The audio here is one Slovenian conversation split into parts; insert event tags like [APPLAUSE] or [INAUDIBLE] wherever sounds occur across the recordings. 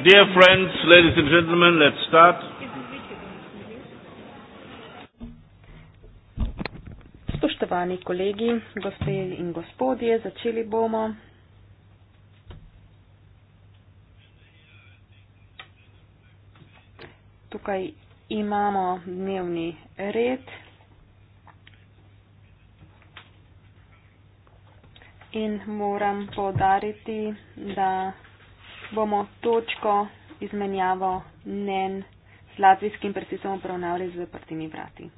Dear friends, ladies and gentlemen, let's start. Spoštovani kolegi, gospe in gospodje, začeli bomo. Tukaj imamo dnevni red. In moram podariti, da bomo točko izmenjavo mnen z latvijskim presisom obravnavali z zaprtimi vrati.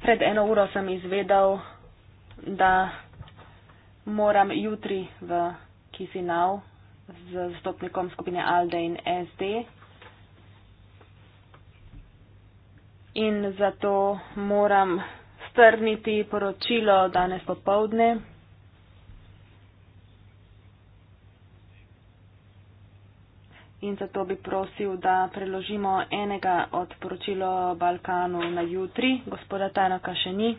Pred eno uro sem izvedel, da moram jutri v Kisinau z zastopnikom skupine Alde in SD in zato moram strniti poročilo danes popovdne. In zato bi prosil, da preložimo enega od poročilo Balkanu na jutri. Gospoda Tanaka še ni.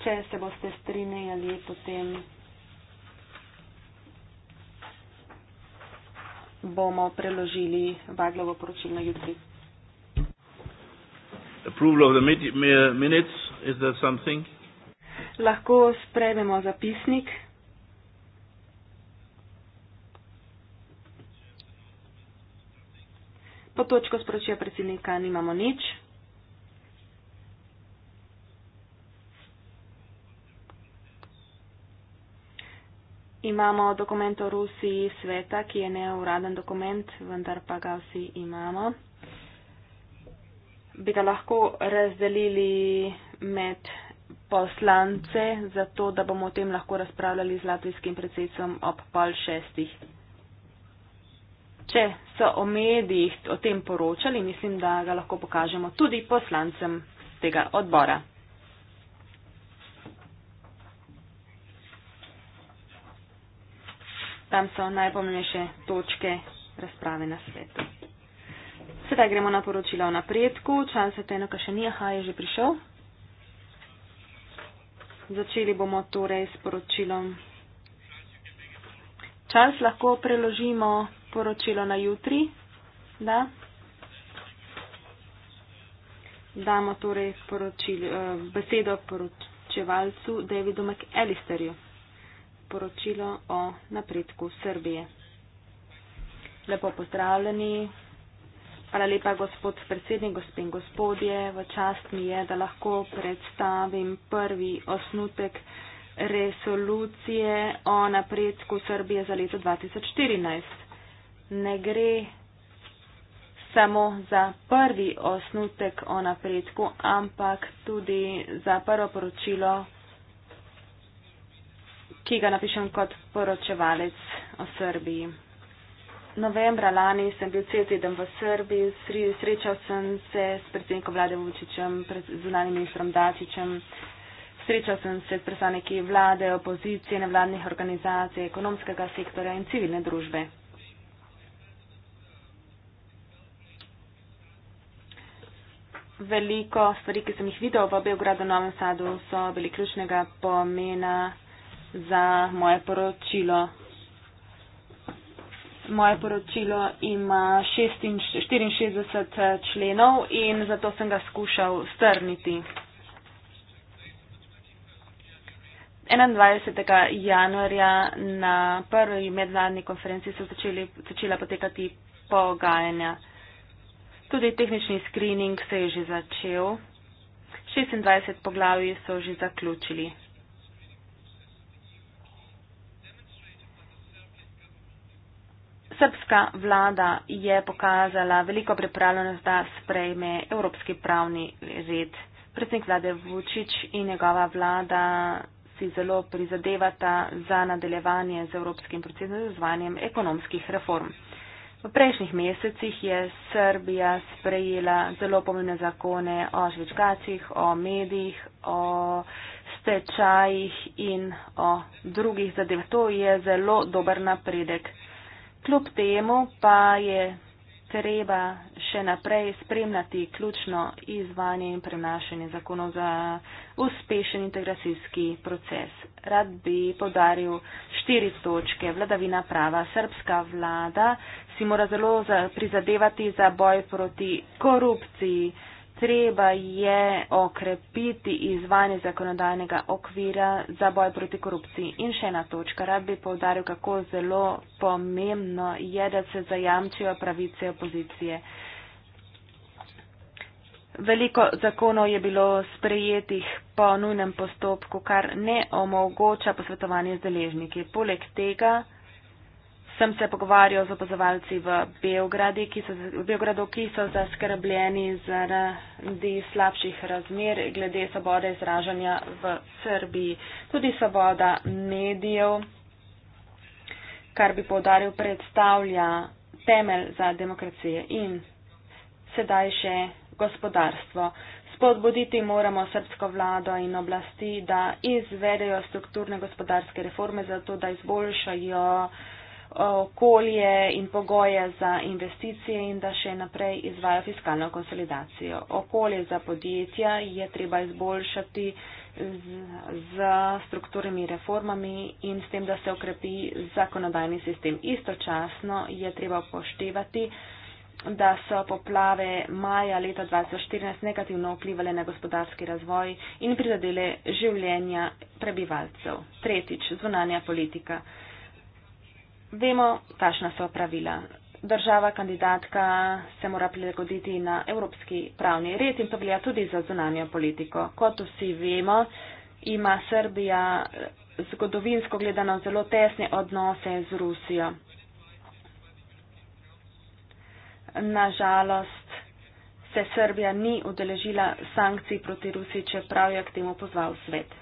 Če se boste strinjali, potem bomo preložili Baglovo poročilo jutri. Lahko sprememo zapisnik. Po točko sporočila predsednika nimamo nič. Imamo dokument o Rusiji sveta, ki je neuraden dokument, vendar pa ga vsi imamo. Bi ga lahko razdelili med poslance, zato da bomo o tem lahko razpravljali z latvijskim predsedcem ob pol šestih. Če so o medijih o tem poročali, mislim, da ga lahko pokažemo tudi poslancem tega odbora. tam so najpomembnejše točke razprave na svetu. Sedaj gremo na poročilo o napredku. Čas je teno, kar še ni, aha, je že prišel. Začeli bomo torej s poročilom. Čas lahko preložimo poročilo na jutri, da. Damo torej poročil, eh, besedo poročevalcu Davidu McAllisterju poročilo o napredku Srbije. Lepo pozdravljeni. Hvala lepa, gospod predsednik, gospe in gospodje. V čast mi je, da lahko predstavim prvi osnutek resolucije o napredku Srbije za leto 2014. Ne gre samo za prvi osnutek o napredku, ampak tudi za prvo poročilo ki ga napišem kot poročevalec o Srbiji. Novembra lani sem bil cel teden v Srbiji, srečal sem se s predsednikom vlade Vučićem, zunanim ministrom Dačićem, srečal sem se s predstavniki vlade, opozicije, nevladnih organizacij, ekonomskega sektorja in civilne družbe. Veliko stvari, ki sem jih videl v Beogradu, Novem Sadu, so bili ključnega pomena za moje poročilo. Moje poročilo ima 64 eh, členov in zato sem ga skušal strniti. 21. januarja na prvi medvladni konferenci so začeli, začela potekati pogajanja. Tudi tehnični screening se je že začel. 26 poglavij so že zaključili. srpska vlada je pokazala veliko pripravljenost, da sprejme evropski pravni red. Predsednik vlade Vučić in njegova vlada si zelo prizadevata za nadaljevanje z evropskim procesom z izvanjem ekonomskih reform. V prejšnjih mesecih je Srbija sprejela zelo pomembne zakone o žvečkacih, o medijih, o stečajih in o drugih zadevah. To je zelo dober napredek. Kljub temu pa je treba še naprej spremljati ključno izvanje in prenašanje zakonov za uspešen integracijski proces. Rad bi podaril štiri točke. Vladavina prava. Srbska vlada si mora zelo prizadevati za boj proti korupciji treba je okrepiti izvanje zakonodajnega okvira za boj proti korupciji. In še ena točka, rad bi povdaril, kako zelo pomembno je, da se zajamčijo pravice opozicije. Veliko zakonov je bilo sprejetih po nujnem postopku, kar ne omogoča posvetovanje z deležniki. Poleg tega, sem se pogovarjal z opazovalci v Beogradu, ki so, v Beogradu, ki so zaskrbljeni zaradi slabših razmer glede svobode izražanja v Srbiji. Tudi svoboda medijev, kar bi povdaril, predstavlja temelj za demokracije in sedaj še gospodarstvo. Spodbuditi moramo srbsko vlado in oblasti, da izvedejo strukturne gospodarske reforme, zato da izboljšajo okolje in pogoje za investicije in da še naprej izvajo fiskalno konsolidacijo. Okolje za podjetja je treba izboljšati z, z strukturnimi reformami in s tem, da se okrepi zakonodajni sistem. Istočasno je treba poštevati, da so poplave maja leta 2014 negativno vplivali na gospodarski razvoj in prizadele življenja prebivalcev. Tretjič, zvonanja politika vemo, kakšna so pravila. Država kandidatka se mora prilagoditi na evropski pravni red in to velja tudi za zunanjo politiko. Kot vsi vemo, ima Srbija zgodovinsko gledano zelo tesne odnose z Rusijo. Nažalost, se Srbija ni udeležila sankcij proti Rusiji, čeprav je k temu pozval svet.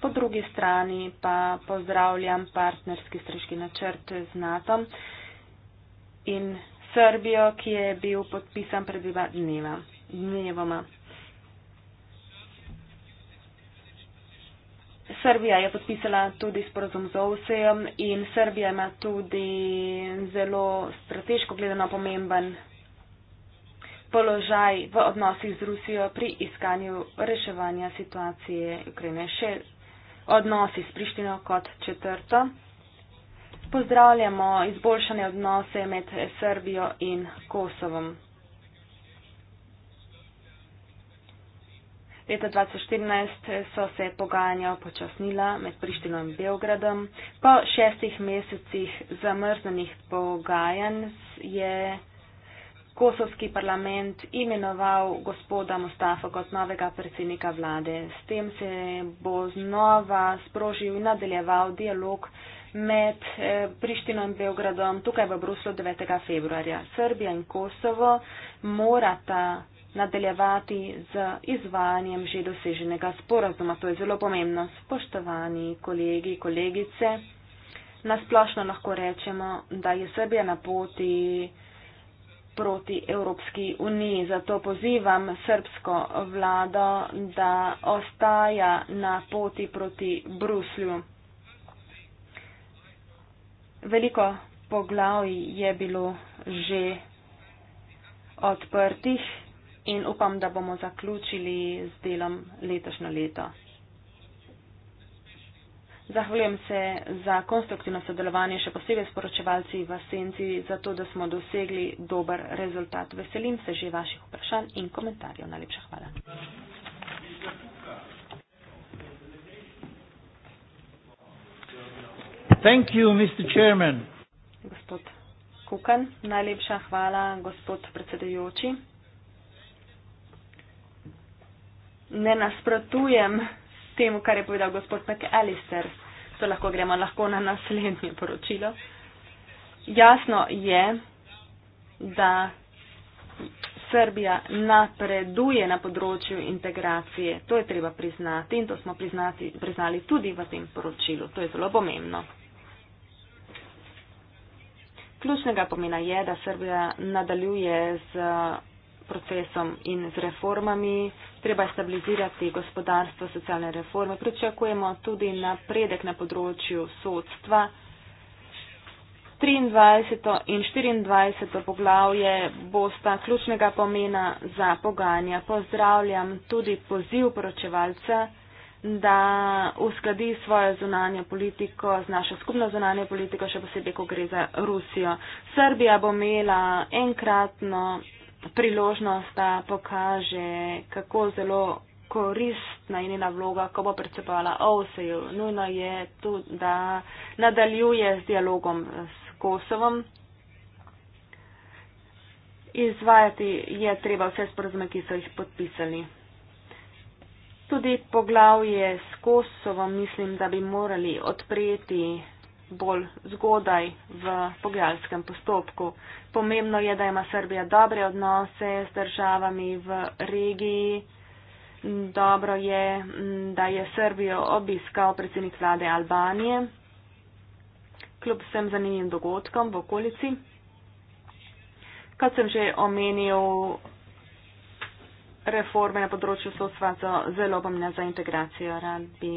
Po drugi strani pa pozdravljam partnerski strežki načrt z NATO in Srbijo, ki je bil podpisan pred dva dneva, dnevoma. Srbija je podpisala tudi sporozum z OSEJOM in Srbija ima tudi zelo strateško gledano pomemben položaj v odnosih z Rusijo pri iskanju reševanja situacije Ukrajine. Še odnosi s Prištino kot četrto. Pozdravljamo izboljšane odnose med Srbijo in Kosovom. Leta 2014 so se pogajanja upočasnila med Prištino in Belgradom. Po šestih mesecih zamrznenih pogajanj je kosovski parlament imenoval gospoda Mustafa kot novega predsednika vlade. S tem se bo znova sprožil in nadaljeval dialog med eh, Prištino in Beogradom tukaj v Bruslu 9. februarja. Srbija in Kosovo morata nadaljevati z izvajanjem že doseženega sporazuma. To je zelo pomembno. Spoštovani kolegi, kolegice, nasplošno lahko rečemo, da je Srbija na poti proti Evropski uniji. Zato pozivam srbsko vlado, da ostaja na poti proti Bruslju. Veliko poglavij je bilo že odprtih in upam, da bomo zaključili z delom letošnjo leto. Zahvaljujem se za konstruktivno sodelovanje, še posebej s poročevalci v Senci, za to, da smo dosegli dober rezultat. Veselim se že vaših vprašanj in komentarjev. Najlepša hvala. Thank you, Mr. Chairman. Gospod Kukan, najlepša hvala, gospod predsedujoči. Ne nasprotujem temu, kar je povedal gospod McAllister. To lahko gremo lahko na naslednje poročilo. Jasno je, da Srbija napreduje na področju integracije. To je treba priznati in to smo priznati, priznali tudi v tem poročilu. To je zelo pomembno. Ključnega pomena je, da Srbija nadaljuje z procesom in z reformami. Treba je stabilizirati gospodarstvo, socialne reforme. Pričakujemo tudi napredek na področju sodstva. 23. in 24. poglavje bosta ključnega pomena za poganja. Pozdravljam tudi poziv poročevalca, da uskladi svojo zunanjo politiko z našo skupno zunanjo politiko, še posebej, ko gre za Rusijo. Srbija bo imela enkratno priložnost, da pokaže, kako zelo koristna je njena vloga, ko bo predsepala OSEJ. Nujno je tudi, da nadaljuje z dialogom s Kosovom. Izvajati je treba vse sporozume, ki so jih podpisali. Tudi poglavje s Kosovom mislim, da bi morali odpreti bolj zgodaj v pogajalskem postopku. Pomembno je, da ima Srbija dobre odnose z državami v regiji. Dobro je, da je Srbijo obiskal predsednik vlade Albanije, kljub vsem zanimivim dogodkom v okolici. Kot sem že omenil, reforme na področju sodstva so zelo pomembne za integracijo. Rad bi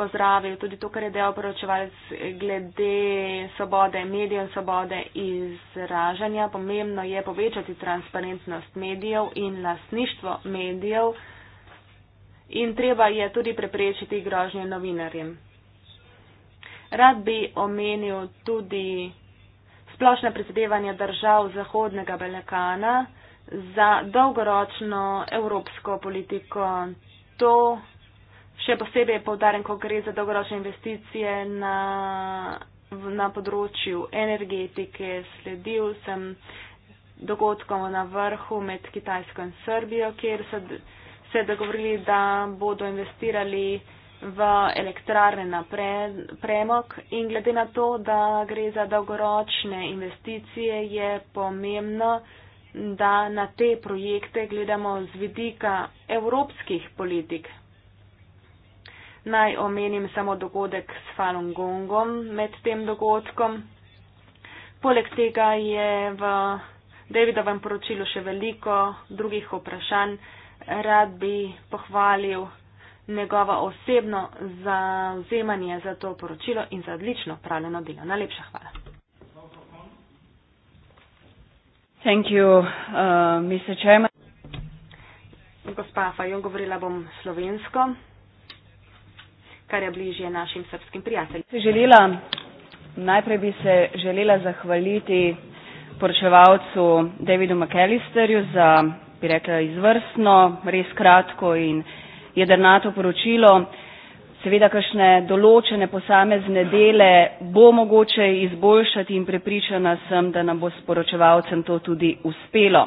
pozdravil tudi to, kar je del poročevalec glede svobode medijev in svobode izražanja. Pomembno je povečati transparentnost medijev in lasništvo medijev in treba je tudi preprečiti grožnje novinarjem. Rad bi omenil tudi splošne prizadevanja držav Zahodnega Balkana za dolgoročno evropsko politiko. To Še posebej je povdaren, ko gre za dolgoročne investicije na, na področju energetike, sledil sem dogodkom na vrhu med Kitajsko in Srbijo, kjer so se dogovorili, da bodo investirali v elektrarne na pre, premok in glede na to, da gre za dolgoročne investicije, je pomembno, da na te projekte gledamo z vidika evropskih politik, Naj omenim samo dogodek s Falun Gongom med tem dogodkom. Poleg tega je v Davidovem poročilu še veliko drugih vprašanj. Rad bi pohvalil njegovo osebno zauzemanje za to poročilo in za odlično pravljeno delo. Najlepša hvala. Thank you, uh, Gospa Fajon, govorila bom slovensko kar je bližje našim srpskim prijateljem. Želela, najprej bi se želela zahvaliti poročevalcu Davidu McAllisterju za, bi rekla, izvrstno, res kratko in jedrnato poročilo. Seveda, kakšne določene posamezne dele bo mogoče izboljšati in prepričana sem, da nam bo s poročevalcem to tudi uspelo.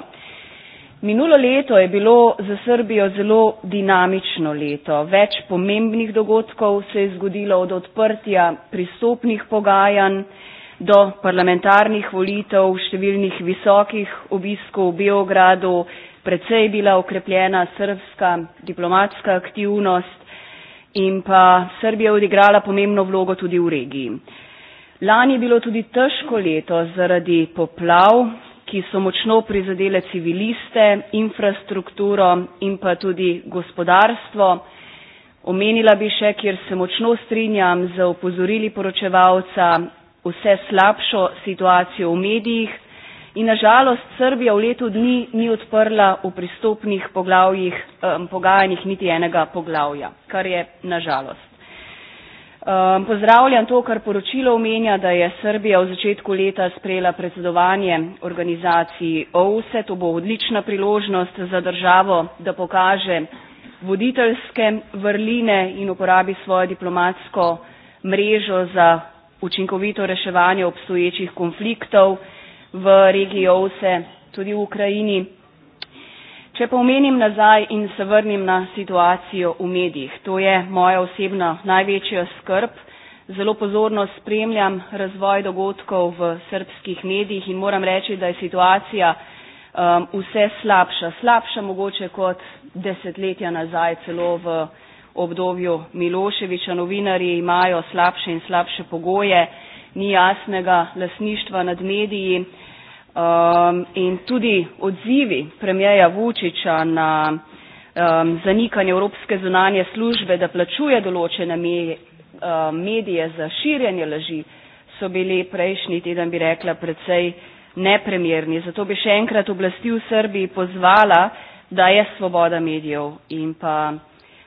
Minulo leto je bilo za Srbijo zelo dinamično leto. Več pomembnih dogodkov se je zgodilo od odprtja pristopnih pogajanj do parlamentarnih volitev, številnih visokih obiskov v Beogradu, precej bila okrepljena srbska diplomatska aktivnost in pa Srbija je odigrala pomembno vlogo tudi v regiji. Lani je bilo tudi težko leto zaradi poplav, ki so močno prizadele civiliste, infrastrukturo in pa tudi gospodarstvo. Omenila bi še, kjer se močno strinjam z opozorili poročevalca, vse slabšo situacijo v medijih in nažalost Srbija v letu dni ni odprla v pristopnih eh, pogajanjih niti enega poglavja, kar je nažalost. Ehm, pozdravljam to, kar poročilo omenja, da je Srbija v začetku leta sprejela predsedovanje organizaciji OVSE. To bo odlična priložnost za državo, da pokaže voditeljske vrline in uporabi svojo diplomatsko mrežo za učinkovito reševanje obstoječih konfliktov v regiji OVSE, tudi v Ukrajini. Če pa omenim nazaj in se vrnim na situacijo v medijih, to je moja osebna največja skrb. Zelo pozorno spremljam razvoj dogodkov v srpskih medijih in moram reči, da je situacija um, vse slabša. Slabša mogoče kot desetletja nazaj, celo v obdobju Miloševiča. Novinari imajo slabše in slabše pogoje, ni jasnega lasništva nad mediji um, in tudi odzivi premjeja Vučiča na um, zanikanje Evropske zunanje službe, da plačuje določene me, um, medije za širjenje laži, so bili prejšnji teden, bi rekla, precej nepremjerni. Zato bi še enkrat oblasti v Srbiji pozvala, da je svoboda medijev in pa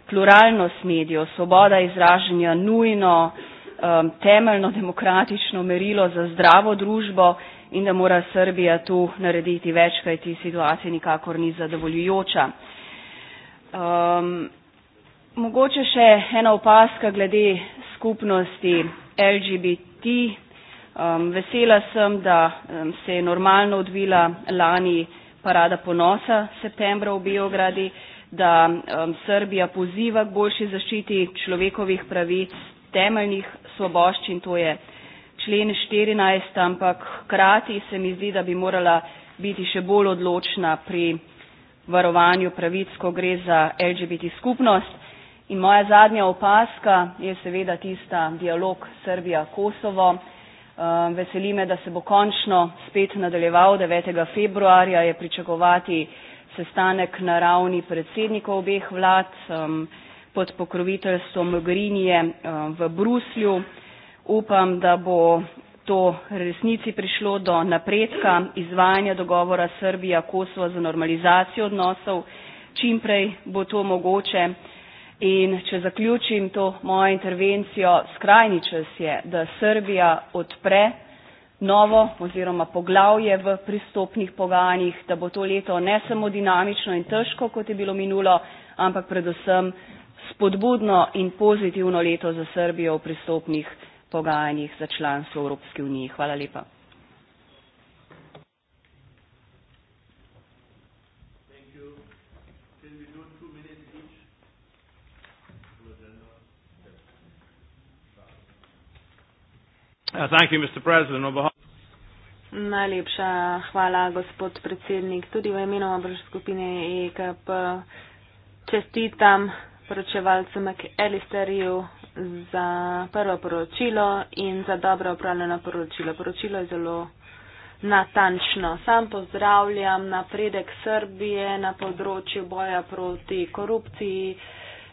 pluralnost medijev, svoboda izražanja nujno um, temeljno demokratično merilo za zdravo družbo in da mora Srbija tu narediti več, kajti situacija nikakor ni zadovoljujoča. Um, mogoče še ena opaska glede skupnosti LGBT. Um, ehm, vesela sem, da um, se je normalno odvila lani parada ponosa septembra v Biogradi, da um, Srbija poziva k boljši zaščiti človekovih pravic, temeljnih svoboščin, to je člen 14, ampak krati se mi zdi, da bi morala biti še bolj odločna pri varovanju pravic, ko gre za LGBT skupnost. In moja zadnja opaska je seveda tista dialog Srbija-Kosovo. Ehm, veseli me, da se bo končno spet nadaljeval 9. februarja. Je pričakovati sestanek na ravni predsednikov obeh vlad ehm, pod pokroviteljstvom Grinije ehm, v Bruslju upam da bo to resnici prišlo do napredka izvajanja dogovora srbija kosovo za normalizacijo odnosov čim prej bo to mogoče in če zaključim to mojo intervencijo skrajni čas je da srbija odpre novo oziroma poglavje v pristopnih pogajanjih, da bo to leto ne samo dinamično in težko, kot je bilo minulo, ampak predvsem spodbudno in pozitivno leto za Srbijo v pristopnih pogajanjih pogajanjih za članstvo v Evropski uniji. Hvala lepa. Uh, thank you, Mr. President. Najlepša hvala, gospod predsednik. Tudi v imenu obrž skupine EKP čestitam poročevalcu McAllisterju za prvo poročilo in za dobro upravljeno poročilo. Poročilo je zelo natančno. Sam pozdravljam napredek Srbije na področju boja proti korupciji,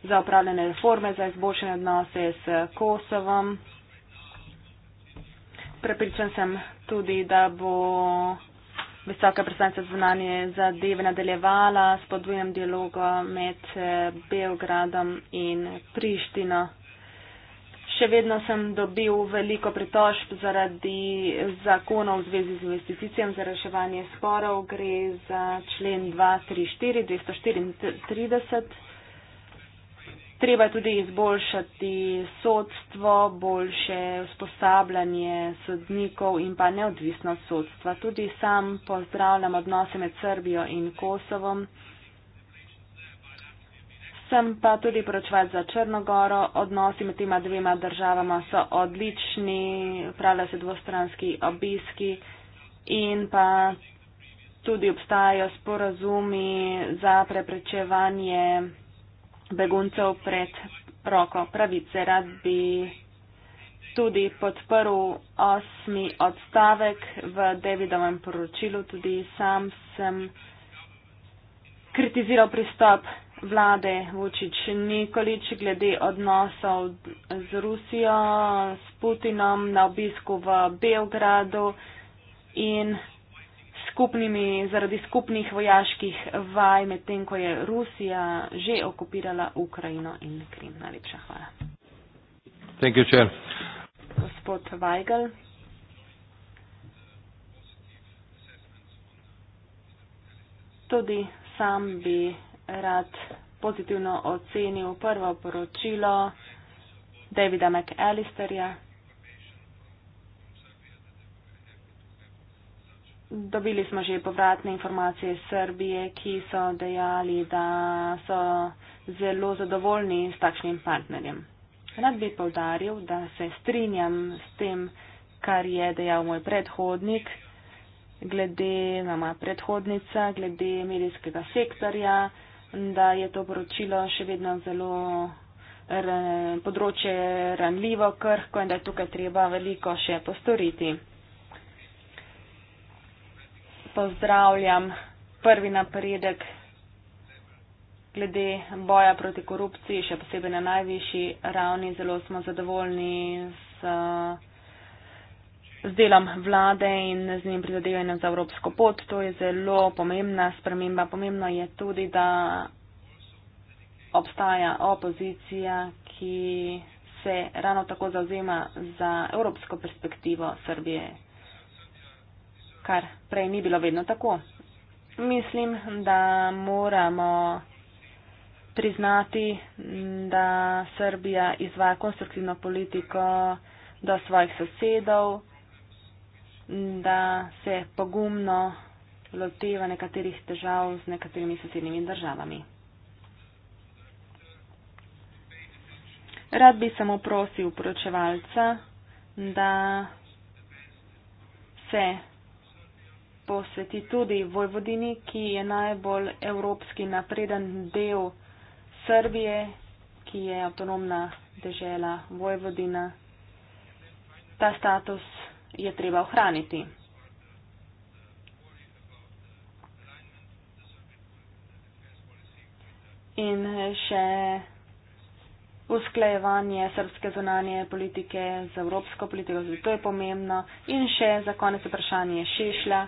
za upravljene reforme, za izboljšanje odnose s Kosovom. Prepričan sem tudi, da bo visoka predstavnica zvonanje zadeve nadaljevala s podvojnim dialogom med Belgradom in Prištino še vedno sem dobil veliko pritožb zaradi zakonov v zvezi z investicijam za reševanje sporov. Gre za člen 234, 234. Treba je tudi izboljšati sodstvo, boljše usposabljanje sodnikov in pa neodvisnost sodstva. Tudi sam pozdravljam odnose med Srbijo in Kosovom predvsem pa tudi poročevati za Črnogoro. Odnosi med tema dvema državama so odlični, pravijo se dvostranski obiski in pa tudi obstajajo sporazumi za preprečevanje beguncev pred roko pravice. Rad bi tudi podprl osmi odstavek v Davidovem poročilu. Tudi sam sem kritiziral pristop vlade Vučić Nikolič glede odnosov z Rusijo, s Putinom na obisku v Belgradu in skupnimi, zaradi skupnih vojaških vaj, medtem ko je Rusija že okupirala Ukrajino in Krim. Najlepša hvala. Thank you, chair. Gospod Weigel. Tudi sam bi rad pozitivno ocenil prvo poročilo Davida McAllisterja. Dobili smo že povratne informacije iz Srbije, ki so dejali, da so zelo zadovoljni s takšnim partnerjem. Rad bi povdaril, da se strinjam s tem, kar je dejal moj predhodnik, glede na moja predhodnica, glede medijskega sektorja da je to poročilo še vedno zelo področje ranljivo, krhko in da je tukaj treba veliko še postoriti. Pozdravljam prvi napredek glede boja proti korupciji, še posebej na najvišji ravni. Zelo smo zadovoljni z. Uh, z delom vlade in z njim prizadevanjem za evropsko pot. To je zelo pomembna sprememba. Pomembno je tudi, da obstaja opozicija, ki se ravno tako zauzema za evropsko perspektivo Srbije, kar prej ni bilo vedno tako. Mislim, da moramo priznati, da Srbija izvaja konstruktivno politiko do svojih sosedov da se pogumno loteva nekaterih težav z nekaterimi sosednjimi državami. Rad bi samo prosil poročevalca, da se posveti tudi Vojvodini, ki je najbolj evropski napreden del Srbije, ki je avtonomna dežela Vojvodina. Ta status je treba ohraniti. In še usklejevanje srpske zunanje politike z evropsko politiko, zato je pomembno. In še za konec vprašanje Šešlja.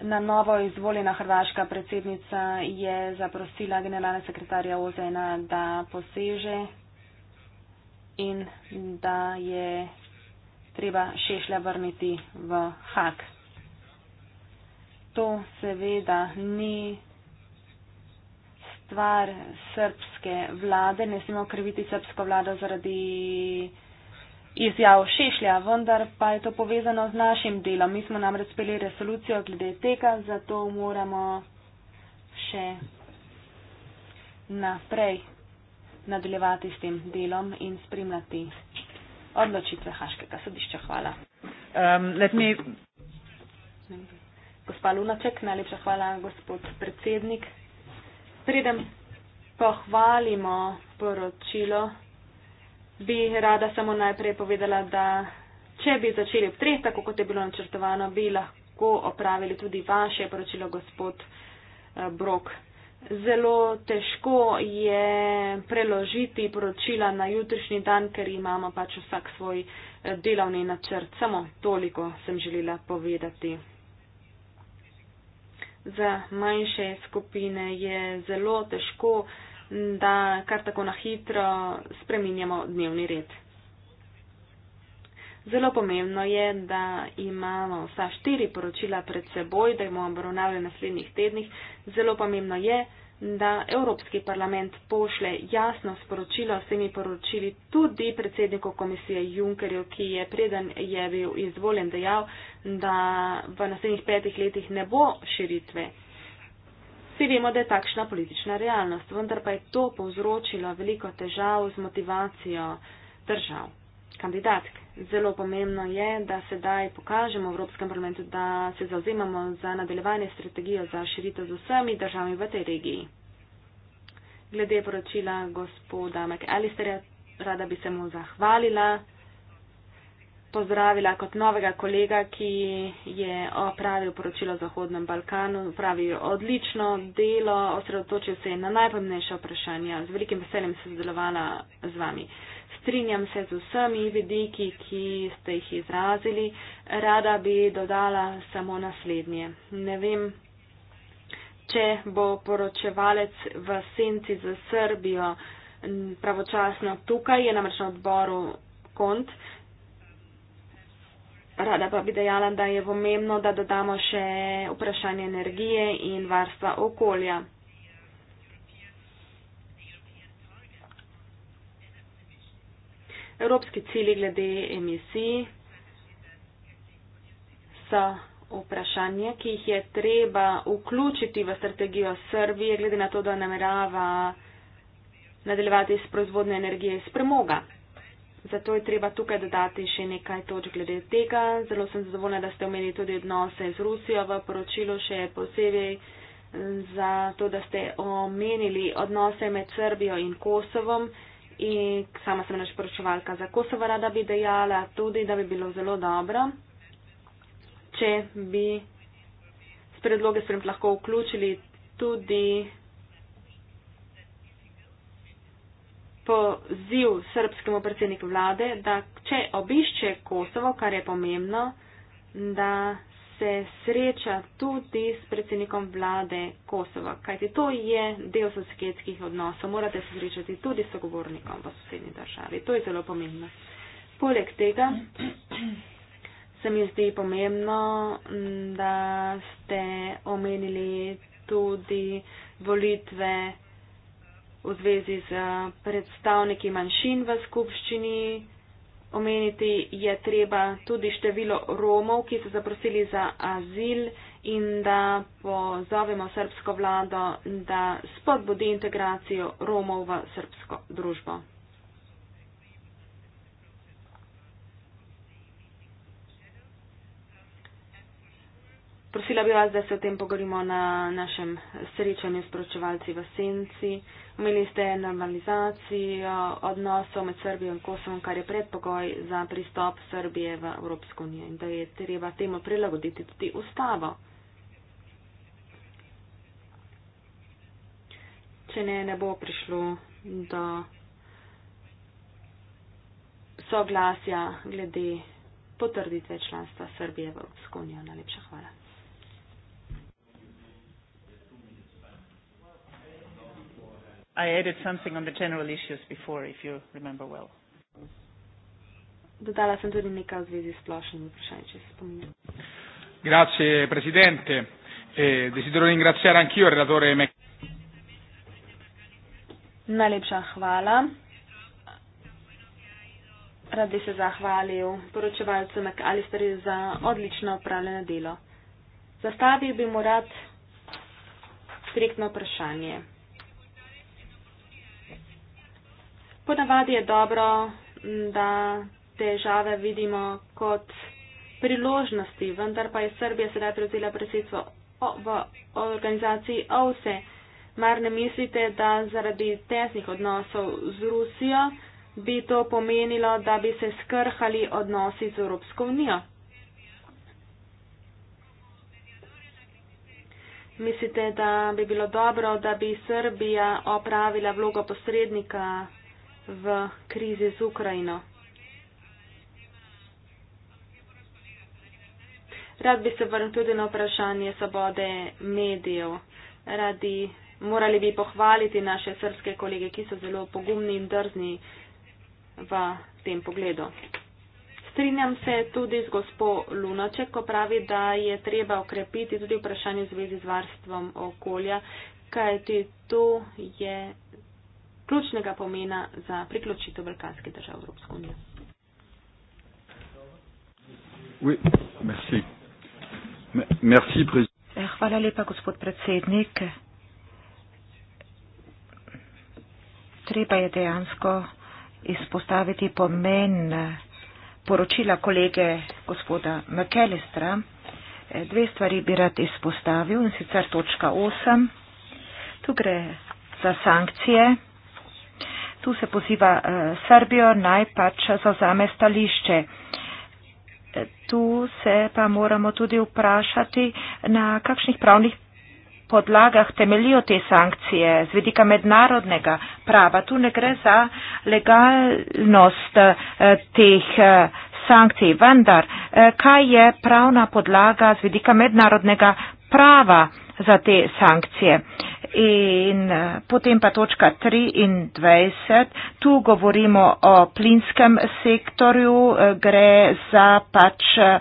Na novo izvoljena hrvaška predsednica je zaprosila generalna sekretarja OZN-a, da poseže in da je treba šešlja vrniti v hak. To seveda ni stvar srpske vlade, ne smemo kriviti srpsko vlado zaradi izjav Šešlja, vendar pa je to povezano z našim delom. Mi smo namreč speli resolucijo glede tega, zato moramo še naprej nadaljevati s tem delom in spremljati odločitve Haškega sodišča. Hvala. Um, me... Gospa Lunaček, najlepša hvala, gospod predsednik. Predem pohvalimo poročilo bi rada samo najprej povedala, da če bi začeli ob treh, tako kot je bilo načrtovano, bi lahko opravili tudi vaše poročilo, gospod eh, Brok. Zelo težko je preložiti poročila na jutrišnji dan, ker imamo pač vsak svoj eh, delovni načrt. Samo toliko sem želela povedati. Za manjše skupine je zelo težko uh, da kar tako na hitro spreminjamo dnevni red. Zelo pomembno je, da imamo vsa štiri poročila pred seboj, da jih bomo obravnavali v naslednjih tednih. Zelo pomembno je, da Evropski parlament pošle jasno sporočilo s temi poročili tudi predsedniku komisije Junckerju, ki je preden je bil izvoljen dejal, da v naslednjih petih letih ne bo širitve Vsi vemo, da je takšna politična realnost, vendar pa je to povzročilo veliko težav z motivacijo držav. Kandidatk, zelo pomembno je, da sedaj pokažemo v Evropskem parlamentu, da se zauzemamo za nadaljevanje strategije za širitev z vsemi državami v tej regiji. Glede poročila gospoda McAllisterja, rada bi se mu zahvalila pozdravila kot novega kolega, ki je opravil poročilo o Zahodnem Balkanu, opravil odlično delo, osredotočil se je na najpomembnejša vprašanja. Z velikim veseljem sem sodelovala z vami. Strinjam se z vsemi vidiki, ki ste jih izrazili. Rada bi dodala samo naslednje. Ne vem, če bo poročevalec v senci za Srbijo pravočasno tukaj, je namreč na odboru kont. Uh, Rada pa bi dejala, da je pomembno, da dodamo še vprašanje energije in varstva okolja. Evropski cili glede emisij so vprašanje, ki jih je treba vključiti v strategijo Srbije, glede na to, da namerava nadaljevati s proizvodnjo energije iz premoga zato je treba tukaj dodati še nekaj točk glede tega. Zelo sem zadovoljna, da ste omenili tudi odnose z Rusijo v poročilu, še posebej mm, za to, da ste omenili odnose med Srbijo in Kosovom. In sama sem naš poročevalka za Kosovo rada bi dejala tudi, da bi bilo zelo dobro, če bi s predloge sprem lahko vključili tudi poziv srbskemu predsedniku vlade, da če obišče Kosovo, kar je pomembno, da se sreča tudi s predsednikom vlade Kosova, kajti to je del sosedskih odnosov. Morate se srečati tudi s sogovornikom v sosednji državi. To je zelo pomembno. Poleg tega se mi zdi pomembno, da ste omenili tudi volitve v zvezi z predstavniki manjšin v skupščini. Omeniti je treba tudi število Romov, ki so zaprosili za azil in da pozovemo srpsko vlado, da spodbudi integracijo Romov v srpsko družbo. Prosila bi vas, da se o tem pogovorimo na našem srečanju s pročevalci v Senci. Omenili ste normalizaciji odnosov med Srbijo in Kosovom, kar je predpogoj za pristop Srbije v Evropsko unijo in da je treba temu prilagoditi tudi ustavo. Če ne, ne bo prišlo do soglasja glede potrditve članstva Srbije v Evropsko unijo. Najlepša hvala. I added something on the general issues before, if you remember well. Dodala sem tudi nekaj v zvezi s splošnim vprašanjem, če se spomnim. Grazie Presidente. Eh, desidero ringraziare anch'io il relatore Mec. Najlepša hvala. Rad bi se zahvalil poročevalcu McAllisterju za odlično opravljeno delo. Zastavil bi mu rad direktno vprašanje. Ponavadi je dobro, da težave vidimo kot priložnosti, vendar pa je Srbija sedaj prevzela predsedstvo v organizaciji OVSE. Mar ne mislite, da zaradi tesnih odnosov z Rusijo bi to pomenilo, da bi se skrhali odnosi z Evropsko unijo? Mislite, da bi bilo dobro, da bi Srbija opravila vlogo posrednika v krizi z Ukrajino. Rad bi se vrnil tudi na vprašanje svobode medijev. Radi, morali bi pohvaliti naše srpske kolege, ki so zelo pogumni in drzni v tem pogledu. Strinjam se tudi z gospod Lunaček, ko pravi, da je treba okrepiti tudi vprašanje v zvezi z varstvom okolja, kajti tu je ključnega pomena za priključitev balkanskih držav v Evropsko unijo. Eh, hvala lepa, gospod predsednik. Treba je dejansko izpostaviti pomen poročila kolege gospoda McAllistra. Eh, dve stvari bi rad izpostavil in sicer točka 8. Tu gre za sankcije tu se poziva eh, Srbijo naj pač zazame stališče. Eh, tu se pa moramo tudi vprašati, na kakšnih pravnih podlagah temelijo te sankcije z vidika mednarodnega prava. Tu ne gre za legalnost eh, teh sankcij, vendar kaj je pravna podlaga z vidika mednarodnega prava za te sankcije? in eh, potem pa točka 23. Tu govorimo o plinskem sektorju, eh, gre za pač eh,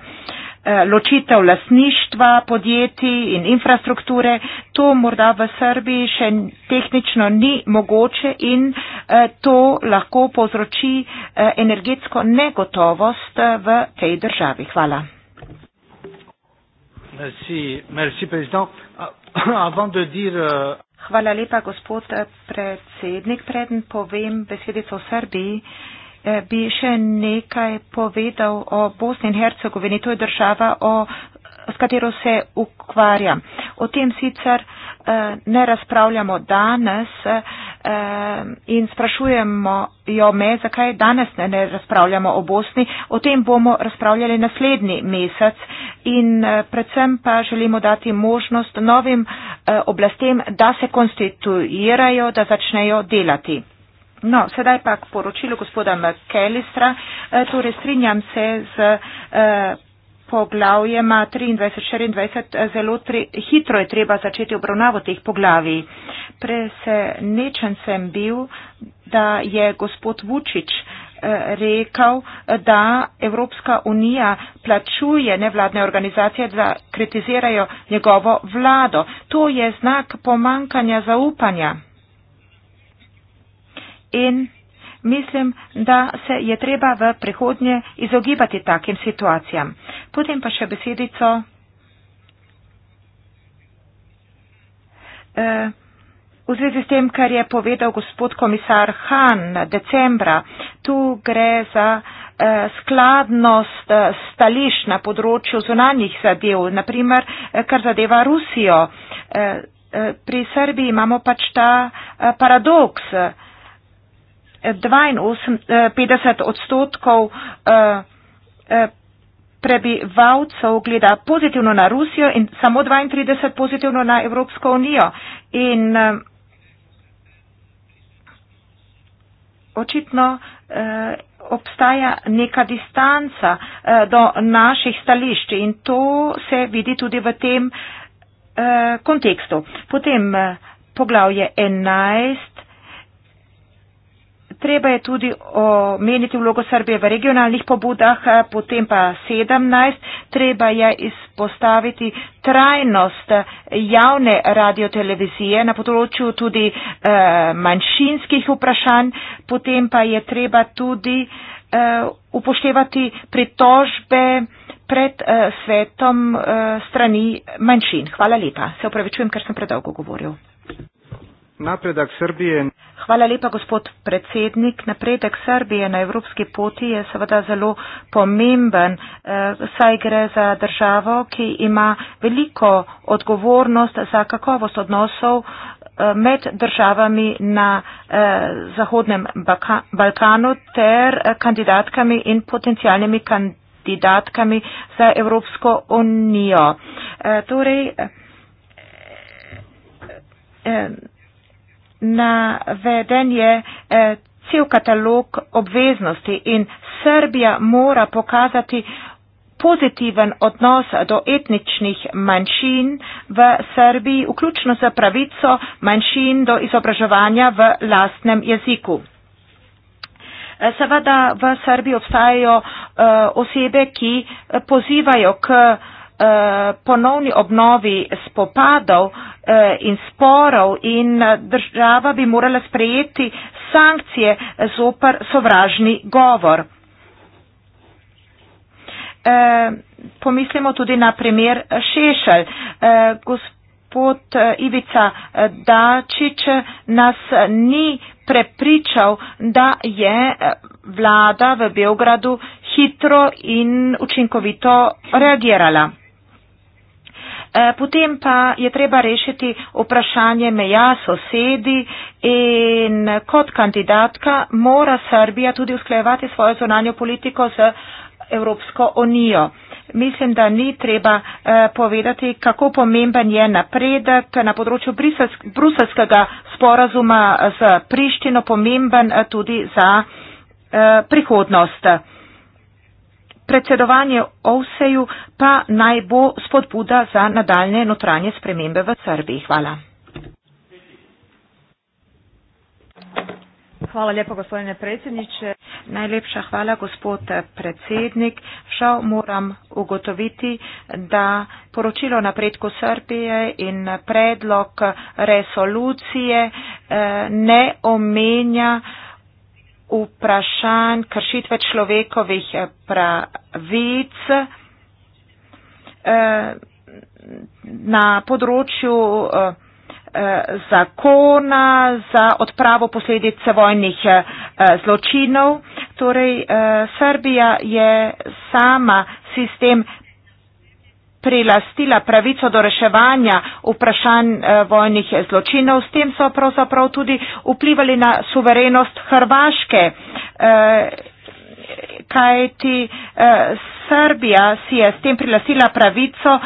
ločitev lasništva podjetij in infrastrukture. To morda v Srbiji še tehnično ni mogoče in to lahko povzroči energetsko negotovost v tej državi. Hvala. Merci, merci, président. Ah, [COUGHS] avant de dire euh, Hvala lepa, gospod predsednik. Preden povem besedico o Srbiji, eh, bi še nekaj povedal o Bosni in Hercegovini. To je država, o, s katero se ukvarja. O tem sicer eh, ne razpravljamo danes, in sprašujemo jo me, zakaj danes ne, ne razpravljamo o Bosni. O tem bomo razpravljali naslednji mesec in eh, predvsem pa želimo dati možnost novim eh, oblastem, da se konstituirajo, da začnejo delati. No, sedaj pa k poročilu gospoda McKellistra. Eh, torej, strinjam se z. Eh, poglavjema 23-24 zelo tre, hitro je treba začeti obravnavo teh poglavi. Presenečen sem bil, da je gospod Vučić eh, rekel, da Evropska unija plačuje nevladne organizacije, da kritizirajo njegovo vlado. To je znak pomankanja zaupanja. In mislim, da se je treba v prihodnje izogibati takim situacijam. Potem pa še besedico. E, v zvezi s tem, kar je povedal gospod komisar Han decembra, tu gre za eh, skladnost eh, stališ na področju zunanjih zadev, naprimer, kar zadeva Rusijo. Pri Srbiji imamo pač ta paradoks, 52 odstotkov eh, eh, prebivalcev gleda pozitivno na Rusijo in samo 32 pozitivno na Evropsko unijo. In eh, očitno obstaja neka distanca do naših stališč in to se vidi tudi v tem kontekstu. Potem poglavje 11. Treba je tudi omeniti vlogo Srbije v regionalnih pobudah, eh, potem pa 17. Treba je izpostaviti trajnost eh, javne radiotelevizije na področju tudi eh, manjšinskih vprašanj, potem pa je treba tudi upoštevati pritožbe pred svetom strani manjšin. Hvala lepa. Se upravičujem, ker sem predolgo govoril. Napredak Srbije. Hvala lepa, gospod predsednik. Napredek Srbije na evropski poti je seveda zelo pomemben, eh, saj gre za državo, ki ima veliko odgovornost za kakovost odnosov eh, med državami na eh, Zahodnem Balkanu ter kandidatkami in potencijalnimi kandidatkami za Evropsko unijo. Torej, naveden je eh, cel katalog obveznosti in Srbija mora pokazati pozitiven odnos do etničnih manjšin v Srbiji, vključno za pravico manjšin do izobraževanja v lastnem jeziku. Eh, seveda v Srbiji obstajajo eh, osebe, ki pozivajo k Eh, ponovni obnovi spopadov eh, in sporov in eh, država bi morala sprejeti sankcije zoper sovražni govor. Pomislimo tudi na primer Šešelj. Gospod Ivica Dačič nas ni prepričal, da je vlada v Belgradu hitro in učinkovito reagirala. Eh, potem pa je treba rešiti vprašanje meja sosedi in kot kandidatka mora Srbija tudi usklejevati svojo zonanjo politiko z Evropsko unijo. Mislim, da ni treba eh, povedati, kako pomemben je napredek na področju bruselskega sporazuma z Prištino, pomemben eh, tudi za eh, prihodnost. Eh, predsedovanje OVSE-ju pa naj bo spodbuda za nadaljne notranje spremembe v Srbiji. Hvala. Hvala lepo, gospodine predsedniče. Najlepša hvala, gospod predsednik. Žal moram ugotoviti, da poročilo napredku Srbije in predlog resolucije eh, ne omenja vprašanj kršitve človekovih eh, pravic eh, na področju eh, zakona za odpravo posledic vojnih zločinov. Torej, Srbija je sama sistem prilastila pravico do reševanja vprašanj eh, vojnih zločinov, s tem so pravzaprav tudi vplivali na suverenost Hrvaške, eh, kajti eh, Srbija si je s tem prilasila pravico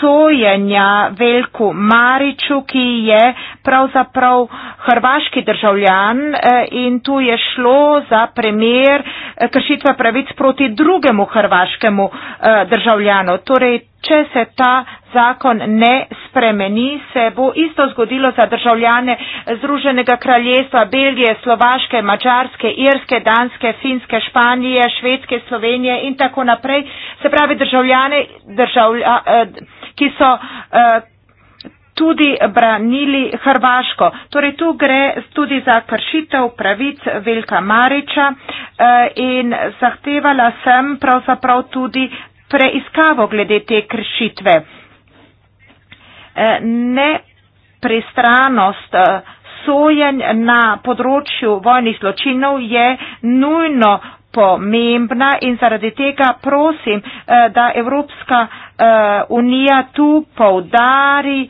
sojenja Velku Mariču, ki je pravzaprav hrvaški državljan eh, in tu je šlo za primer eh, kršitve pravic proti drugemu hrvaškemu eh, državljanu. Torej, če se ta zakon ne spremeni, se bo isto zgodilo za državljane Združenega kraljestva, Belgije, Slovaške, Mačarske, Irske, Danske, Finske, Španije, Švedske, Slovenije in tako naprej naprej. Se pravi, državljane, državlja, eh, ki so eh, tudi branili Hrvaško. Torej, tu gre tudi za kršitev pravic Velika Mariča eh, in zahtevala sem pravzaprav tudi preiskavo glede te kršitve. Nepristranost sojen na področju vojnih zločinov je nujno pomembna in zaradi tega prosim, eh, da Evropska eh, unija tu povdari, eh,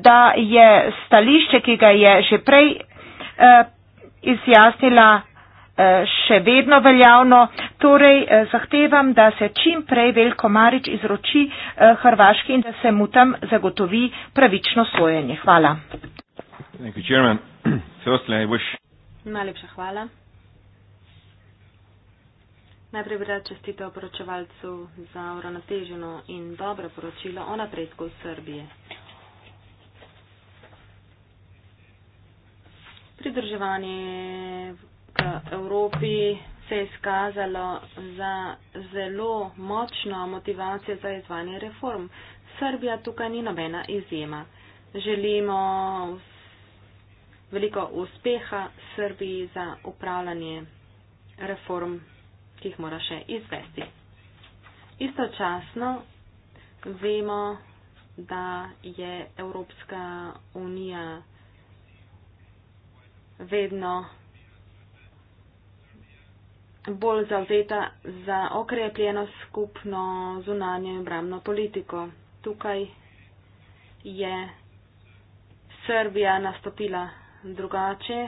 da je stališče, ki ga je že prej izjasnila, še vedno veljavno. Torej zahtevam, da se čim prej Veljko Marič izroči Hrvaški in da se mu tam zagotovi pravično sojenje. Hvala. [CLEARS THROAT] Najlepša hvala. Najprej bi rad čestitev poročevalcu za uravnoteženo in dobro poročilo o napredku v Srbiji. Pridrževanje k Evropi se je izkazalo za zelo močno motivacijo za izvanje reform. Srbija tukaj ni nobena izjema. Želimo veliko uspeha Srbiji za upravljanje reform ki jih mora še izvesti. Istočasno vemo, da je Evropska unija vedno bolj zaveta za okrepljeno skupno zunanje in obramno politiko. Tukaj je Srbija nastopila drugače,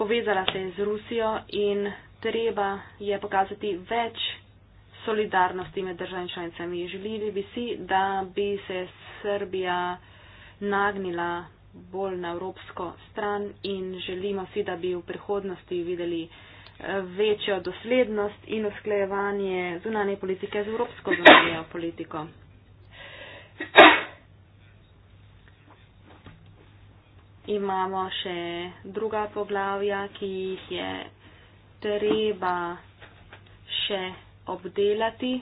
povezala se je z Rusijo in treba je pokazati več solidarnosti med državami članicami. Želili bi si, da bi se Srbija nagnila bolj na evropsko stran in želimo si, da bi v prihodnosti videli eh, večjo doslednost in usklejevanje zunanje politike z evropsko zunanje politiko. imamo še druga poglavja, ki jih je treba še obdelati,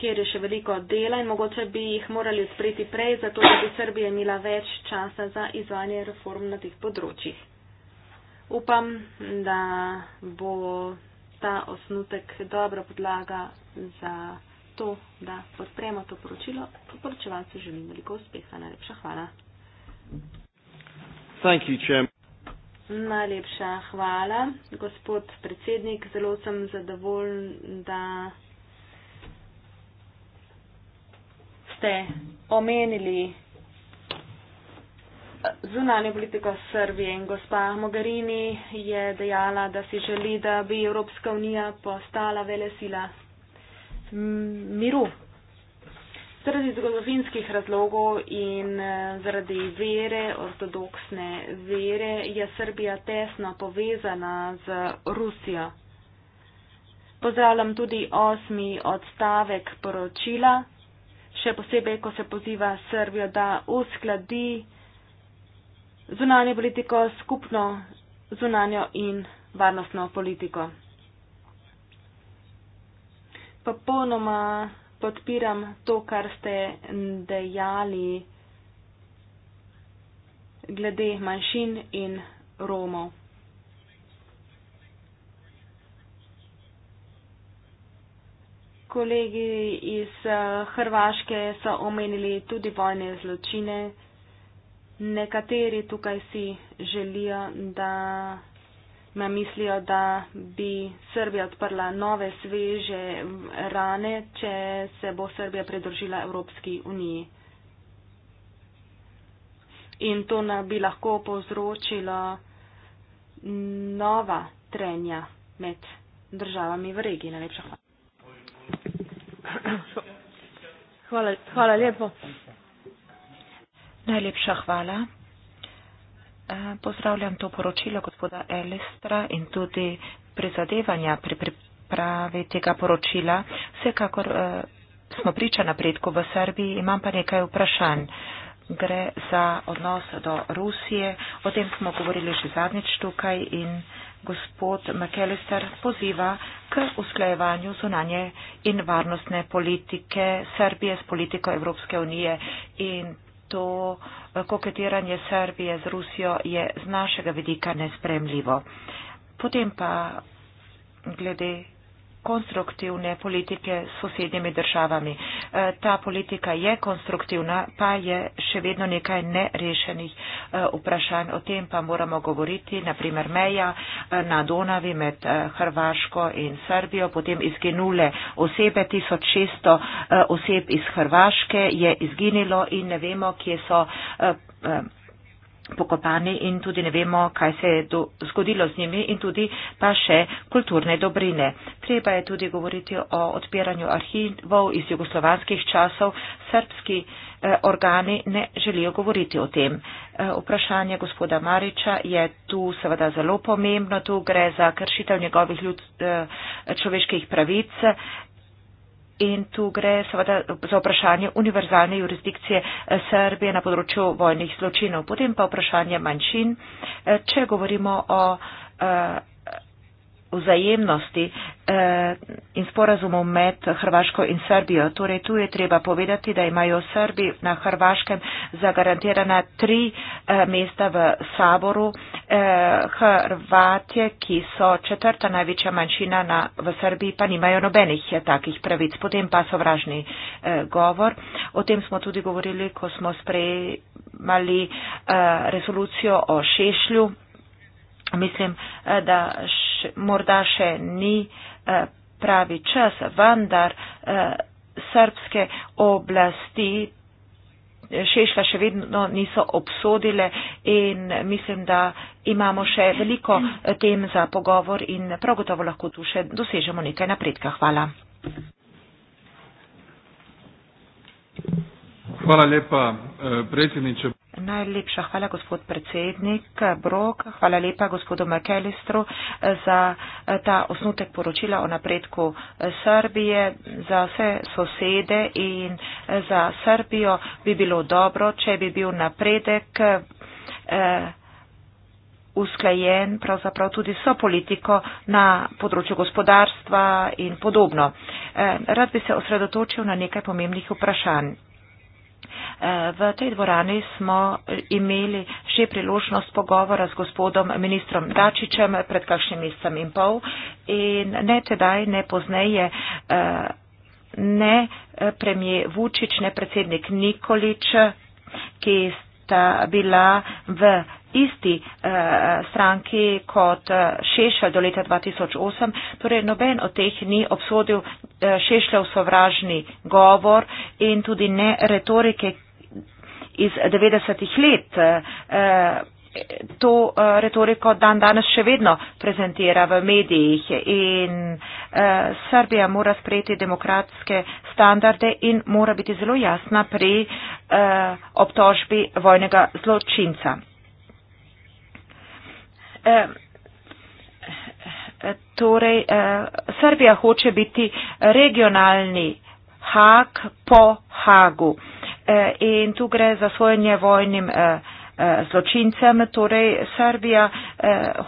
kjer je še veliko dela in mogoče bi jih morali odpreti prej, zato da bi Srbija imela več časa za izvajanje reform na teh področjih. Upam, da bo ta osnutek dobra podlaga za to, da podpremo to poročilo. Poporočevalcu želim veliko uspeha. Najlepša hvala. Thank you. Thank you, Chair. Najlepša hvala, gospod predsednik. Zelo sem zadovoljen, da ste omenili eh, zunanjo politiko Srbije. Gospa Mogherini je dejala, da si želi, da bi Evropska unija postala velesila miru zaradi zgodovinskih razlogov in eh, zaradi vere, ortodoksne vere, je Srbija tesno povezana z Rusijo. Pozdravljam tudi osmi odstavek poročila, še posebej, ko se poziva Srbijo, da uskladi zunanje politiko skupno zunanjo in varnostno politiko. Popolnoma podpiram to, kar ste dejali glede manjšin in Romov. Kolegi iz eh, Hrvaške so omenili tudi vojne zločine. Nekateri tukaj si želijo, da me mislijo, da bi Srbija odprla nove sveže rane, če se bo Srbija pridružila Evropski uniji. In to bi lahko povzročilo nova trenja med državami v regiji. Najlepša hvala. Hvala, hvala lepo. Najlepša hvala. Eh, pozdravljam to poročilo gospoda Elestra in tudi prizadevanja pri pripravi tega poročila. Vsekakor eh, smo priča napredku v Srbiji, imam pa nekaj vprašanj. Gre za odnos do Rusije, o tem smo govorili že zadnjič tukaj in gospod McAllister poziva k usklajevanju zunanje in varnostne politike Srbije s politiko Evropske unije in to eh, koketiranje Srbije z Rusijo je z našega vidika nespremljivo. Potem pa glede konstruktivne politike s sosednjimi državami. E, ta politika je konstruktivna, pa je še vedno nekaj nerešenih e, vprašanj. O tem pa moramo govoriti, naprimer meja e, na Donavi med Hrvaško in Srbijo, potem izginule osebe, 1600 oseb iz Hrvaške je izginilo in ne vemo, kje so pokopani in tudi ne vemo, kaj se je do, zgodilo z njimi in tudi pa še kulturne dobrine. Treba je tudi govoriti o odpiranju arhivov iz jugoslovanskih časov. Srbski eh, organi ne želijo govoriti o tem. Eh, vprašanje gospoda Mariča je tu seveda zelo pomembno. Tu gre za kršitev njegovih ljud, eh, človeških pravic in tu gre seveda za vprašanje univerzalne jurisdikcije eh, Srbije na področju vojnih zločinov. Potem pa vprašanje manjšin, eh, če govorimo o eh, vzajemnosti eh, in sporazumov med Hrvaško in Srbijo. Torej, tu je treba povedati, da imajo Srbi na Hrvaškem zagarantirana tri eh, mesta v saboru. Eh, Hrvatje, ki so četrta največja manjšina na, v Srbiji, pa nimajo nobenih takih pravic. Potem pa sovražni govor. O tem smo tudi govorili, ko smo sprejeli resolucijo o šešlju mislim, eh, da še, morda še ni eh, pravi čas, vendar eh, srpske oblasti Šešla še vedno niso obsodile in mislim, da imamo še veliko tem za pogovor in prav gotovo lahko tu še dosežemo nekaj napredka. Hvala. Hvala lepa, predsedniče. Najlepša hvala, gospod predsednik Brok. Hvala lepa gospodu Makelistru eh, za eh, ta osnutek poročila o napredku eh, Srbije. Za vse sosede in za Srbijo bi bilo dobro, če bi bil napredek usklajen pravzaprav tudi so politiko na področju gospodarstva in podobno. Rad bi se osredotočil na nekaj pomembnih vprašanj. V tej dvorani smo imeli še priložnost pogovora s gospodom ministrom Dačičem pred kakšnim mesecem in pol in ne tedaj, ne pozneje, eh, ne eh, premije Vučić, ne predsednik Nikolič, ki sta bila v isti eh, stranki kot Šešelj do leta 2008, torej noben od teh ni obsodil Šešljev sovražni govor in tudi ne retorike, iz 90-ih let. Eh, to eh, retoriko dan danes še vedno prezentira v medijih in eh, Srbija mora sprejeti demokratske standarde in mora biti zelo jasna pri obtožbi vojnega zločinca. Torej, Srbija hoče biti regionalni hak po hagu. E, in tu gre za sojenje vojnim e, e, zločincem, torej Srbija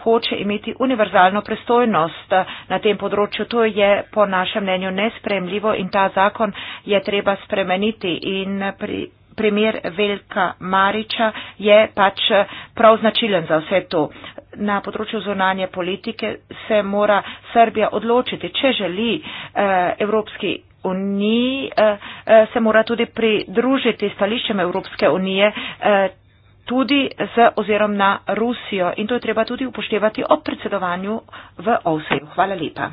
hoče imeti univerzalno prestojnost na tem področju. To je po našem mnenju nespremljivo in ta zakon je treba spremeniti. In pri Primer Velika Mariča je pač prav značilen za vse to. Na področju zunanje politike se mora Srbija odločiti, če želi eh, Evropski uniji eh, eh, se mora tudi pridružiti stališčem Evropske unije eh, tudi z ozirom na Rusijo in to je treba tudi upoštevati ob predsedovanju v OVSE-ju. Hvala lepa.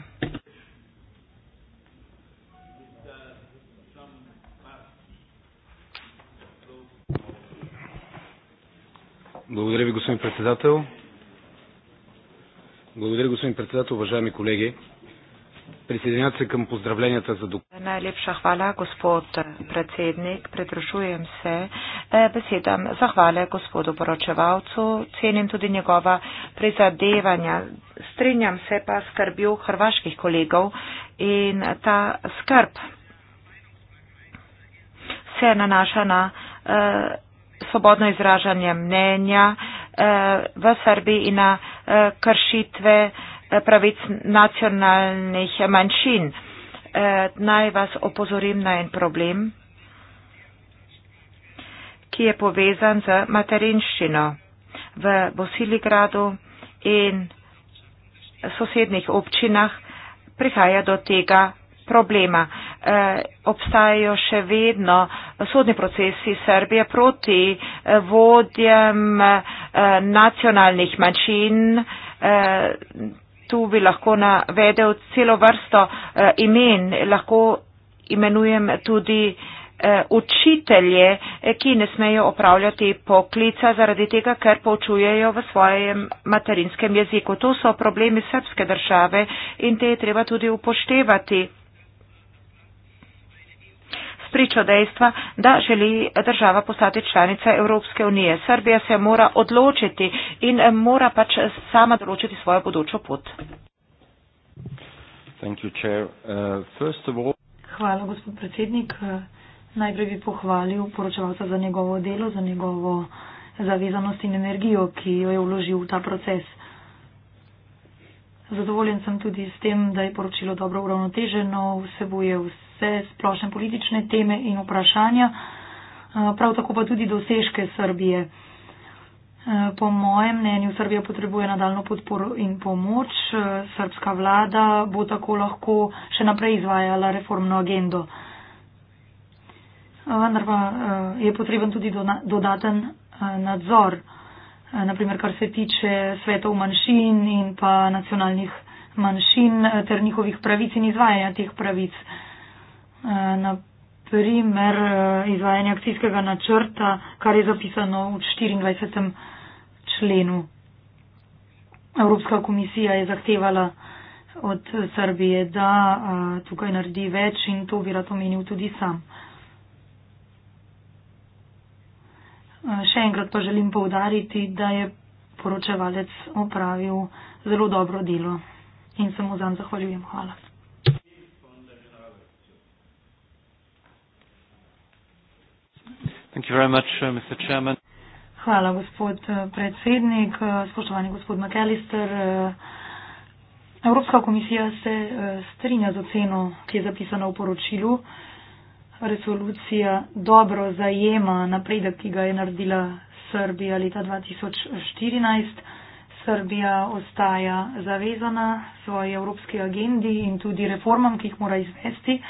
Благодаря ви, господин председател. Благодаря, господин председател, уважаеми колеги. Prisedenjati se kam pozdravljenjata za dokument. Najlepša hvala, gospod predsednik. Predružujem se besedam zahvale gospodu poročevalcu. Cenim tudi njegova prizadevanja. Strinjam se pa skrbjo hrvaških kolegov in ta skrb se nanaša na eh, svobodno izražanje mnenja eh, v Srbiji in na eh, kršitve pravic nacionalnih manjšin. E, naj vas opozorim na en problem, ki je povezan z materinščino v Bosiligradu in sosednih občinah prihaja do tega problema. E, obstajajo še vedno sodni procesi Srbije proti e, vodjem e, nacionalnih manjšin, e, tu bi lahko navedel celo vrsto uh, imen, lahko imenujem tudi uh, učitelje, eh, ki ne smejo opravljati poklica zaradi tega, ker poučujejo v svojem materinskem jeziku. To so problemi srpske države in te je treba tudi upoštevati spričo dejstva, da želi država postati članica Evropske unije. Srbija se mora odločiti in eh, mora pač sama določiti svojo bodočo pot. Uh, Hvala, gospod predsednik. Najprej bi pohvalil poročevalca za njegovo delo, za njegovo zavezanost in energijo, ki jo je vložil v ta proces. Zadovoljen sem tudi s tem, da je poročilo dobro uravnoteženo, vsebuje vse vse splošne politične teme in vprašanja, eh, prav tako pa tudi dosežke Srbije. Eh, po mojem mnenju Srbija potrebuje nadaljno podporo in pomoč. Eh, srbska vlada bo tako lahko še naprej izvajala reformno agendo. Vendar pa je potreben tudi dodaten nadzor, naprimer kar se tiče svetov manjšin in pa nacionalnih manjšin ter njihovih pravic in izvajanja teh pravic. Eh, naprimer eh, izvajanje akcijskega načrta, kar je zapisano v 24. členu. Evropska komisija je zahtevala od Srbije, da eh, tukaj naredi več in to bi rad omenil tudi sam. Še enkrat pa želim povdariti, da je poročevalec opravil zelo dobro delo in se mu zanj zahvaljujem. Hvala. Much, uh, Hvala, gospod uh, predsednik. Uh, spoštovani gospod McAllister. Evropska komisija se strinja z oceno, ki je zapisana v poročilu. Resolucija dobro zajema napredek, ki ga je naredila Srbija leta 2014. Srbija ostaja zavezana svoji evropski agendi in tudi reformam, ki jih mora izvesti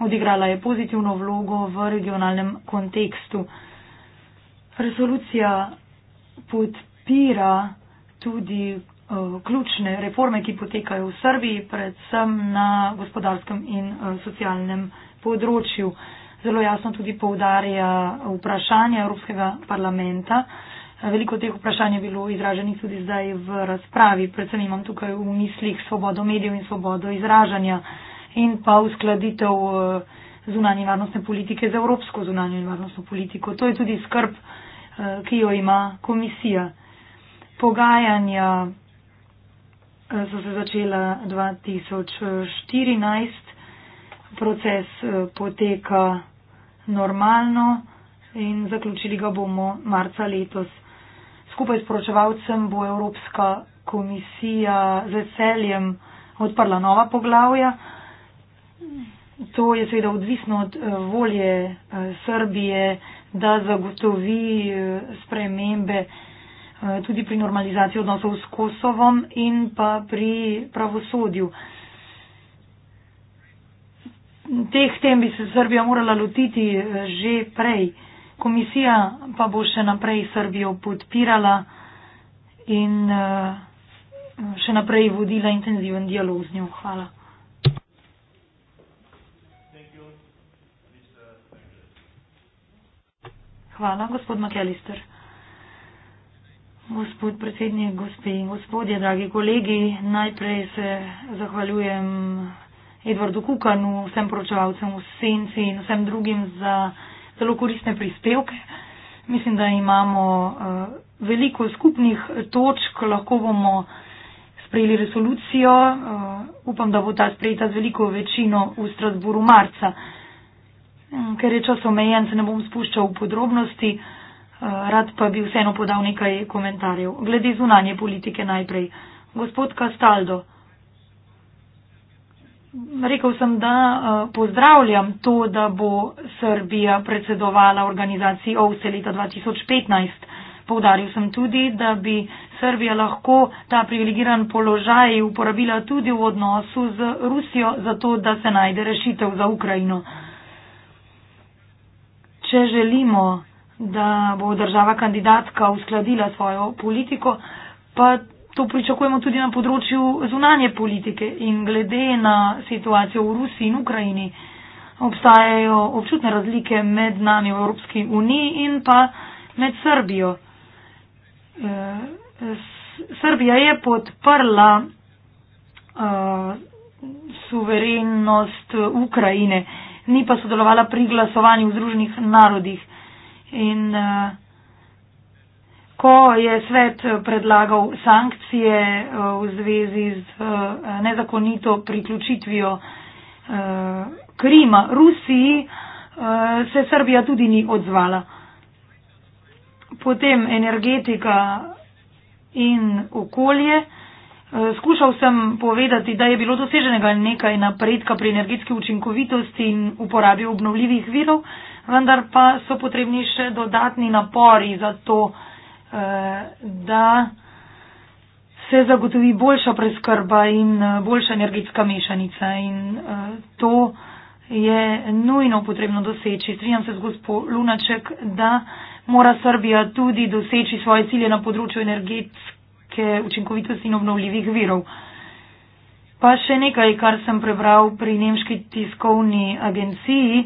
odigrala je pozitivno vlogo v regionalnem kontekstu. Resolucija podpira tudi uh, ključne reforme, ki potekajo v Srbiji, predvsem na gospodarskem in uh, socialnem področju. Zelo jasno tudi povdarja vprašanje Evropskega parlamenta. Veliko teh vprašanj je bilo izraženih tudi zdaj v razpravi. Predvsem imam tukaj v mislih svobodo medijev in svobodo izražanja. Uh, in pa uskladitev eh, zunanje varnostne politike z evropsko zunanje varnostno politiko. To je tudi skrb, eh, ki jo ima komisija. Pogajanja eh, so se začela 2014, proces poteka normalno in zaključili ga bomo marca letos. Skupaj s poročevalcem bo Evropska komisija z veseljem odprla nova poglavja. To je seveda odvisno od eh, volje eh, Srbije, da zagotovi eh, spremembe tudi pri normalizaciji odnosov s Kosovom in pa pri pravosodju. Teh tem bi se Srbija morala lotiti že prej. Komisija pa bo še naprej Srbijo podpirala in še naprej vodila intenziven dialog z njo. Hvala. Hvala, gospod McAllister. Gospod predsednik, gospe in gospodje, dragi kolegi, najprej se zahvaljujem Edvardu Kukanu, vsem poročevalcem v Senci in vsem drugim za zelo koristne prispevke. Mislim, da imamo uh, veliko skupnih točk, lahko bomo sprejeli resolucijo. Uh, upam, da bo ta sprejeta z veliko večino v Strasburu marca. Uh, Mm, ker je čas omejen, se ne bom spuščal v podrobnosti, eh, rad pa bi vseeno podal nekaj komentarjev. Glede zunanje politike najprej. Gospod Castaldo, rekel sem, da eh, pozdravljam to, da bo Srbija predsedovala organizaciji OVSE leta 2015. Povdaril sem tudi, da bi Srbija lahko ta privilegiran položaj uporabila tudi v odnosu z Rusijo, zato da se najde rešitev za Ukrajino če želimo, da bo država kandidatka uskladila svojo politiko, pa to pričakujemo tudi na področju zunanje politike in glede na situacijo v Rusiji in Ukrajini. Obstajajo občutne razlike med nami v Evropski uniji in pa med Srbijo. E, Srbija je podprla uh, suverenost Ukrajine. Uh, ni pa sodelovala pri glasovanju v Združenih narodih. In uh, ko je svet eh, predlagal sankcije uh, v zvezi z uh, nezakonito priključitvijo uh, Krima Rusiji, uh, se Srbija tudi ni odzvala. Potem energetika in okolje. Uh, Eh, skušal sem povedati, da je bilo doseženega nekaj napredka pri energetski učinkovitosti in uporabi obnovljivih virov, vendar pa so potrebni še dodatni napori za to, eh, da se zagotovi boljša preskrba in eh, boljša energetska mešanica. In to je nujno potrebno doseči. Strinjam se z gospod Lunaček, da mora Srbija tudi doseči svoje cilje na področju energetske energetske učinkovitosti in obnovljivih virov. Pa še nekaj, kar sem prebral pri nemški tiskovni agenciji.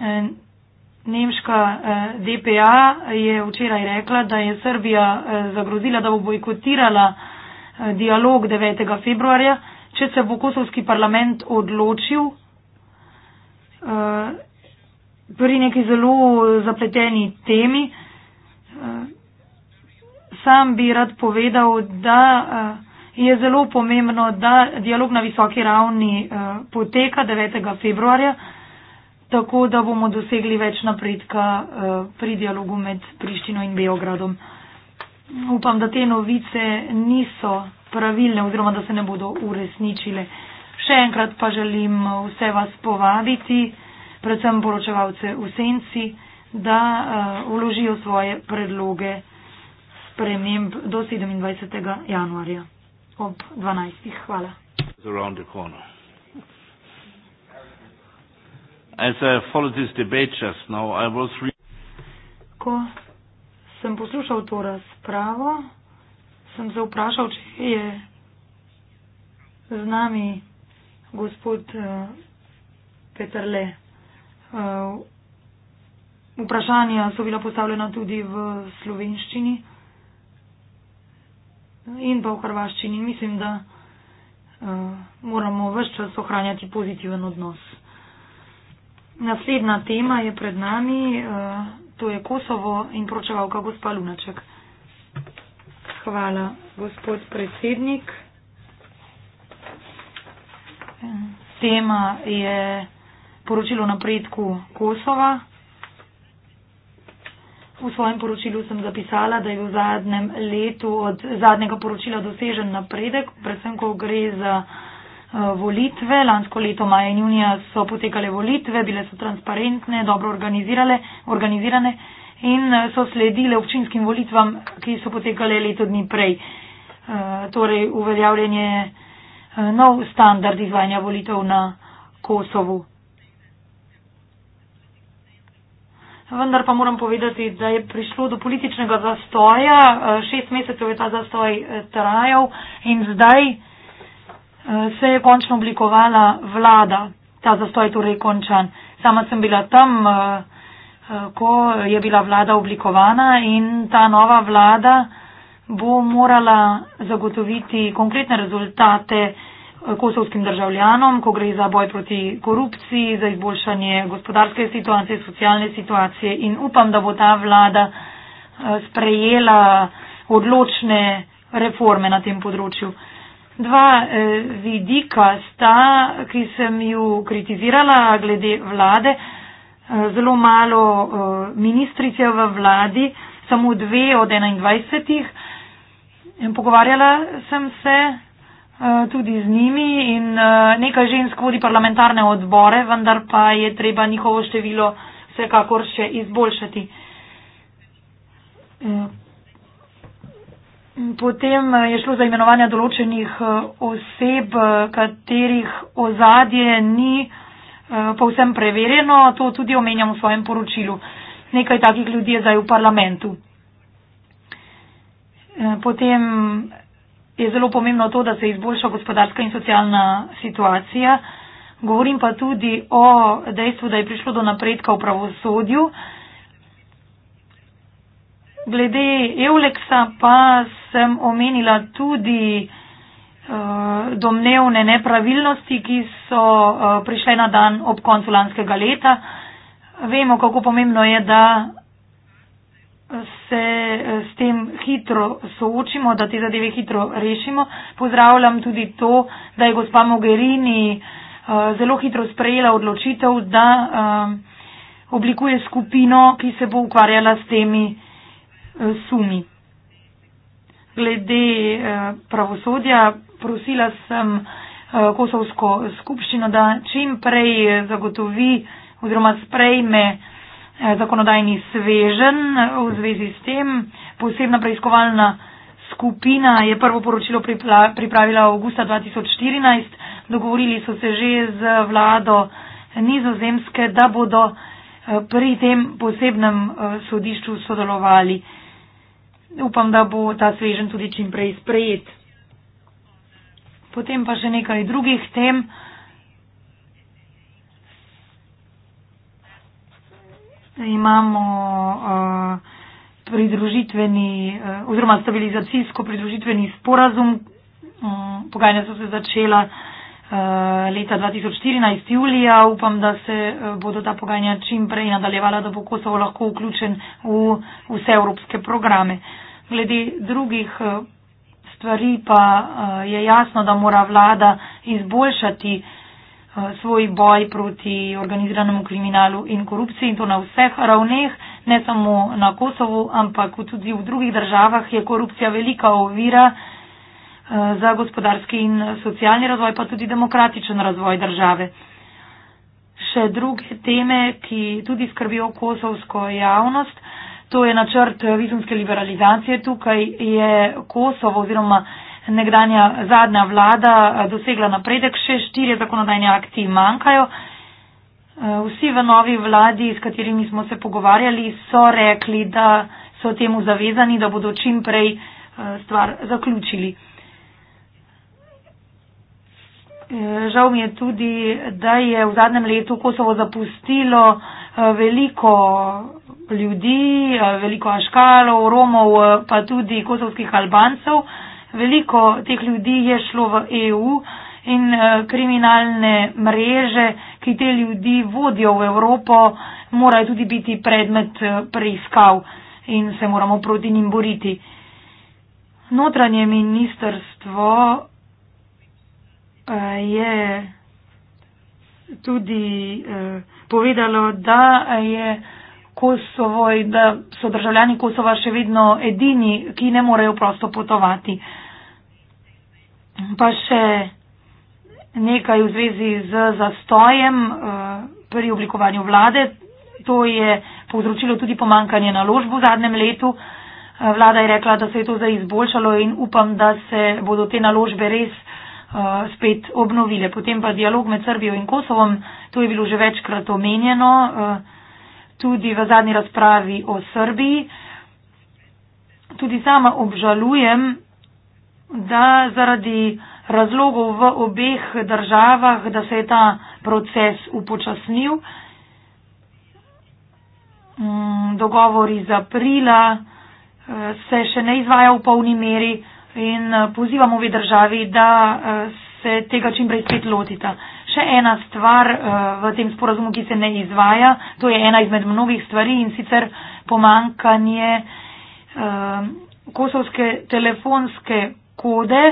E, nemška e, DPA je včeraj rekla, da je Srbija e, zagrozila, da bo bojkotirala dialog 9. februarja, če se bo kosovski parlament odločil pri neki zelo zapleteni temi sam bi rad povedal, da eh, je zelo pomembno, da dialog na visoki ravni eh, poteka 9. februarja, tako da bomo dosegli več napredka eh, pri dialogu med Prištino in Beogradom. Upam, da te novice niso pravilne oziroma da se ne bodo uresničile. Še enkrat pa želim vse vas povabiti, predvsem poročevalce v senci, da uh, uložijo svoje predloge sprememb do 27. januarja ob 12. Hvala. Ko sem poslušal to razpravo, sem se vprašal, če je z nami gospod eh, Petr Le. Eh, vprašanja so bila postavljena tudi v slovenščini in pa v hrvaščini. Mislim, da eh, moramo vse čas ohranjati pozitiven odnos. Naslednja tema je pred nami, eh, to je Kosovo in pročevalka gospa Lunaček. Hvala, gospod predsednik. Tema je poročilo napredku Kosova. V svojem poročilu sem zapisala, da je v zadnjem letu od zadnjega poročila dosežen napredek, predvsem, ko gre za eh, volitve. Lansko leto maja in junija so potekale volitve, bile so transparentne, dobro organizirane in eh, so sledile občinskim volitvam, ki so potekale leto dni prej. Eh, torej, uveljavljen je nov standard izvajanja volitev na Kosovu. Vendar pa moram povedati, da je prišlo do političnega zastoja, eh, šest mesecev je ta zastoj eh, trajal in zdaj eh, se je končno oblikovala vlada, ta zastoj je torej končan. Sama sem bila tam, ko je bila vlada oblikovana in ta nova vlada bo morala zagotoviti konkretne rezultate kosovskim državljanom, ko gre za boj proti korupciji, za izboljšanje gospodarske situacije, socialne situacije in upam, da bo ta vlada eh, sprejela odločne reforme na tem področju. Dva eh, vidika sta, ki sem ju kritizirala glede vlade, eh, zelo malo ministrice v vladi, samo dve od 21. Pogovarjala sem se Eh, tudi z njimi in eh, nekaj žensk vodi parlamentarne odbore, vendar pa je treba njihovo število vsekakor še izboljšati. Eh, potem je šlo za imenovanje določenih oseb, katerih ozadje ni povsem preverjeno, to tudi omenjam v svojem poročilu. Nekaj takih ljudi je zdaj v parlamentu. Potem je zelo pomembno to, da se izboljša gospodarska in socialna situacija. Govorim pa tudi o dejstvu, da je prišlo do napredka v pravosodju. Glede Euleksa pa sem omenila tudi uh, domnevne nepravilnosti, ki so uh, prišle na dan ob koncu lanskega leta. Vemo, kako pomembno je, da se eh, s tem hitro soočimo, da te zadeve hitro rešimo. Pozdravljam tudi to, da je gospa Mogherini eh, zelo hitro sprejela odločitev, da eh, oblikuje skupino, ki se bo ukvarjala s temi sumi. Glede pravosodja, prosila sem Kosovsko skupščino, da čim prej zagotovi oziroma sprejme zakonodajni svežen v zvezi s tem. Posebna preiskovalna skupina je prvo poročilo pripravila avgusta 2014. Dogovorili so se že z vlado nizozemske, da bodo eh, pri tem posebnem eh, sodišču sodelovali. Upam, da bo ta svežen tudi čim prej sprejet. Potem pa še nekaj drugih tem. imamo eh, pridružitveni eh, oziroma stabilizacijsko pridružitveni sporazum. Mm, pogajanja so se začela eh, leta 2014, julija. Upam, da se bodo ta pogajanja čim prej nadaljevala, da bo Kosovo lahko vključen v vse evropske programe. Glede drugih stvari pa je jasno, da mora vlada izboljšati Eh, svoj boj proti organiziranemu kriminalu in korupciji in to na vseh ravneh, ne samo na Kosovu, ampak tudi v drugih državah je korupcija velika ovira eh, za gospodarski in socialni razvoj, pa tudi demokratičen razvoj države. Še druge teme, ki tudi skrbijo kosovsko javnost, to je načrt vizumske liberalizacije. Tukaj je Kosovo oziroma nekdanja zadnja vlada eh, dosegla napredek, še štirje zakonodajni akti manjkajo. Eh, vsi v novi vladi, s katerimi smo se pogovarjali, so rekli, da so temu zavezani, da bodo čim prej eh, stvar zaključili. Žal mi je tudi, da je v zadnjem letu Kosovo zapustilo veliko ljudi, veliko aškalov, romov, pa tudi kosovskih albancev veliko teh ljudi je šlo v EU in uh, kriminalne mreže, ki te ljudi vodijo v Evropo, morajo tudi biti predmet eh, preiskav in se moramo proti njim boriti. Notranje ministrstvo uh, je tudi uh, povedalo, da je Kosovo, da so državljani Kosova še vedno edini, ki ne morejo prosto potovati. Uh, Pa še nekaj v zvezi z zastojem eh, pri oblikovanju vlade. To je povzročilo tudi pomankanje naložb v zadnjem letu. Eh, vlada je rekla, da se je to zdaj izboljšalo in upam, da se bodo te naložbe res eh, spet obnovile. Potem pa dialog med Srbijo in Kosovom, to je bilo že večkrat omenjeno, tudi v zadnji razpravi o Srbiji. Tudi sama obžalujem, da zaradi razlogov v obeh državah, da se je ta proces upočasnil. Mm, dogovor iz aprila eh, se še ne izvaja v polni meri in eh, pozivamo obe državi, da eh, se tega čim prej spet lotita. Še ena stvar v tem sporazumu, ki se ne izvaja, to je ena izmed mnogih stvari in sicer pomankanje kosovske telefonske škode,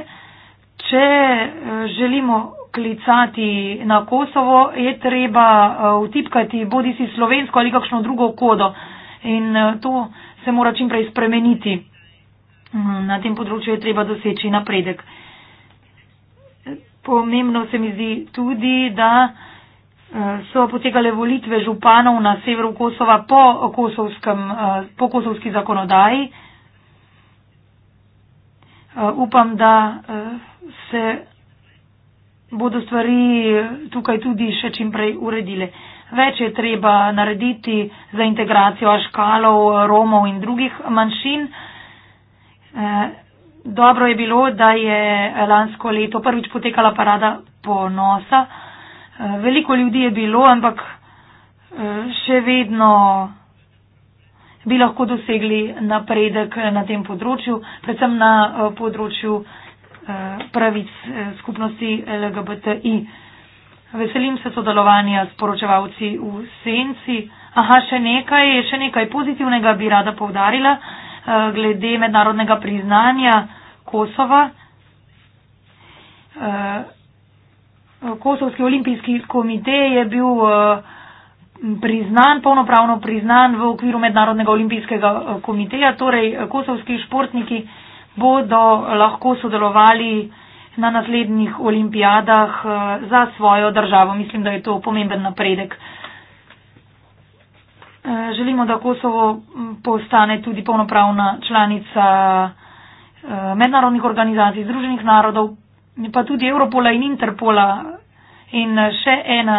če eh, želimo klicati na Kosovo, je treba eh, vtipkati bodi si slovensko ali kakšno drugo kodo. In eh, to se mora čimprej spremeniti. Mm, na tem področju je treba doseči napredek. Pomembno se mi zdi tudi, da so potekale volitve županov na severu Kosova po, po kosovski zakonodaji. Eh, upam, da eh, se bodo stvari tukaj tudi še čim prej uredile. Več je treba narediti za integracijo aškalov, romov in drugih manjšin. Eh, dobro je bilo, da je lansko leto prvič potekala parada ponosa. Veliko ljudi je bilo, ampak še vedno bi lahko dosegli napredek na tem področju, predvsem na eh, področju eh, pravic eh, skupnosti LGBTI. Veselim se sodelovanja s poročevalci v senci. Aha, še nekaj, še nekaj pozitivnega bi rada povdarila glede mednarodnega priznanja Kosova. Kosovski olimpijski komitej je bil priznan, polnopravno priznan v okviru Mednarodnega olimpijskega eh, komiteja, torej eh, kosovski športniki bodo lahko sodelovali na naslednjih olimpijadah eh, za svojo državo. Mislim, da je to pomemben napredek. Želimo, da Kosovo postane tudi polnopravna članica mednarodnih organizacij, Združenih narodov, pa tudi Europola in Interpola in še ena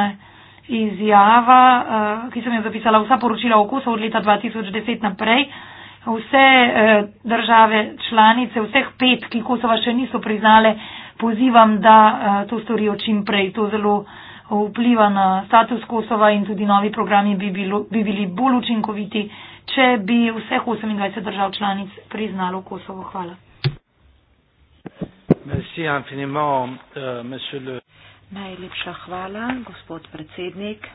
izjava, eh, ki sem jo zapisala, vsa poročila okusa od leta 2010 naprej, vse eh, države članice, vseh pet, ki Kosova še niso priznale, pozivam, da eh, to storijo čim prej. To zelo vpliva na status Kosova in tudi novi programi bi, bilo, bi bili bolj učinkoviti, če bi vseh 28 držav članic priznalo Kosovo. Hvala. Merci infiniment, euh, monsieur le. Najlepša hvala, gospod predsednik.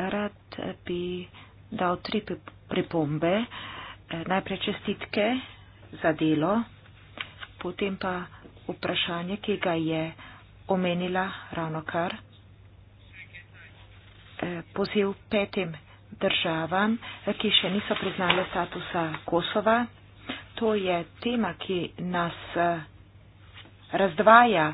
Rad bi dal tri pripombe. Eh, najprej čestitke za delo, potem pa vprašanje, ki ga je omenila ravno kar. Eh, poziv petim državam, eh, ki še niso priznale statusa Kosova. To je tema, ki nas razdvaja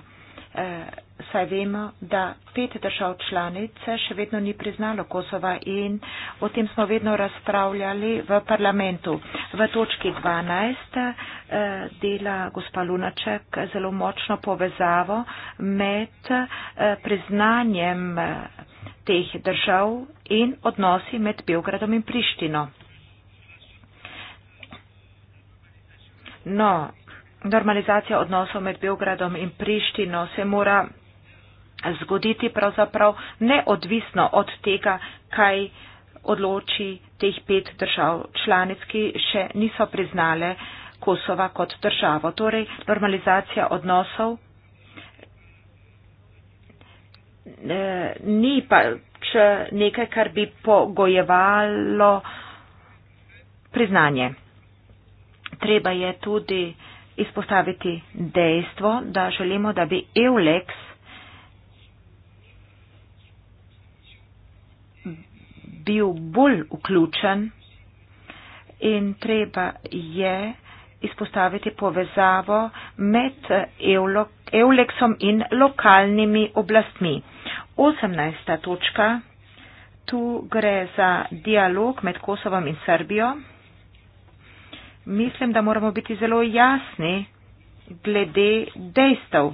saj vemo, da pet držav članice še vedno ni priznalo Kosova in o tem smo vedno razpravljali v parlamentu. V točki 12 eh, dela gospa Lunaček zelo močno povezavo med eh, priznanjem eh, teh držav in odnosi med Belgradom in Prištino. No, normalizacija odnosov med Belgradom in Prištino se mora zgoditi pravzaprav neodvisno od tega, kaj odloči teh pet držav članic, ki še niso priznale Kosova kot državo. Torej, normalizacija odnosov eh, ni pač nekaj, kar bi pogojevalo priznanje. Treba je tudi izpostaviti dejstvo, da želimo, da bi EULEX bil bolj vključen in treba je izpostaviti povezavo med Euleksom in lokalnimi oblastmi. 18. točka. Tu gre za dialog med Kosovom in Srbijo. Mislim, da moramo biti zelo jasni glede dejstev.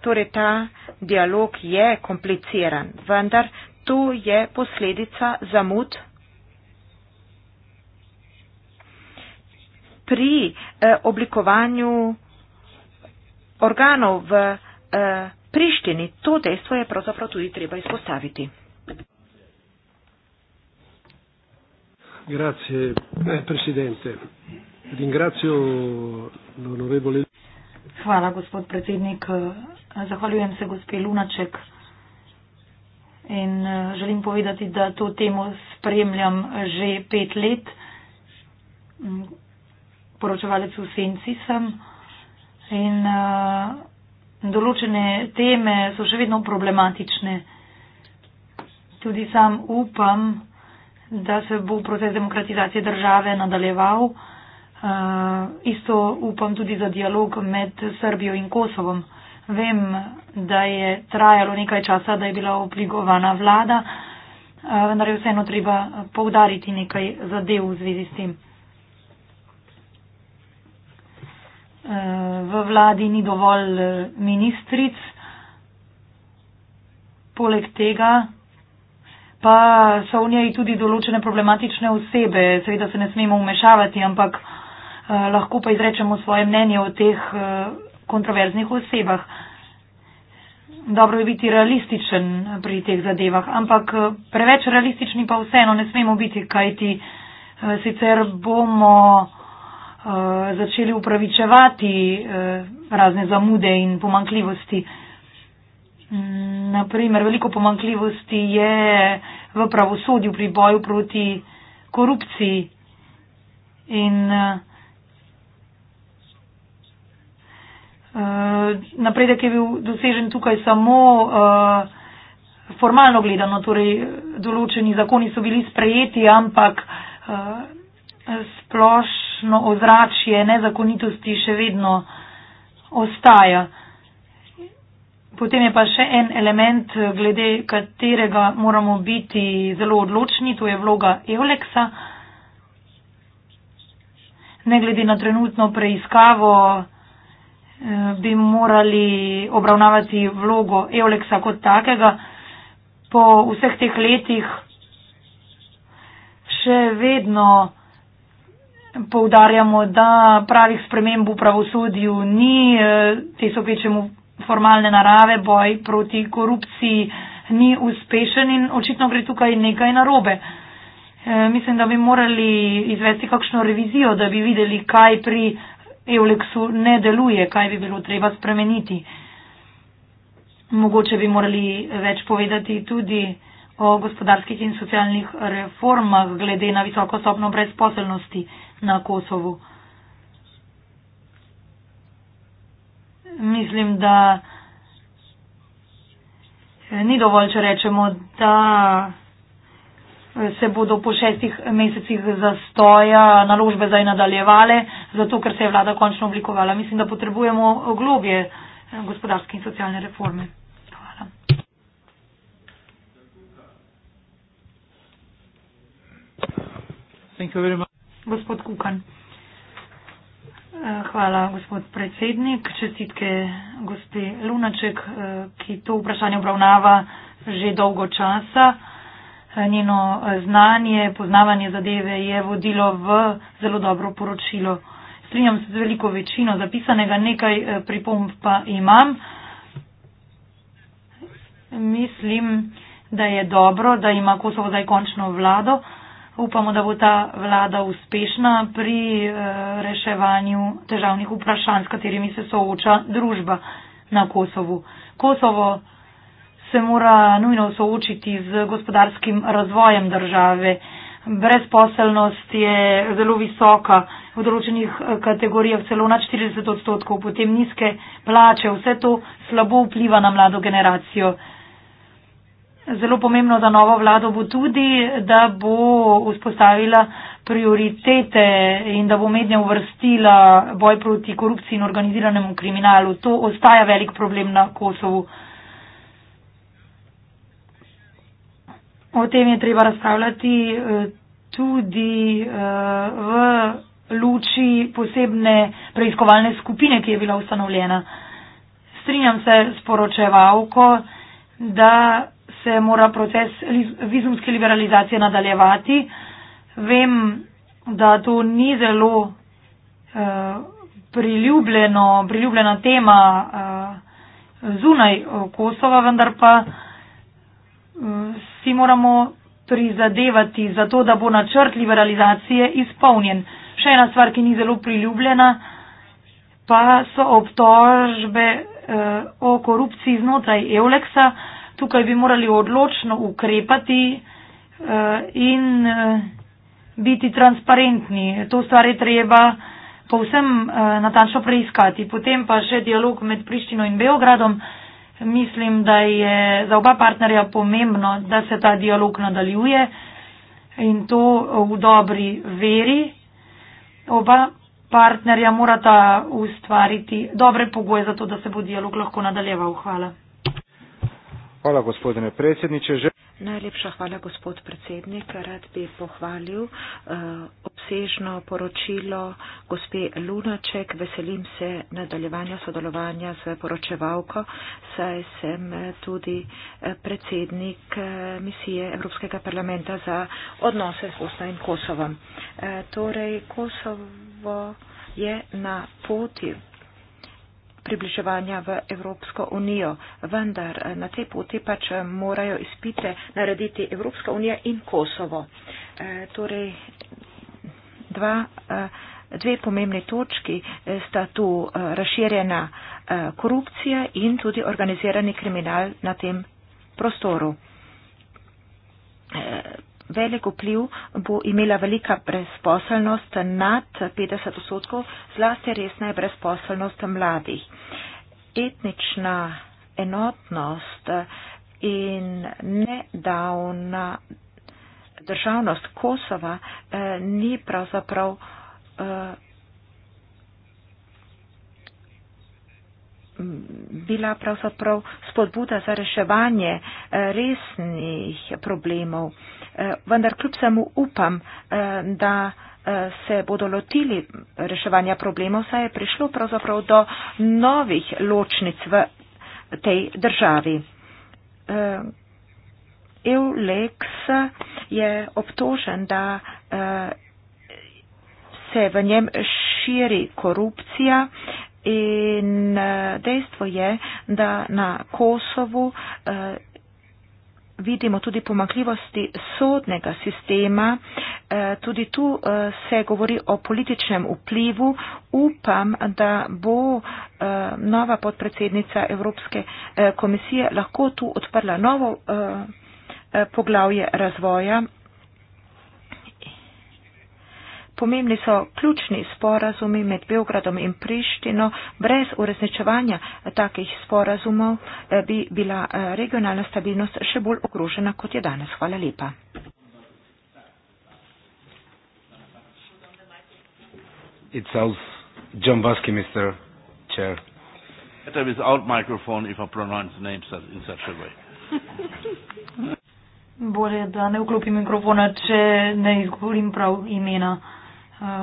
Torej, ta dialog je kompliciran, vendar to je posledica zamud pri eh, oblikovanju organov v eh, Prištini. To dejstvo je pravzaprav tudi treba izpostaviti. Grazie, eh, presidente. Ringrazio l'onorevole. Hvala, gospod predsednik. Zahvaljujem se gospe Lunaček. In eh, želim povedati, da to temo spremljam že pet let. Mm, poročevalec v senci sem. In eh, določene teme so še vedno problematične. Tudi sam upam, da se bo proces demokratizacije države nadaljeval. Uh, isto upam tudi za dialog med Srbijo in Kosovom. Vem, da je trajalo nekaj časa, da je bila obligovana vlada, eh, vendar je vseeno treba poudariti nekaj zadev v zvezi s tem. Eh, v vladi ni dovolj eh, ministric, poleg tega pa so v njej tudi določene problematične osebe. Seveda se ne smemo umešavati, ampak lahko pa izrečemo svoje mnenje o teh kontroverznih osebah. Dobro je biti realističen pri teh zadevah, ampak eh, preveč realistični pa vseeno ne smemo biti, kajti eh, sicer bomo eh, začeli upravičevati razne zamude in pomankljivosti. Mm, Naprimer, veliko pomankljivosti je v pravosodju pri boju proti korupciji in uh, Eh, napredek je bil dosežen tukaj samo uh, formalno gledano, torej določeni zakoni so bili sprejeti, ampak uh, splošno ozračje nezakonitosti še vedno ostaja. Potem je pa še en element, glede katerega moramo biti zelo odločni, to je vloga Euleksa. Ne glede na trenutno preiskavo, Eh, bi morali obravnavati vlogo Euleksa kot takega. Po vseh teh letih še vedno poudarjamo, da pravih sprememb v pravosodju ni, eh, te so pečemu formalne narave, boj proti korupciji ni uspešen in očitno gre tukaj nekaj narobe. E, mislim, da bi morali izvesti kakšno revizijo, da bi videli, kaj pri Euleksu ne deluje, kaj bi bilo treba spremeniti. Mogoče bi morali več povedati tudi o gospodarskih in socialnih reformah glede na visoko stopno brezposelnosti na Kosovu. Mislim, da ni dovolj, če rečemo, da se bodo po šestih mesecih zastoja naložbe zdaj nadaljevale zato ker se je vlada končno oblikovala. Mislim, da potrebujemo globje eh, gospodarske in socialne reforme. Hvala. Gospod Kukan. Eh, hvala, gospod predsednik. Čestitke gospe Lunaček, eh, ki to vprašanje obravnava že dolgo časa. Njeno znanje, poznavanje zadeve je vodilo v zelo dobro poročilo strinjam se z veliko večino zapisanega, nekaj eh, pripomb pa imam. Mislim, da je dobro, da ima Kosovo zdaj končno vlado. Upamo, da bo ta vlada uspešna pri eh, reševanju težavnih vprašanj, s katerimi se sooča družba na Kosovu. Kosovo se mora nujno soočiti z gospodarskim razvojem države brezposelnost je zelo visoka v določenih eh, kategorijah, celo na 40 odstotkov, potem nizke plače, vse to slabo vpliva na mlado generacijo. Zelo pomembno za novo vlado bo tudi, da bo vzpostavila prioritete in da bo mednje uvrstila boj proti korupciji in organiziranemu kriminalu. To ostaja velik problem na Kosovu. O tem je treba razpravljati eh, tudi eh, v luči posebne preiskovalne skupine, ki je bila ustanovljena. Strinjam se s poročevalko, da se mora proces vizumske liberalizacije nadaljevati. Vem, da to ni zelo eh, priljubljena tema zunaj Kosova, vendar pa si moramo prizadevati za to, da bo načrt liberalizacije izpolnjen. Še ena stvar, ki ni zelo priljubljena, pa so obtožbe eh, o korupciji znotraj Euleksa. Tukaj bi morali odločno ukrepati eh, in eh, biti transparentni. To stvar je treba povsem natančno preiskati. Potem pa še dialog med Prištino in Beogradom. Mislim, da je za oba partnerja pomembno, da se ta dialog nadaljuje in to v dobri veri. Oba partnerja morata ustvariti dobre pogoje za to, da se bo dialog lahko nadaljeval. Hvala. Hvala, gospodine predsedniče. Že... Najlepša hvala, gospod predsednik. Rad bi pohvalil uh, obsežno poročilo gospe Lunaček. Veselim se nadaljevanja sodelovanja z poročevalko, saj sem tudi eh, predsednik uh, misije Evropskega parlamenta za odnose z Bosno in Kosovom. Uh, torej, Kosovo je na poti približevanja v Evropsko unijo. Vendar eh, na tej poti pač eh, morajo izpite narediti Evropska unija in Kosovo. E, torej, dva, dve pomembni točki sta tu razširjena korupcija in tudi organizirani kriminal na tem prostoru. E, velik vpliv bo imela velika brezposelnost nad 50 odstotkov, zlasti resna je brezposelnost mladih. Etnična enotnost in nedavna državnost Kosova eh, ni pravzaprav eh, bila pravzaprav spodbuda za reševanje eh, resnih problemov. Eh, vendar kljub samo upam, eh, da se bodo lotili reševanja problemov, saj je prišlo pravzaprav do novih ločnic v tej državi. Eulex je obtožen, da se v njem širi korupcija, In eh, dejstvo je, da na Kosovu eh, vidimo tudi pomakljivosti sodnega sistema. Eh, tudi tu se govori o političnem vplivu. Upam, da bo nova podpredsednica Evropske komisije lahko tu odprla novo poglavje razvoja Pomembni so ključni sporazumi med Beogradom in Prištino. Brez uresničevanja takih sporazumov eh, bi bila eh, regionalna stabilnost še bolj ogrožena, kot je danes. Hvala lepa. Bolje, da ne vklopim mikrofona, če ne izgovorim prav imena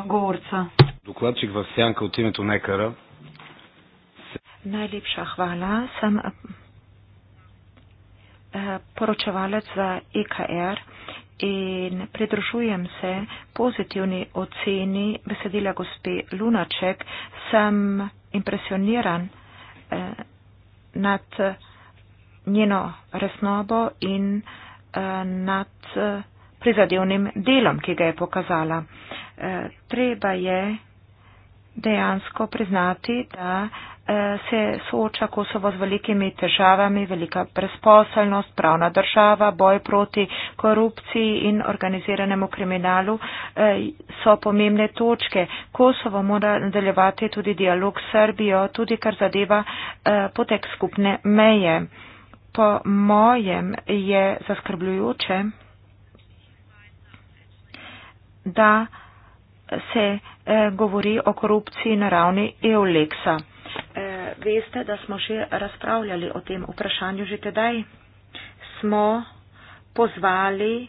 govorca. Докладчик в сянка от името Некара. Najlepša hvala. Sem poročevalec za EKR in pridružujem se pozitivni oceni besedila gospe Lunaček. Sem impresioniran nad njeno resnobo in nad prizadevnim delom, ki ga je pokazala treba je dejansko priznati, da eh, se sooča Kosovo z velikimi težavami, velika brezposelnost, pravna država, boj proti korupciji in organiziranemu kriminalu eh, so pomembne točke. Kosovo mora nadaljevati tudi dialog s Srbijo, tudi kar zadeva eh, potek skupne meje. Po mojem je zaskrbljujoče, da se eh, govori o korupciji na ravni EU-leksa. Eh, veste, da smo že razpravljali o tem vprašanju že tedaj. Smo pozvali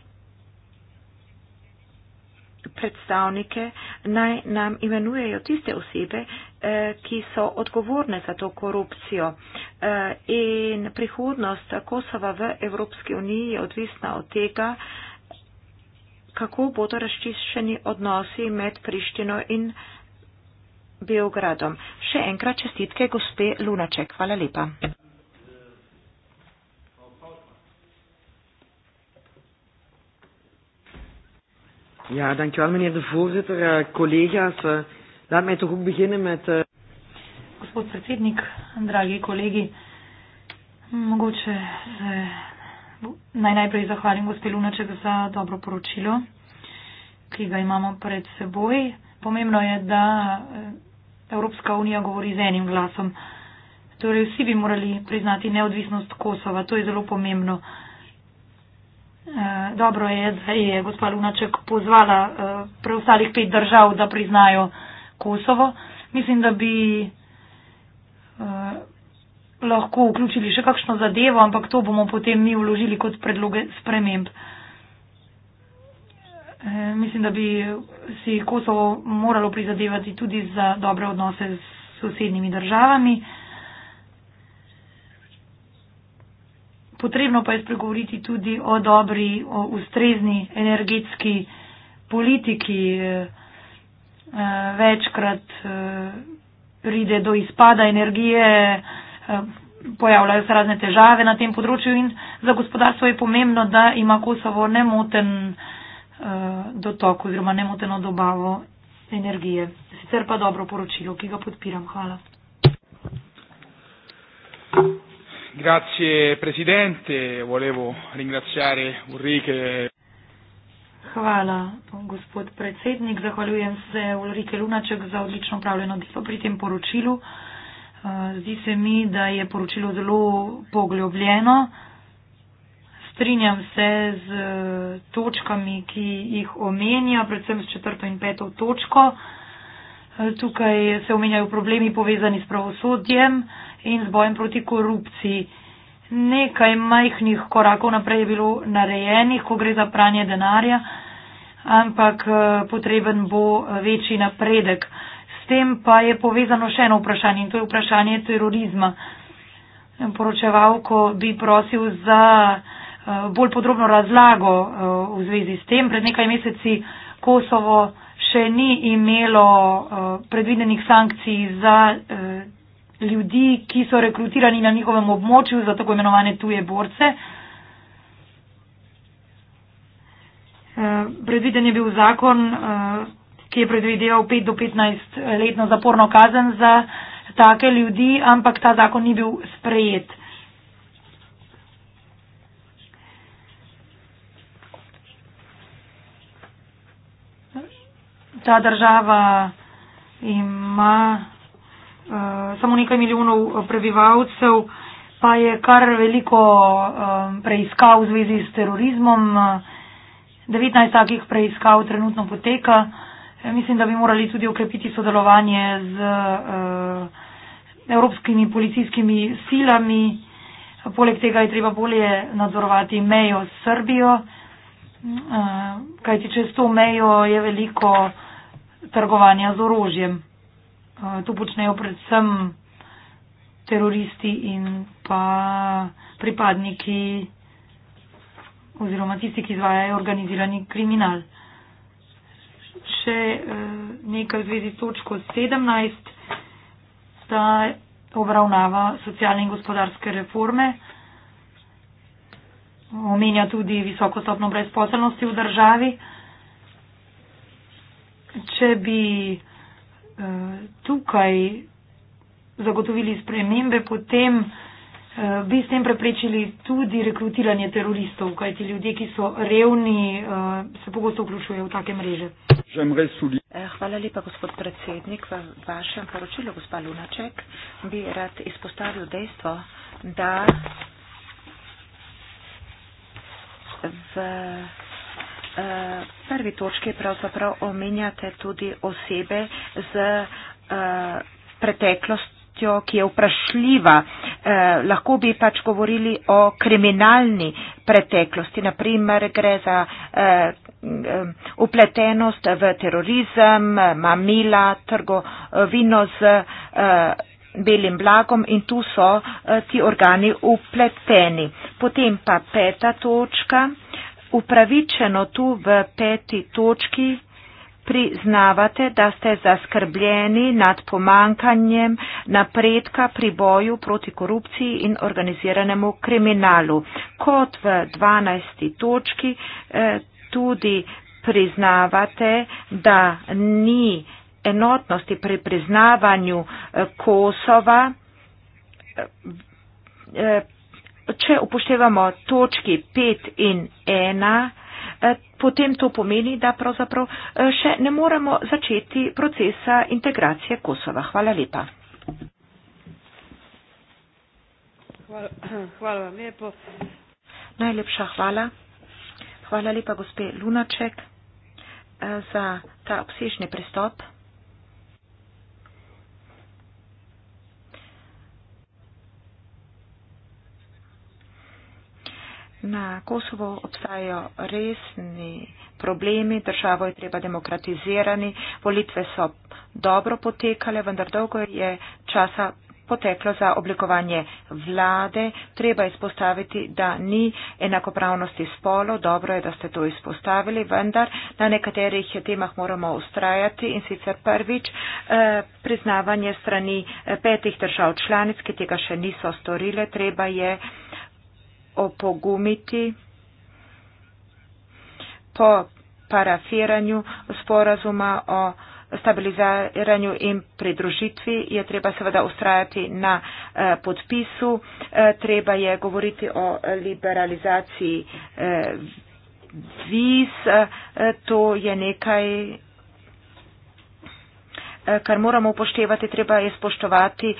predstavnike naj nam imenujejo tiste osebe, eh, ki so odgovorne za to korupcijo. Eh, in prihodnost Kosova v Evropski uniji je odvisna od tega, kako bodo razčiščeni odnosi med Prištino in Beogradom. Še enkrat čestitke gospe Lunaček. Hvala lepa. Ja, dankjewel meneer de voorzitter, uh, collega's. Uh, laat mij toch ook beginnen met. Eh, Gospod uh... predsednik, dragi kolegi, mogoče z Naj najprej zahvalim gospodu Lunaček za dobro poročilo, ki ga imamo pred seboj. Pomembno je, da eh, Evropska unija govori z enim glasom. Torej vsi bi morali priznati neodvisnost Kosova, to je zelo pomembno. Eh, dobro je, da je gospa Lunaček pozvala eh, preostalih pet držav, da priznajo Kosovo. Mislim, da bi lahko vključili še kakšno zadevo, ampak to bomo potem mi vložili kot predloge sprememb. Eh, mislim, da bi si Kosovo moralo prizadevati tudi za dobre odnose s sosednjimi državami. Potrebno pa je spregovoriti tudi o dobri, o ustrezni energetski politiki. Eh, večkrat eh, pride do izpada energije. Eh, pojavljajo se razne težave na tem področju in za gospodarstvo je pomembno, da ima Kosovo nemoten eh, dotok oziroma nemoteno dobavo energije. Sicer pa dobro poročilo, ki ga podpiram. Hvala. Hvala, gospod predsednik. Zahvaljujem se Ulrike Lunaček za odlično upravljeno delo pri tem poročilu. Zdi se mi, da je poročilo zelo poglobljeno. Strinjam se z eh, točkami, ki jih omenja, predvsem s četrto in peto točko. Eh, tukaj se omenjajo problemi povezani s pravosodjem in z bojem proti korupciji. Nekaj majhnih korakov naprej je bilo narejenih, ko gre za pranje denarja, ampak eh, potreben bo večji napredek tem pa je povezano še eno vprašanje in to je vprašanje terorizma. Poročevalko bi prosil za eh, bolj podrobno razlago eh, v zvezi s tem. Pred nekaj meseci Kosovo še ni imelo eh, predvidenih sankcij za ljudi, ki so rekrutirani na njihovem območju za tako imenovane tuje borce. Predviden je bil zakon, ki je predvideval 5 do 15 eh, letno zaporno kazen za take ljudi, ampak ta zakon ni bil sprejet. Ta država ima uh, samo nekaj milijonov eh, prebivalcev, pa je kar veliko uh, preiskav v zvezi s terorizmom. 19 takih preiskav trenutno poteka. Eh, mislim, da bi morali tudi okrepiti sodelovanje z eh, evropskimi policijskimi silami. Poleg tega je treba bolje nadzorovati mejo s Srbijo, eh, kajti čez to mejo je veliko trgovanja z orožjem. To počnejo predvsem teroristi in pa pripadniki oziroma tisti, ki izvajajo organizirani kriminal še eh, nekaj zvezi s točko 17, da obravnava socialne in gospodarske reforme. Omenja tudi visoko stopno brezposelnosti v državi. Če bi eh, tukaj zagotovili spremembe, potem. Eh, bi s tem preprečili tudi rekrutiranje teroristov, kajti ljudje, ki so revni, eh, se pogosto vključujejo v take mreže. Eh, hvala lepa, gospod predsednik. V vašem poročilu, gospa Lunaček, bi rad izpostavil dejstvo, da v prvi točki pravzaprav omenjate tudi osebe z preteklost dejavnostjo, ki je vprašljiva. Eh, lahko bi pač govorili o kriminalni preteklosti. Naprimer, gre za eh, eh, upletenost v terorizem, mamila, trgovino z eh, belim blagom in tu so eh, ti organi upleteni. Potem pa peta točka. Upravičeno tu v peti točki priznavate, da ste zaskrbljeni nad pomankanjem napredka pri boju proti korupciji in organiziranemu kriminalu. Kot v 12. točki eh, tudi priznavate, da ni enotnosti pri priznavanju eh, Kosova. Eh, če upoštevamo točki 5 in 1, Eh, potem to pomeni, da pravzaprav eh, še ne moremo začeti procesa integracije Kosova. Hvala lepa. Hvala [CLEARS THROAT] vam lepo. Najlepša hvala. Hvala lepa, gospe Lunaček, eh, za ta obsežni pristop. Na Kosovo obstajajo resni problemi, državo je treba demokratizirati, volitve so dobro potekale, vendar dolgo je časa poteklo za oblikovanje vlade. Treba izpostaviti, da ni enakopravnosti spolo, dobro je, da ste to izpostavili, vendar na nekaterih temah moramo ustrajati in sicer prvič eh, priznavanje strani eh, petih držav članic, ki tega še niso storile, treba je opogumiti po parafiranju sporazuma o stabiliziranju in pridružitvi je treba seveda ustrajati na eh, podpisu, eh, treba je govoriti o liberalizaciji eh, viz, to je nekaj, kar moramo upoštevati, treba je spoštovati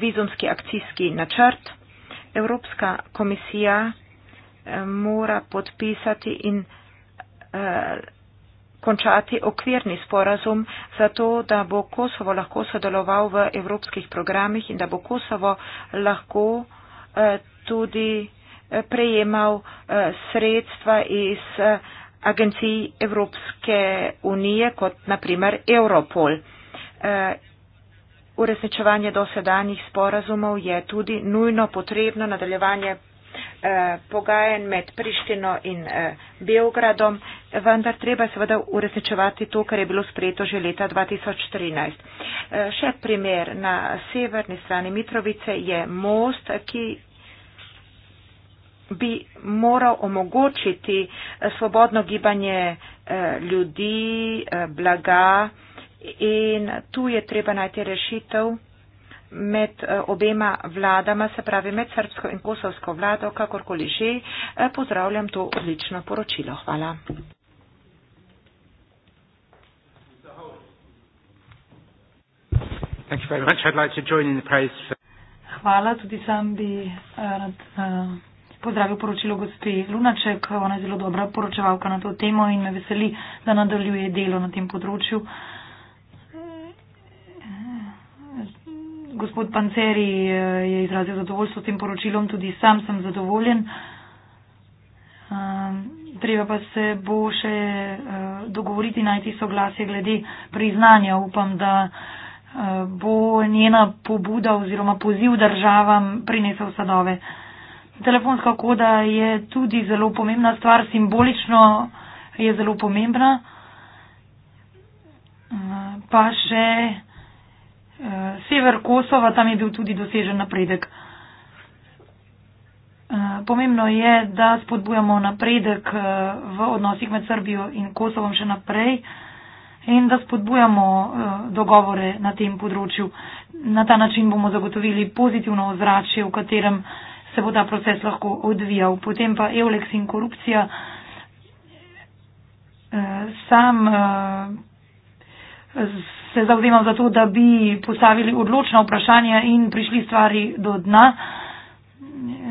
vizumski akcijski načrt. Evropska komisija eh, mora podpisati in eh, končati okvirni sporazum za to, da bo Kosovo lahko sodeloval v evropskih programih in da bo Kosovo lahko eh, tudi prejemal sredstva iz agencij Evropske unije, kot naprimer Europol. Uresničevanje dosedanjih sporazumov je tudi nujno potrebno nadaljevanje eh, pogajanj med Prištino in eh, Belgradom, vendar treba seveda uresničevati to, kar je bilo sprejeto že leta 2013. Eh, še primer na severni strani Mitrovice je most, ki bi moral omogočiti svobodno gibanje ljudi, blaga, in tu je treba najti rešitev med eh, obema vladama, se pravi med srbsko in kosovsko vlado, kakorkoli že. Eh, pozdravljam to odlično poročilo. Hvala. Hvala, tudi sam bi eh, rad pozdravil poročilo gospe Lunaček. Ona je zelo dobra poročevalka na to temo in me veseli, da nadaljuje delo na tem področju. gospod Panceri eh, je izrazil zadovoljstvo s tem poročilom, tudi sam sem zadovoljen. Ehm, treba pa se bo še eh, dogovoriti, najti soglasje glede priznanja. Upam, da eh, bo njena pobuda oziroma poziv državam prinesel sadove. Telefonska koda je tudi zelo pomembna stvar, simbolično je zelo pomembna. Ehm, pa še eh, sever Kosova, tam je bil tudi dosežen napredek. Eh, pomembno je, da spodbujamo napredek eh, v odnosih med Srbijo in Kosovom še naprej in da spodbujamo eh, dogovore na tem področju. Na ta način bomo zagotovili pozitivno ozračje, v katerem se bo ta proces lahko odvijal. Potem pa Euleks in korupcija. Sam z se zauzemam za to, da bi postavili odločna vprašanja in prišli stvari do dna.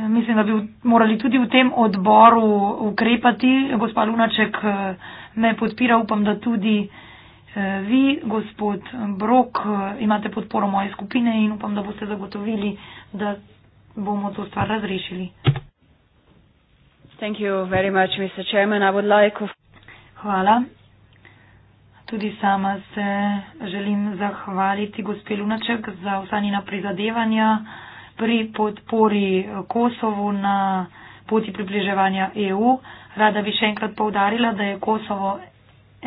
Mislim, da bi morali tudi v tem odboru ukrepati. Gospa Lunaček eh, me podpira, upam, da tudi eh, vi, gospod Brok, eh, imate podporo moje skupine in upam, da boste zagotovili, da bomo to stvar razrešili. Hvala. Tudi sama se želim zahvaliti gospe Lunaček za vsa njena prizadevanja pri podpori Kosovu na poti približevanja EU. Rada bi še enkrat povdarila, da je Kosovo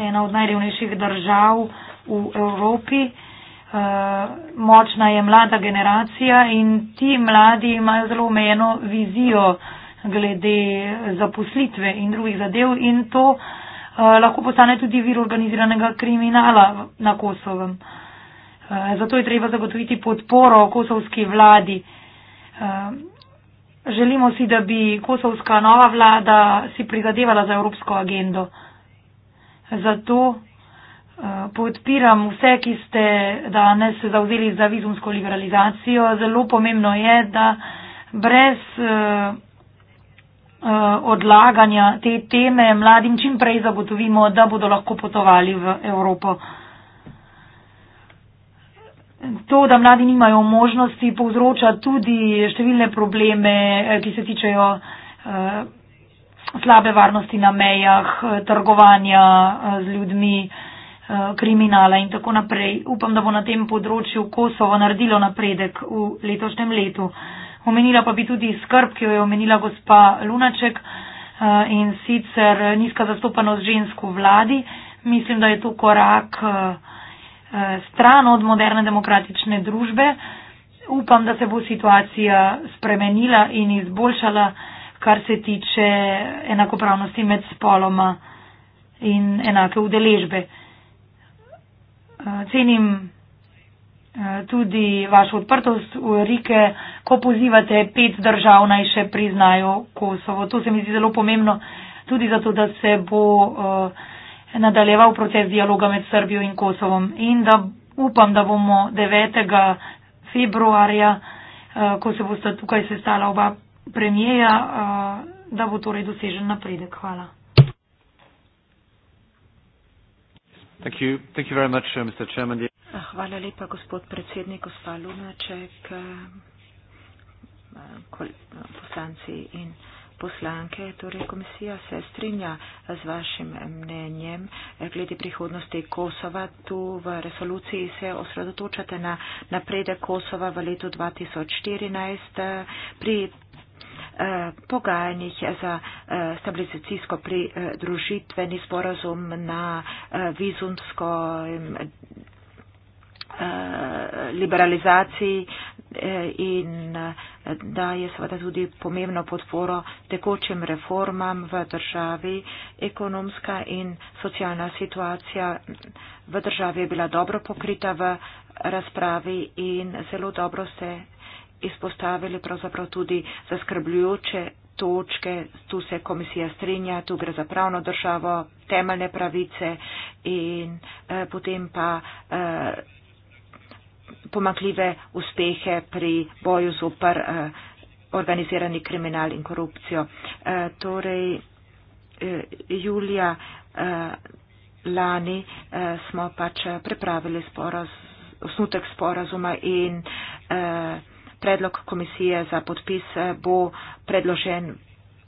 ena od najrevnejših držav v Evropi. Eh, močna je mlada generacija in ti mladi imajo zelo omejeno vizijo glede zaposlitve in drugih zadev in to Eh, lahko postane tudi vir organiziranega kriminala na Kosovem. Eh, zato je treba zagotoviti podporo kosovski vladi. Eh, želimo si, da bi kosovska nova vlada si prizadevala za evropsko agendo. Zato podpiram vse, ki ste danes se zauzeli za vizumsko liberalizacijo. Zelo pomembno je, da brez Eh, odlaganja te teme mladim čim prej zagotovimo, da bodo lahko potovali v Evropo. To, da mladi nimajo možnosti, povzroča tudi številne probleme, eh, ki se tičejo eh, slabe varnosti na mejah, trgovanja z ljudmi, kriminala in tako naprej. Upam, da bo na tem področju Kosovo naredilo napredek v letošnjem letu. Omenila pa bi tudi skrb, ki jo je omenila gospa Lunaček eh, in sicer nizka zastopanost žensk v vladi. Mislim, da je to korak eh, eh, stran od moderne demokratične družbe. Upam, da se bo situacija spremenila in izboljšala, kar se tiče enakopravnosti med spoloma in enake udeležbe. Cenim tudi vašo odprtost, Rike, ko pozivate pet držav naj še priznajo Kosovo. To se mi zdi zelo pomembno tudi zato, da se bo eh, nadaljeval proces dialoga med Srbijo in Kosovom. In da upam, da bomo 9. februarja, eh, ko se boste tukaj sestala oba premijeja, eh, da bo torej dosežen napredek. Hvala. Thank you. Thank you very much, uh, Mr. Chairman. Ah, hvala lepa, gospod predsednik, gospa Lunaček, eh, poslanci in poslanke. Torej, komisija se strinja z vašim mnenjem eh, glede prihodnosti Kosova. Tu v resoluciji se osredotočate na napredek Kosova v letu 2014 eh, pri pogajanjih za stabilizacijsko pridružitveni sporazum na vizumsko Eh, liberalizaciji eh, in eh, daje seveda tudi pomembno podporo tekočim reformam v državi. Ekonomska in socialna situacija v državi je bila dobro pokrita v razpravi in zelo dobro ste izpostavili pravzaprav tudi zaskrbljujoče točke. Tu se komisija strinja, tu gre za pravno državo, temeljne pravice in eh, potem pa. Eh, pomakljive uspehe pri boju z opr eh, organizirani kriminal in korupcijo. Eh, torej, eh, julija lani smo pač pripravili sporaz, osnutek sporazuma in predlog komisije za podpis bo predložen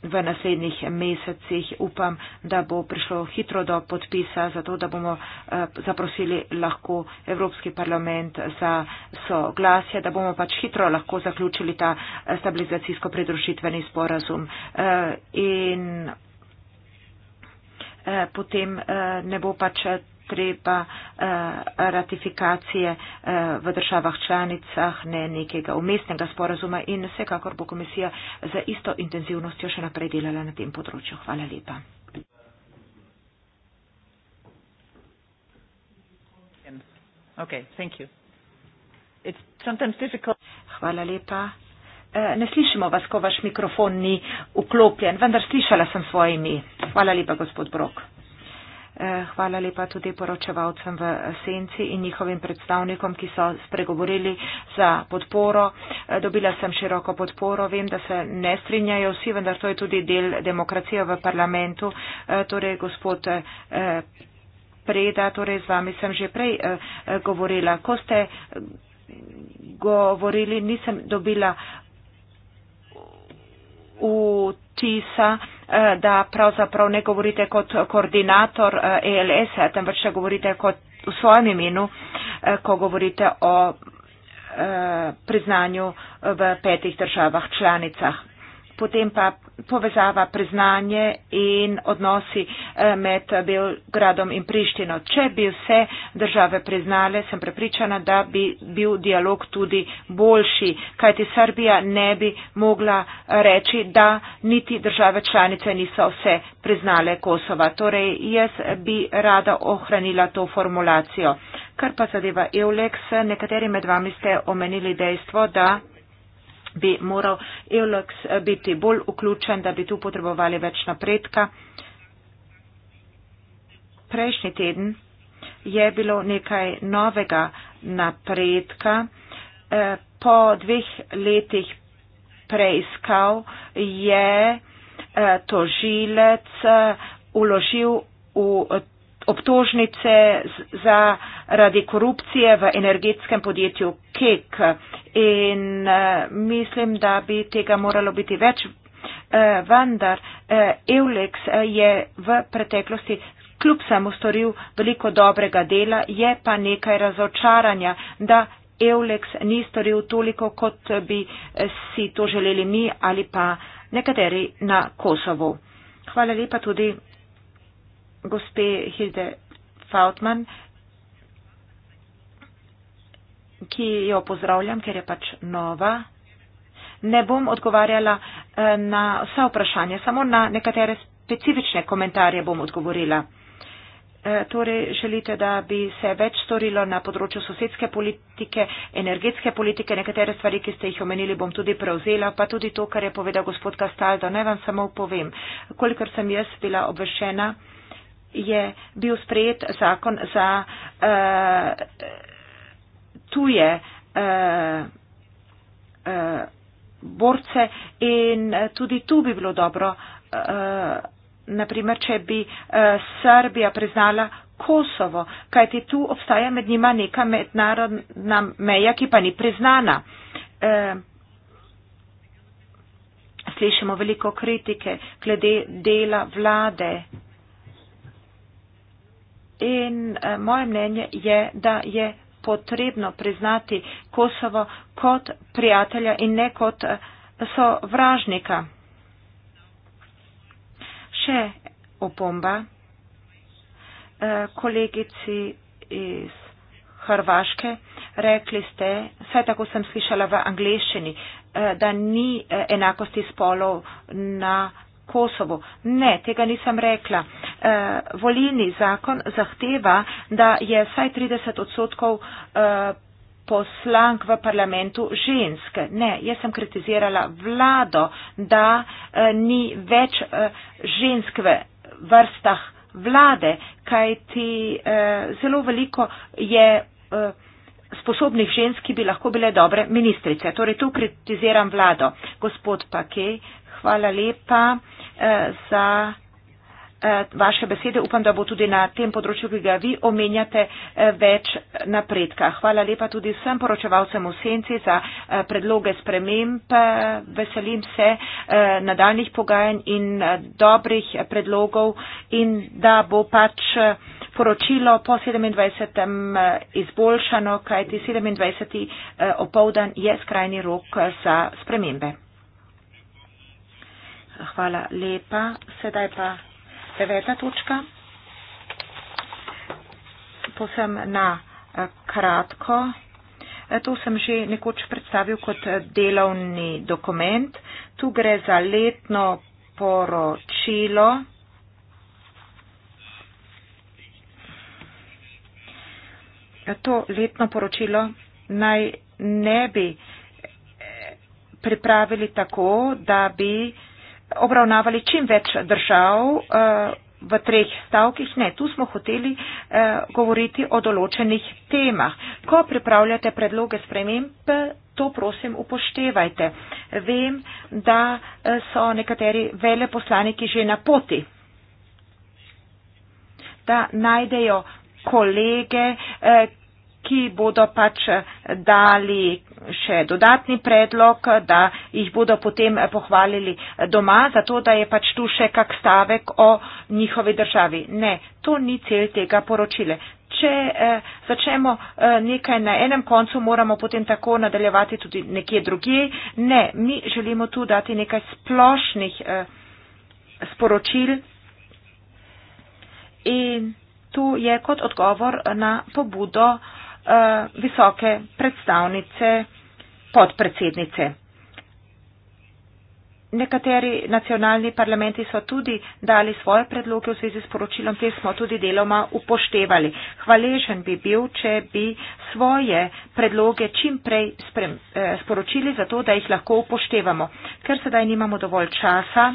v naslednjih mesecih. Upam, da bo prišlo hitro do podpisa, zato da bomo eh, zaprosili lahko Evropski parlament za soglasje, da bomo pač hitro lahko zaključili ta eh, stabilizacijsko pridružitveni sporazum. Eh, in potem ne bo pač treba eh, ratifikacije eh, v državah članicah, ne nekega umestnega sporazuma in vsekakor bo komisija za isto intenzivnostjo še naprej delala na tem področju. Hvala lepa. Okay, Hvala lepa. Eh, ne slišimo vas, ko vaš mikrofon ni vklopljen, vendar slišala sem svoje ime. Hvala lepa, gospod Brok. Eh, hvala lepa tudi poročevalcem v Senci in njihovim predstavnikom, ki so spregovorili za podporo. Eh, dobila sem široko podporo. Vem, da se ne strinjajo vsi, vendar to je tudi del demokracije v parlamentu. Eh, torej, gospod Preda, torej z vami sem že prej govorila. Ko ste govorili, nisem dobila vtisa, eh, da pravzaprav ne govorite kot koordinator ELS, eh, e eh, temveč da govorite kot v svojem imenu, ko govorite o priznanju v petih državah članicah potem pa povezava priznanje in odnosi eh, med Belgradom in Prištino. Če bi vse države priznale, sem prepričana, da bi bil dialog tudi boljši, kajti Srbija ne bi mogla reči, da niti države članice niso vse priznale Kosova. Torej, jaz bi rada ohranila to formulacijo. Kar pa zadeva Eulex, nekateri med vami ste omenili dejstvo, da bi moral EULEX biti bolj vključen, da bi tu potrebovali več napredka. Prejšnji teden je bilo nekaj novega napredka. Eh, po dveh letih preiskav je eh, tožilec uložil eh, v obtožnice zaradi korupcije v energetskem podjetju KEK. In eh, mislim, da bi tega moralo biti več, eh, vendar eh, Eulex je v preteklosti kljub samo storil veliko dobrega dela, je pa nekaj razočaranja, da Eulex ni storil toliko, kot bi si to želeli mi ali pa nekateri na Kosovo. Hvala lepa tudi gospe Hilde Fautman, ki jo pozdravljam, ker je pač nova. Ne bom odgovarjala eh, na vsa vprašanja, samo na nekatere specifične komentarje bom odgovorila. Eh, torej, želite, da bi se več storilo na področju sosedske politike, energetske politike, nekatere stvari, ki ste jih omenili, bom tudi prevzela, pa tudi to, kar je povedal gospod Kastal, da naj vam samo povem, kolikor sem jaz bila obveščena je bil sprejet zakon za uh, tuje uh, uh, borce in tudi tu bi bilo dobro, uh, naprimer, če bi uh, Srbija priznala Kosovo, kajti tu obstaja med njima neka mednarodna meja, ki pa ni priznana. Uh, slišimo veliko kritike glede dela vlade. In eh, moje mnenje je, da je potrebno priznati Kosovo kot prijatelja in ne kot eh, sovražnika. Še opomba eh, kolegici iz Hrvaške. Rekli ste, vse tako sem slišala v angleščini, da ni enakosti spolov na Kosovo. Ne, tega nisem rekla. E, volilni zakon zahteva, da je saj 30 odstotkov e, poslank v parlamentu ženske. Ne, jaz sem kritizirala vlado, da e, ni več e, žensk v vrstah vlade, kajti e, zelo veliko je e, sposobnih žensk, ki bi lahko bile dobre ministrice. Torej, tu kritiziram vlado. Gospod Pake, Hvala lepa eh, za eh, vaše besede. Upam, da bo tudi na tem področju, ki ga vi omenjate, eh, več napredka. Hvala lepa tudi vsem poročevalcem v Senci za predloge sprememb. Veselim se nadaljnih pogajanj in dobrih predlogov in da bo pač poročilo po 27. izboljšano, kajti 27. opovdan je skrajni rok za spremembe. Hvala lepa. Sedaj pa deveta točka. Posem na eh, kratko. Eh, to sem že nekoč predstavil kot eh, delovni dokument. Tu gre za letno poročilo. To letno poročilo naj ne bi pripravili tako, da bi obravnavali čim več držav eh, v treh stavkih. Ne, tu smo hoteli eh, govoriti o določenih temah. Ko pripravljate predloge sprememb, to prosim upoštevajte. Vem, da eh, so nekateri veleposlaniki že na poti, da najdejo kolege, ki bodo pač dali še dodatni predlog, da jih bodo potem pohvalili doma, zato da je pač tu še kak stavek o njihovi državi. Ne, to ni cel tega poročile. Če eh, začnemo eh, nekaj na enem koncu, moramo potem tako nadaljevati tudi nekje drugje. Ne, mi želimo tu dati nekaj splošnih eh, sporočil in tu je kot odgovor na pobudo eh, Eh, visoke predstavnice, podpredsednice. Nekateri nacionalni parlamenti so tudi dali svoje predloge v zvezi s poročilom, te smo tudi deloma upoštevali. Hvaležen bi bil, če bi svoje predloge čim prej eh, sporočili, zato da jih lahko upoštevamo. Ker sedaj nimamo dovolj časa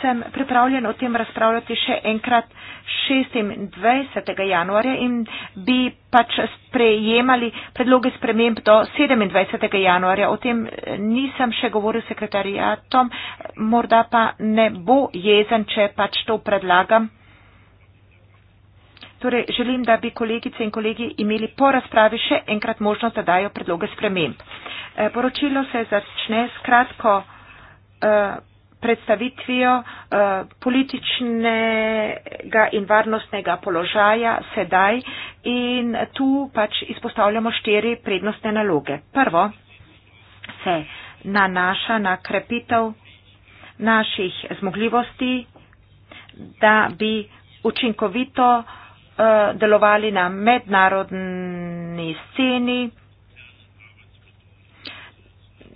sem pripravljen o tem razpravljati še enkrat 26. januarja in bi pač sprejemali predloge sprememb do 27. januarja. O tem eh, nisem še govoril sekretarijatom, morda pa ne bo jezen, če pač to predlagam. Torej, želim, da bi kolegice in kolegi imeli po razpravi še enkrat možnost, da dajo predloge sprememb. Eh, poročilo se začne s kratko eh, predstavitvijo uh, političnega in varnostnega položaja sedaj in tu pač izpostavljamo štiri prednostne naloge. Prvo se nanaša na krepitev naših zmogljivosti, da bi učinkovito uh, delovali na mednarodni sceni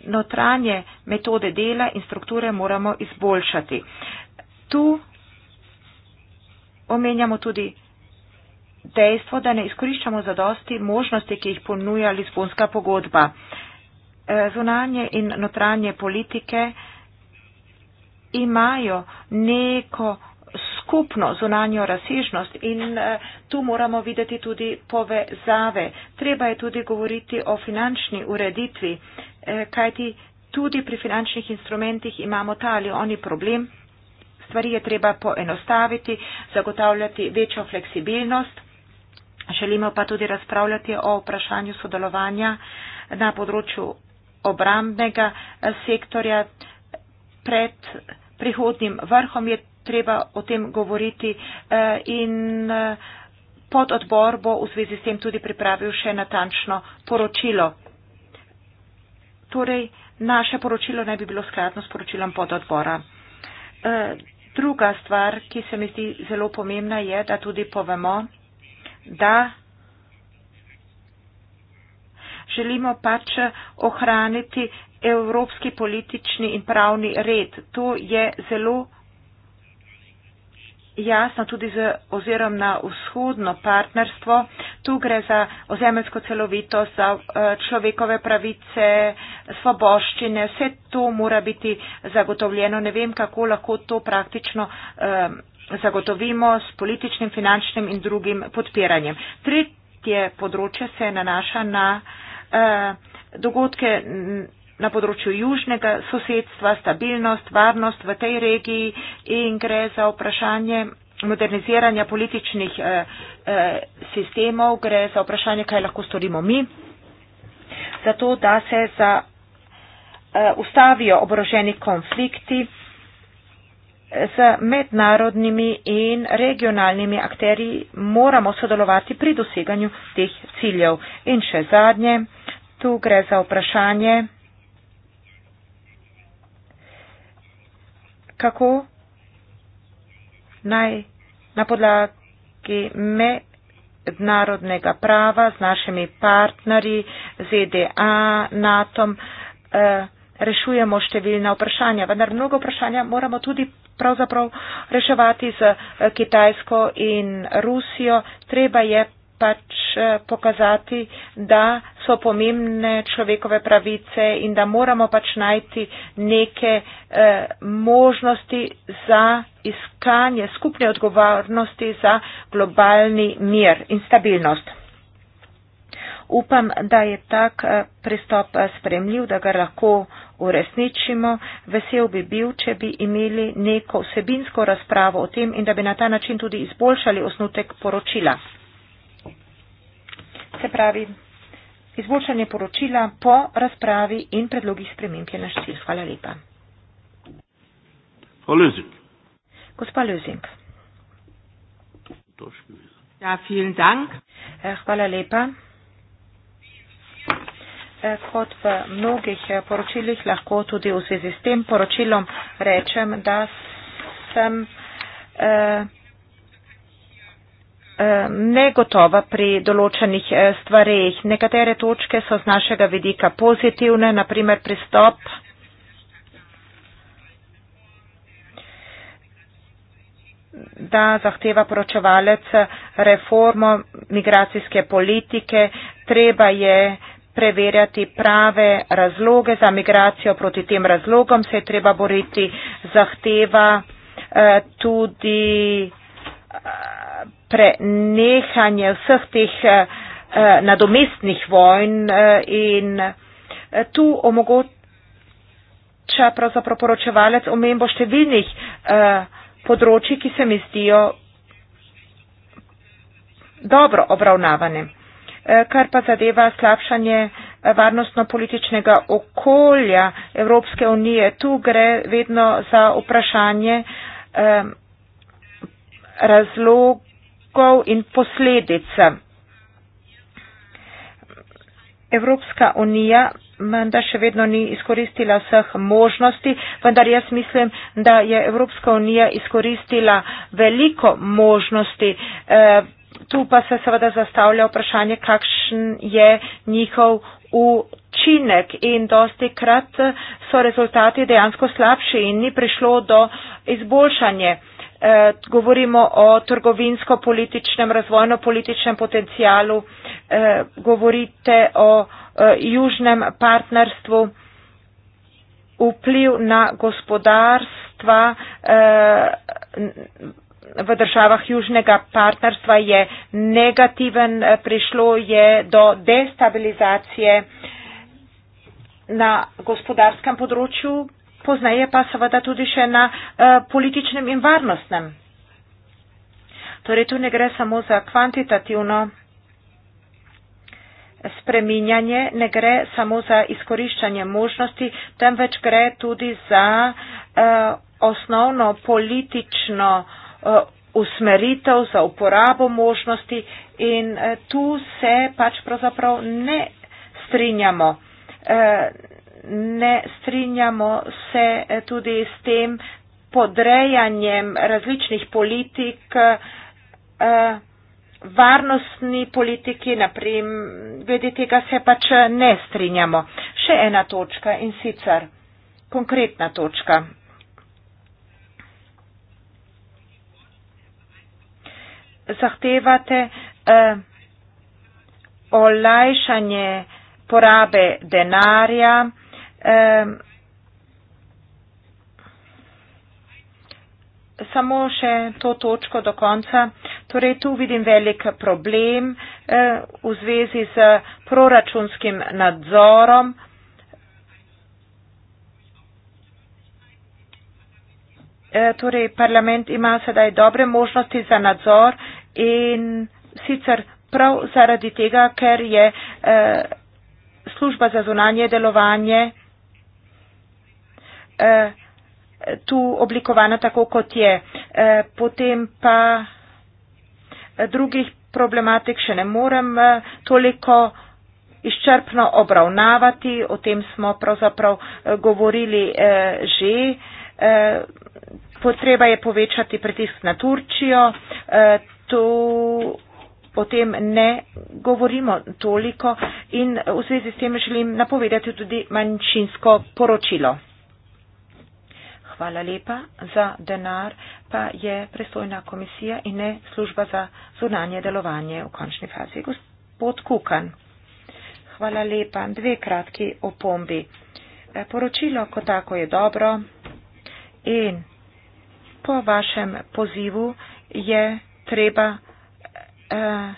notranje metode dela in strukture moramo izboljšati. Tu omenjamo tudi dejstvo, da ne izkoriščamo zadosti možnosti, ki jih ponuja Lisbonska pogodba. E, zunanje in notranje politike imajo neko skupno zunanjo razsežnost in e, tu moramo videti tudi povezave. Treba je tudi govoriti o finančni ureditvi, Eh, kajti tudi pri finančnih instrumentih imamo ta ali oni problem. Stvari je treba poenostaviti, zagotavljati večjo fleksibilnost. Želimo pa tudi razpravljati o vprašanju sodelovanja na področju obrambnega eh, sektorja. Pred prihodnim vrhom je treba o tem govoriti eh, in pod odbor bo v zvezi s tem tudi pripravil še natančno poročilo. Torej, naše poročilo ne bi bilo skladno s poročilom pod odbora. E, druga stvar, ki se mi zdi zelo pomembna, je, da tudi povemo, da želimo pač ohraniti evropski politični in pravni red. To je zelo jasno tudi z ozirom na vzhodno partnerstvo. Tu gre za ozemeljsko celovitost, za eh, človekove pravice, svoboščine. Vse to mora biti zagotovljeno. Ne vem, kako lahko to praktično eh, zagotovimo s političnim, finančnim in drugim podpiranjem. Tretje področje se nanaša na eh, dogodke Na področju južnega sosedstva stabilnost, varnost v tej regiji in gre za vprašanje moderniziranja političnih eh, eh, sistemov, gre za vprašanje, kaj lahko storimo mi, zato da se za, eh, ustavijo oboroženi konflikti eh, z mednarodnimi in regionalnimi akteri moramo sodelovati pri doseganju teh ciljev. In še zadnje, tu gre za vprašanje kako naj na podlagi mednarodnega prava z našimi partnerji, ZDA, NATO, eh, rešujemo številna vprašanja. Vendar mnogo vprašanja moramo tudi pravzaprav reševati z eh, Kitajsko in Rusijo. Treba je pač eh, pokazati, da so pomembne človekove pravice in da moramo pač najti neke eh, možnosti za iskanje skupne odgovornosti za globalni mir in stabilnost. Upam, da je tak eh, pristop spremljiv, da ga lahko uresničimo. Vesel bi bil, če bi imeli neko vsebinsko razpravo o tem in da bi na ta način tudi izboljšali osnutek poročila se pravi izboljšanje poročila po razpravi in predlogih sprememb je naš cilj. Hvala lepa. Gospa Ljuzink. Ja, eh, hvala lepa. Eh, kot v mnogih eh, poročilih lahko tudi v zvezi s tem poročilom rečem, da sem eh, Ehm, negotova pri določenih eh, stvarih. Nekatere točke so z našega vidika pozitivne, naprimer pristop da zahteva poročevalec reformo migracijske politike, treba je preverjati prave razloge za migracijo, proti tem razlogom se je treba boriti, zahteva eh, tudi eh, prenehanje vseh teh eh, eh, nadomestnih vojn eh, in tu omogoča pravzaprav poročevalec omembo številnih področji, ki se mi zdijo dobro obravnavane. Kar pa zadeva slabšanje varnostno-političnega okolja Evropske unije, tu gre vedno za vprašanje razlog vzrokov in posledic. Evropska unija menda še vedno ni izkoristila vseh možnosti, vendar jaz mislim, da je Evropska unija izkoristila veliko možnosti. E, tu pa se seveda zastavlja vprašanje, kakšen je njihov učinek in dosti krat so rezultati dejansko slabši in ni prišlo do izboljšanja eh, govorimo o trgovinsko-političnem, razvojno-političnem potencijalu, eh, govorite o eh, južnem partnerstvu, vpliv na gospodarstva eh, v državah južnega partnerstva je negativen, eh, prišlo je do destabilizacije na gospodarskem področju poznaje pa seveda tudi še na eh, političnem in varnostnem. Torej, tu ne gre samo za kvantitativno spreminjanje, ne gre samo za izkoriščanje možnosti, temveč gre tudi za eh, osnovno politično eh, usmeritev, za uporabo možnosti in eh, tu se pač pravzaprav ne strinjamo. Eh, ne strinjamo se tudi s tem podrejanjem različnih politik, eh, varnostni politiki, naprim, glede tega se pač ne strinjamo. Še ena točka in sicer konkretna točka. Zahtevate eh, olajšanje porabe denarja, Samo še to točko do konca. Torej, tu vidim velik problem e, v zvezi z proračunskim nadzorom. E, torej, parlament ima sedaj dobre možnosti za nadzor in sicer prav zaradi tega, ker je e, služba za zunanje delovanje Eh, tu oblikovana tako, kot je. Eh, potem pa eh, drugih problematik še ne morem toliko izčrpno obravnavati, o tem smo pravzaprav govorili že. Potreba je povečati pritisk na Turčijo, to o tem ne govorimo toliko in v zvezi s tem želim napovedati tudi manjšinsko poročilo. Hvala lepa. Za denar pa je pristojna komisija in ne služba za zunanje delovanje v končni fazi. Gospod Kukan. Hvala lepa. Dve kratki opombi. E, poročilo kot tako je dobro in po vašem pozivu je treba e,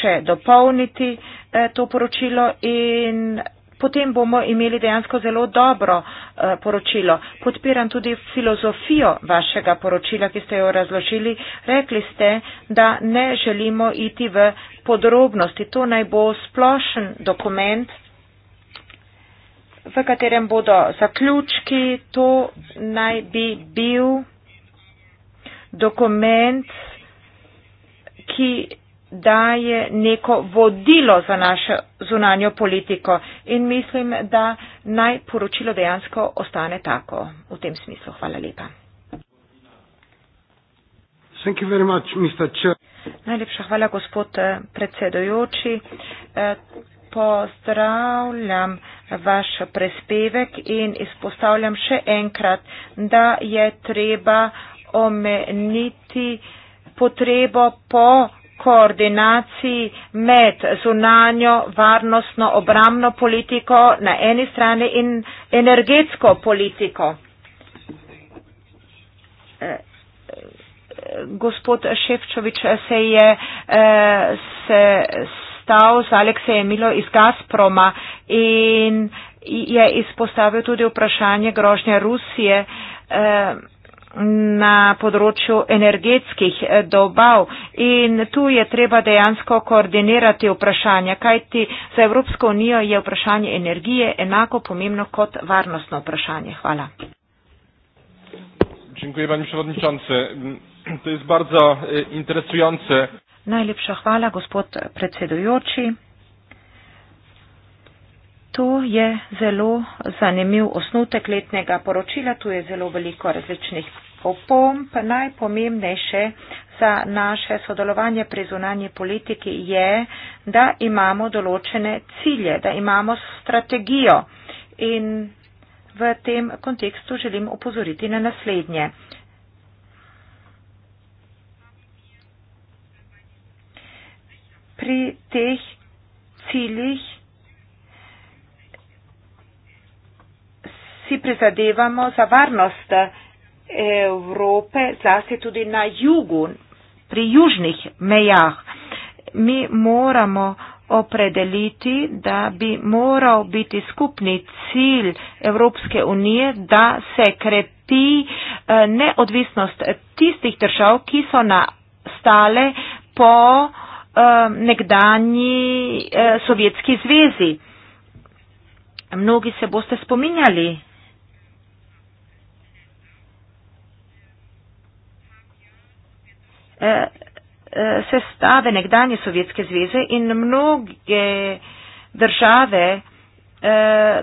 še dopolniti e, to poročilo in potem bomo imeli dejansko zelo dobro eh, poročilo. Podpiram tudi filozofijo vašega poročila, ki ste jo razložili. Rekli ste, da ne želimo iti v podrobnosti. To naj bo splošen dokument, v katerem bodo zaključki. To naj bi bil dokument, ki daje neko vodilo za našo zunanjo politiko in mislim, da naj poročilo dejansko ostane tako v tem smislu. Hvala lepa. Much, Najlepša hvala, gospod eh, predsedojoči. Eh, pozdravljam vaš prespevek in izpostavljam še enkrat, da je treba omeniti potrebo po koordinaciji med zunanjo varnostno obramno politiko na eni strani in energetsko politiko. Eh, eh, gospod Ševčovič se je eh, se stal z Aleksejem Milo iz Gazproma in je izpostavil tudi vprašanje grožnje Rusije na področju energetskih eh, dobav in tu je treba dejansko koordinirati vprašanja, kajti za Evropsko unijo je vprašanje energije enako pomembno kot varnostno vprašanje. Hvala. Dziękuję, pani przewodniczący. Mm, [CLEARS THROAT] to jest bardzo e, interesujące. Najlepsza chwała, gospod predsedujoči. To je zelo zanimiv osnutek letnega poročila, tu je zelo veliko različnih opomb najpomembnejše za naše sodelovanje pri zunanji politiki je, da imamo določene cilje, da imamo strategijo in v tem kontekstu želim upozoriti na naslednje. Pri teh ciljih si prizadevamo za varnost Evrope, zlasti tudi na jugu, pri južnih mejah, mi moramo opredeliti, da bi moral biti skupni cilj Evropske unije, da se krepi eh, neodvisnost tistih držav, ki so nastale po eh, nekdanji eh, Sovjetski zvezi. Mnogi se boste spominjali Eh, eh, sestave nekdanje Sovjetske zveze in mnoge države, eh,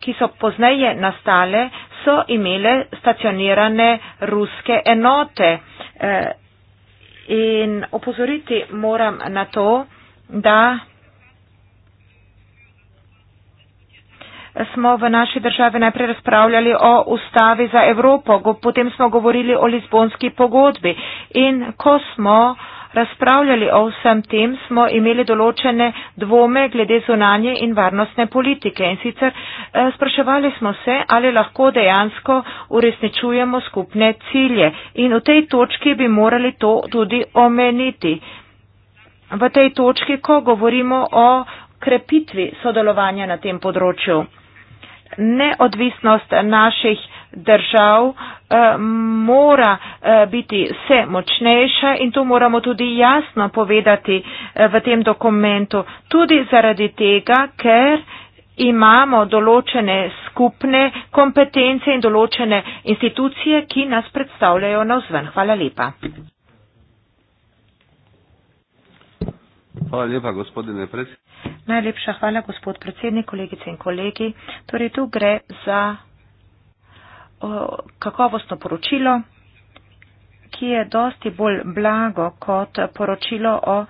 ki so pozneje nastale, so imele stacionirane ruske enote. In opozoriti moram na to, da smo v naši državi najprej razpravljali o ustavi za Evropo, potem smo govorili o Lizbonski pogodbi in ko smo razpravljali o vsem tem, smo imeli določene dvome glede zunanje in varnostne politike in sicer eh, spraševali smo se, ali lahko dejansko uresničujemo skupne cilje in v tej točki bi morali to tudi omeniti. V tej točki, ko govorimo o krepitvi sodelovanja na tem področju neodvisnost naših držav eh, mora eh, biti vse močnejša in to moramo tudi jasno povedati eh, v tem dokumentu, tudi zaradi tega, ker imamo določene skupne kompetence in določene institucije, ki nas predstavljajo na vzven. Hvala lepa. Hvala lepa, gospodine predsednik. Najlepša hvala, gospod predsednik, kolegice in kolegi. Torej, tu gre za o, kakovostno poročilo, ki je dosti bolj blago kot poročilo o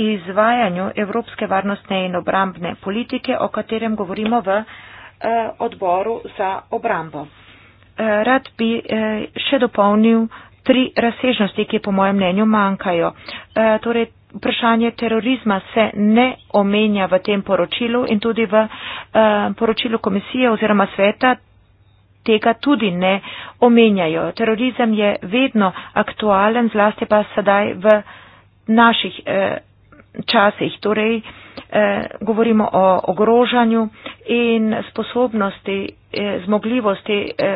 izvajanju Evropske varnostne in obrambne politike, o katerem govorimo v o, e, odboru za obrambo. E, rad bi e, še dopolnil tri razsežnosti, ki po mojem mnenju manjkajo. E, torej, vprašanje terorizma se ne omenja v tem poročilu in tudi v e, poročilu komisije oziroma sveta tega tudi ne omenjajo. Terorizem je vedno aktualen, zlasti pa sedaj v naših e, časih. Torej, e, govorimo o ogrožanju in sposobnosti, e, zmogljivosti. E,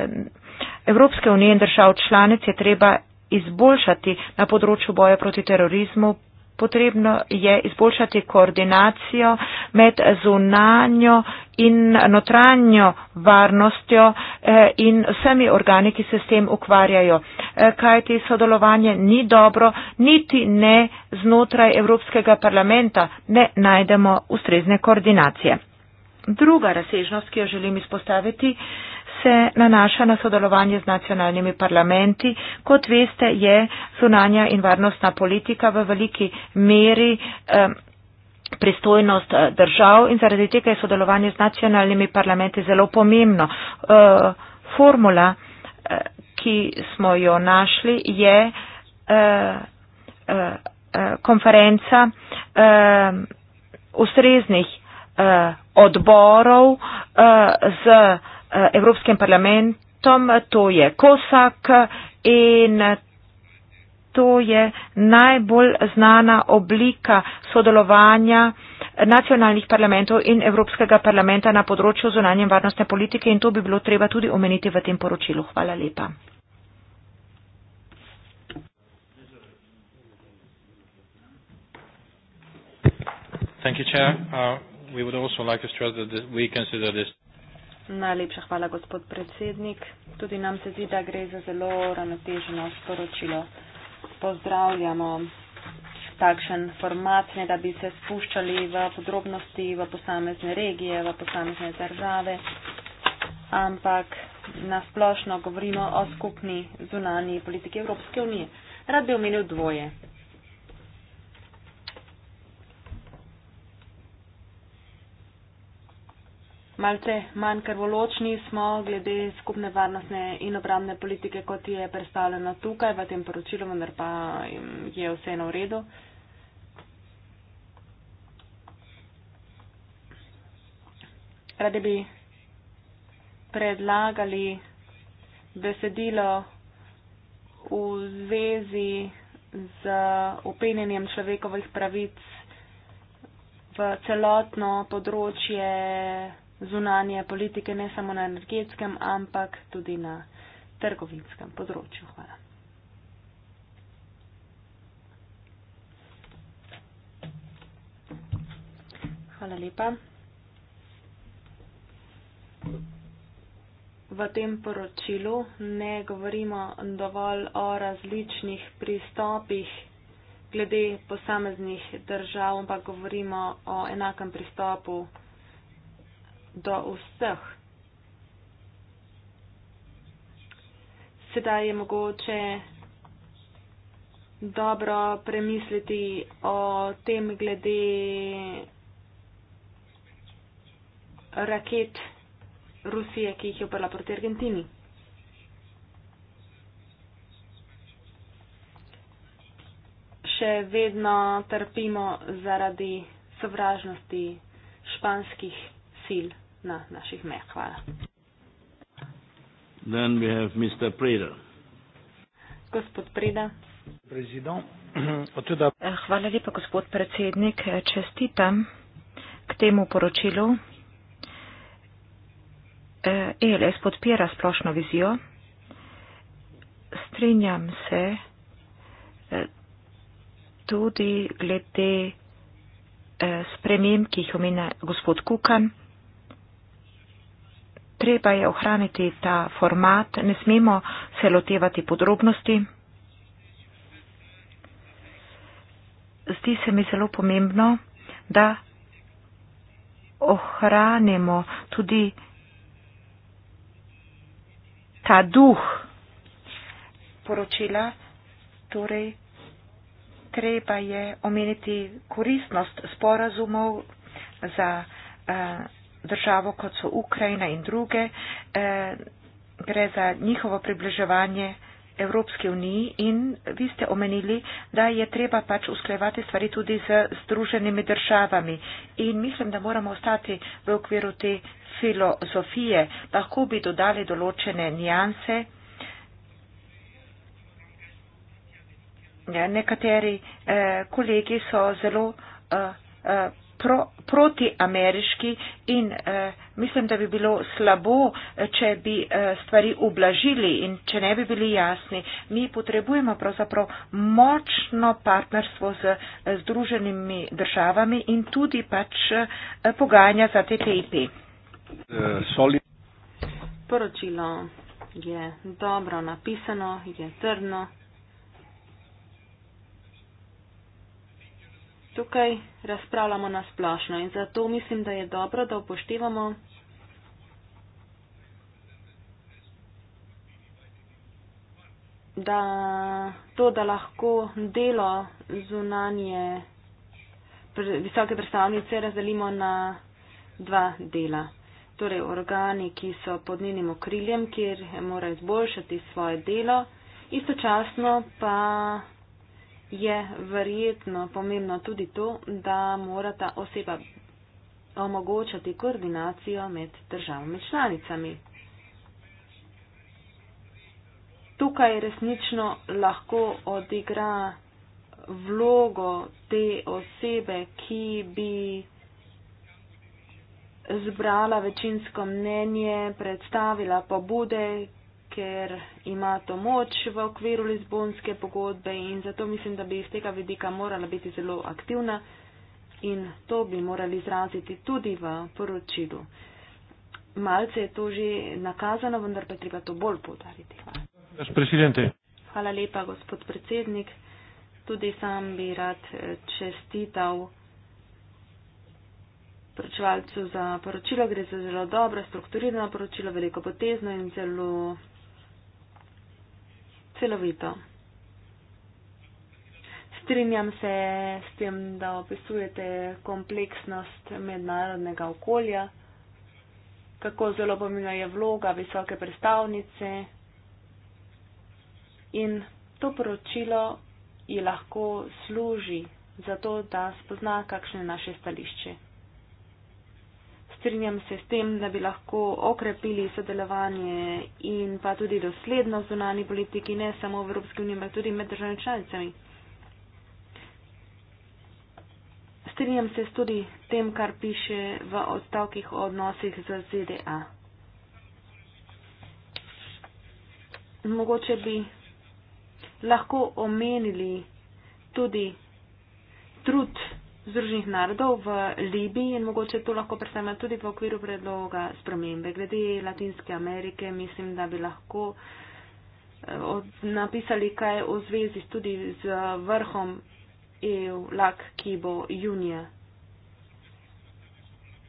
Evropske unije in držav članic je treba izboljšati na področju boja proti terorizmu. Potrebno je izboljšati koordinacijo med zunanjo in notranjo varnostjo eh, in vsemi organi, ki se s tem ukvarjajo. Eh, kajti sodelovanje ni dobro, niti ne znotraj Evropskega parlamenta ne najdemo ustrezne koordinacije. Druga razsežnost, ki jo želim izpostaviti, se nanaša na sodelovanje z nacionalnimi parlamenti. Kot veste, je sunanja in varnostna politika v veliki meri. Um, pristojnost eh, držav in zaradi tega je sodelovanje z nacionalnimi parlamenti zelo pomembno. Eh, formula, eh, ki smo jo našli, je konferenca ustreznih odborov z Eh, Evropskim parlamentom, to je Kosak in to je najbolj znana oblika sodelovanja nacionalnih parlamentov in Evropskega parlamenta na področju zunanje varnostne politike in to bi bilo treba tudi omeniti v tem poročilu. Hvala lepa. Thank you, Chair. Uh, we would also like to stress that this, we consider this. Najlepša hvala, gospod predsednik. Tudi nam se zdi, da gre za zelo ravnoteženo sporočilo. Pozdravljamo takšen format, ne da bi se spuščali v podrobnosti v posamezne regije, v posamezne države, ampak nasplošno govorimo o skupni zunani politiki Evropske unije. Rad bi omenil dvoje. malce manj krvoločni smo glede skupne varnostne in obramne politike, kot je predstavljena tukaj v tem poročilu, vendar pa je vseeno v redu. Radi bi predlagali besedilo v zvezi z upenjenjem človekovih pravic v celotno področje zunanje politike, ne samo na energetskem, ampak tudi na trgovinskem področju. Hvala. Hvala lepa. V tem poročilu ne govorimo dovolj o različnih pristopih glede posameznih držav, ampak govorimo o enakem pristopu do vseh. Sedaj je mogoče dobro premisliti o tem glede raket Rusije, ki jih je uprla proti Argentini. Še vedno trpimo zaradi sovražnosti španskih sil na naših mejah. Hvala. Then we have Mr. Preda. Gospod Preda. [CLEARS THROAT] Eh, hvala lepa, gospod predsednik. Eh, čestitam k temu poročilu. ELS eh, e podpira splošno vizijo. Strinjam se tudi glede sprememb, ki jih omenja gospod Kukan treba je ohraniti ta format, ne smemo se lotevati podrobnosti. Zdi se mi zelo pomembno, da ohranimo tudi ta duh poročila. Torej, treba je omeniti koristnost sporazumov za. Uh, državo, kot so Ukrajina in druge, eh, gre za njihovo približevanje Evropske unije in vi ste omenili, da je treba pač usklejevati stvari tudi z združenimi državami in mislim, da moramo ostati v okviru te filozofije, lahko bi dodali določene nijanse. Ja, nekateri eh, kolegi so zelo eh, eh, pro, protiameriški in eh, mislim, da bi bilo slabo, če bi eh, stvari ublažili in če ne bi bili jasni. Mi potrebujemo pravzaprav močno partnerstvo z eh, združenimi državami in tudi pač eh, pogajanja za TTIP. Poročilo je dobro napisano, je trdno. tukaj razpravljamo na splošno in zato mislim, da je dobro, da upoštevamo da to, da lahko delo zunanje visoke predstavnice razdelimo na dva dela. Torej organi, ki so pod njenim okriljem, kjer mora izboljšati svoje delo, istočasno pa je verjetno pomembno tudi to, da mora ta oseba omogočati koordinacijo med državami članicami. Tukaj resnično lahko odigra vlogo te osebe, ki bi zbrala večinsko mnenje, predstavila pobude, ker ima to moč v okviru Lizbonske pogodbe in zato mislim, da bi iz tega vidika morala biti zelo aktivna in to bi morali izraziti tudi v poročilu. Malce je to že nakazano, vendar pa je treba to bolj podariti. Hvala. Hvala lepa, gospod predsednik. Tudi sam bi rad eh, čestital poročevalcu za poročilo. Gre za zelo dobro, strukturirano poročilo, veliko potezno in zelo celovito. Strinjam se s tem, da opisujete kompleksnost mednarodnega okolja, kako zelo pomembna je vloga visoke predstavnice in to poročilo ji lahko služi za to, da spozna, kakšno je naše stališče strinjam se s tem, da bi lahko okrepili sodelovanje in pa tudi dosledno zunani politiki, ne samo v Evropski uniji, ampak tudi med državami članicami. Strinjam se tudi s tem, kar piše v odstavkih o odnosih z ZDA. Mogoče bi lahko omenili tudi trud Združenih narodov v Libiji in mogoče to lahko predstavlja tudi v okviru predloga spremembe. Glede Latinske Amerike mislim, da bi lahko eh, napisali kaj v zvezi tudi z vrhom EU LAK, ki bo junija.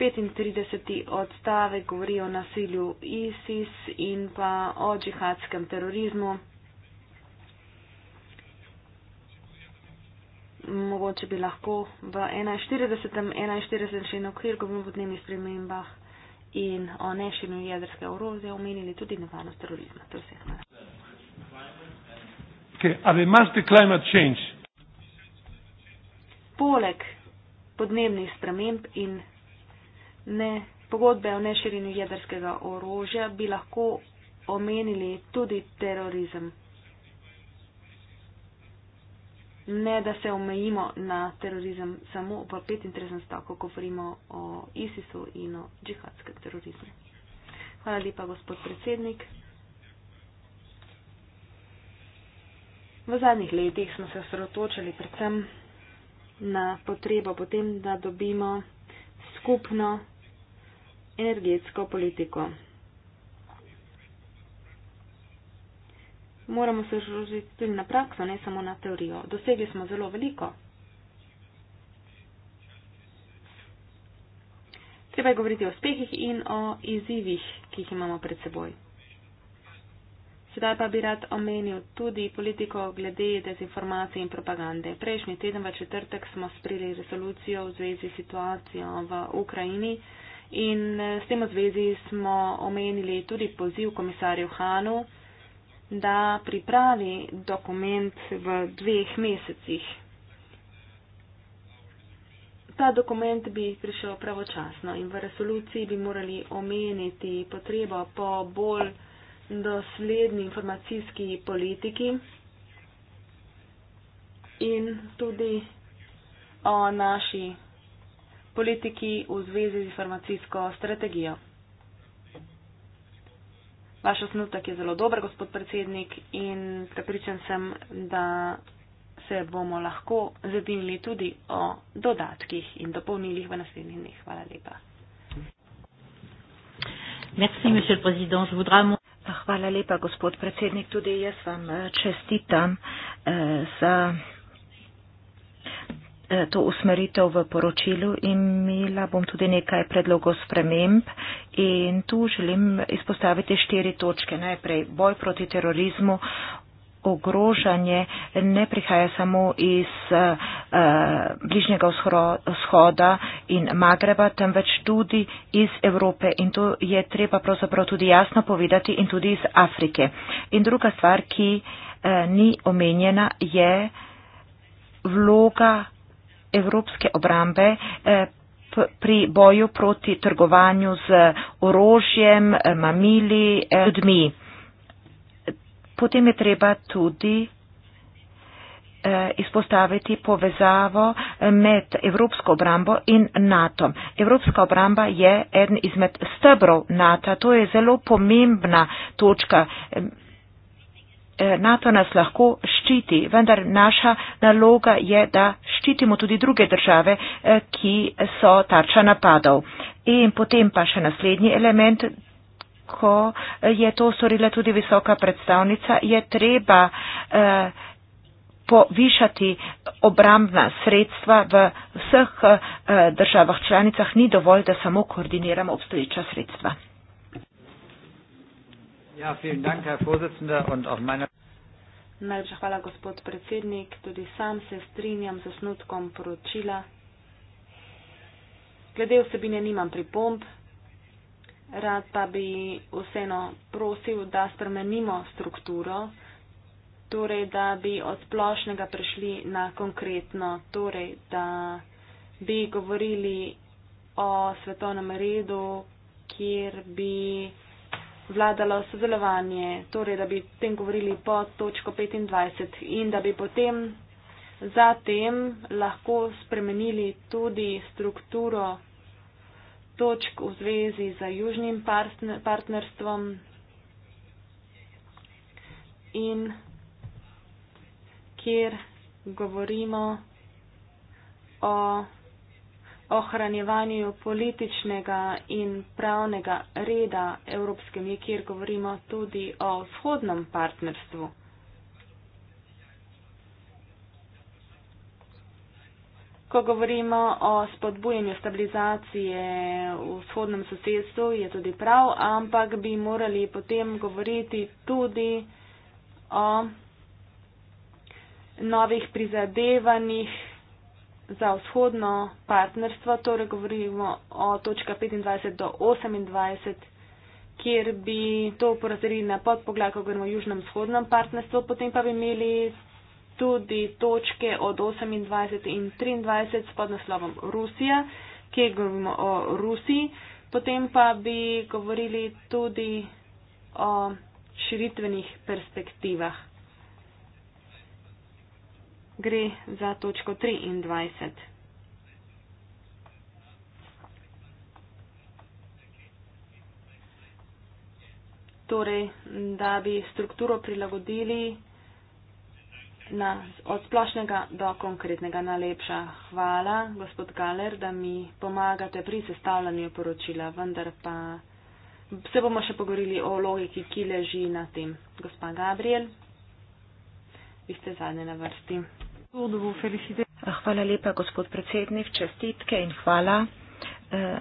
35. odstavek govori o nasilju ISIS in pa o džihadskem terorizmu. mogoče bi lahko v 41. 41. členu, kjer govorimo o podnebnih spremembah in o nešenju jedrske orožje, omenili tudi nevarnost terorizma. To se hvala. Okay, Poleg podnebnih sprememb in ne, pogodbe o neširjenju jedrskega orožja bi lahko omenili tudi terorizem ne da se omejimo na terorizem samo v 35 stavku, ko govorimo o ISIS-u in o džihadskem terorizmu. Hvala lepa, gospod predsednik. V zadnjih letih smo se osredotočili predvsem na potrebo potem, da dobimo skupno energetsko politiko moramo se žrožiti tudi na prakso, ne samo na teorijo. Dosegli smo zelo veliko. Treba je govoriti o uspehih in o izzivih, ki jih imamo pred seboj. Sedaj pa bi rad omenil tudi politiko glede dezinformacije in propagande. Prejšnji teden v četrtek smo sprili resolucijo v zvezi s situacijo v Ukrajini in s tem v zvezi smo omenili tudi poziv komisarju Hanu da pripravi dokument v dveh mesecih. Ta dokument bi prišel pravočasno in v resoluciji bi morali omeniti potrebo po bolj dosledni informacijski politiki in tudi o naši politiki v zvezi z informacijsko strategijo. Vaš osnutek je zelo dober, gospod predsednik, in prepričan sem, da se bomo lahko zedinili tudi o dodatkih in dopolnilih v naslednjih dneh. Hvala lepa. Merci, ah, Hvala lepa, gospod predsednik. Tudi jaz vam eh, čestitam eh, za Eh, to usmeritev v poročilu in imela bom tudi nekaj predlogov sprememb in tu želim izpostaviti štiri točke. Najprej boj proti terorizmu, ogrožanje ne prihaja samo iz uh, bližnjega vzhoda in Magreba, temveč tudi iz Evrope in to je treba pravzaprav tudi jasno povedati in tudi iz Afrike. In druga stvar, ki uh, ni omenjena, je vloga evropske obrambe eh, pri boju proti trgovanju z orožjem, eh, mamili, eh, ljudmi. Potem je treba tudi izpostaviti povezavo med Evropsko obrambo in NATO. Evropska obramba je eden izmed stebrov NATO, to je zelo pomembna točka. Eh, NATO nas lahko ščiti, vendar naša naloga je, da ščitimo tudi druge države, eh, ki so tarča napadov. In potem pa še naslednji element, ko eh, je to storila tudi visoka predstavnica, je treba povišati obrambna sredstva v vseh državah članicah, ni dovolj, da samo koordiniramo obstoječa sredstva. Ja, vielen Dank, Herr Vorsitzender, und auch meine. Najlepša hvala, gospod predsednik. Tudi sam se strinjam z osnutkom poročila. Glede vsebine nimam pripomb. Rad pa bi vseeno prosil, da spremenimo strukturo, torej da bi od splošnega prešli na konkretno, torej da bi govorili o svetovnem redu, kjer bi vladalo sodelovanje, torej da bi o tem govorili pod točko 25 in da bi potem zatem lahko spremenili tudi strukturo točk v zvezi z južnim partnerstvom in kjer govorimo o ohranjevanju političnega in pravnega reda evropskem, je kjer govorimo tudi o vzhodnem partnerstvu. Ko govorimo o spodbujanju stabilizacije v vzhodnem sosedstvu, je tudi prav, ampak bi morali potem govoriti tudi o novih prizadevanjih za vzhodno partnerstvo, torej govorimo o točka 25 do 28, kjer bi to porazdelili na podpoglavje, ko govorimo o južnem vzhodnem partnerstvu, potem pa bi imeli tudi točke od 28 in 23 s podnaslovom Rusija, kjer govorimo o Rusiji, potem pa bi govorili tudi o širitvenih perspektivah gre za točko 23. Torej, da bi strukturo prilagodili na, od splošnega do konkretnega najlepša. Hvala, gospod Galer, da mi pomagate pri sestavljanju poročila, vendar pa se bomo še pogovorili o logiki, ki leži na tem. Gospa Gabriel, vi ste zadnje na vrsti. Ah, hvala lepa, gospod predsednik, čestitke in hvala. Eh,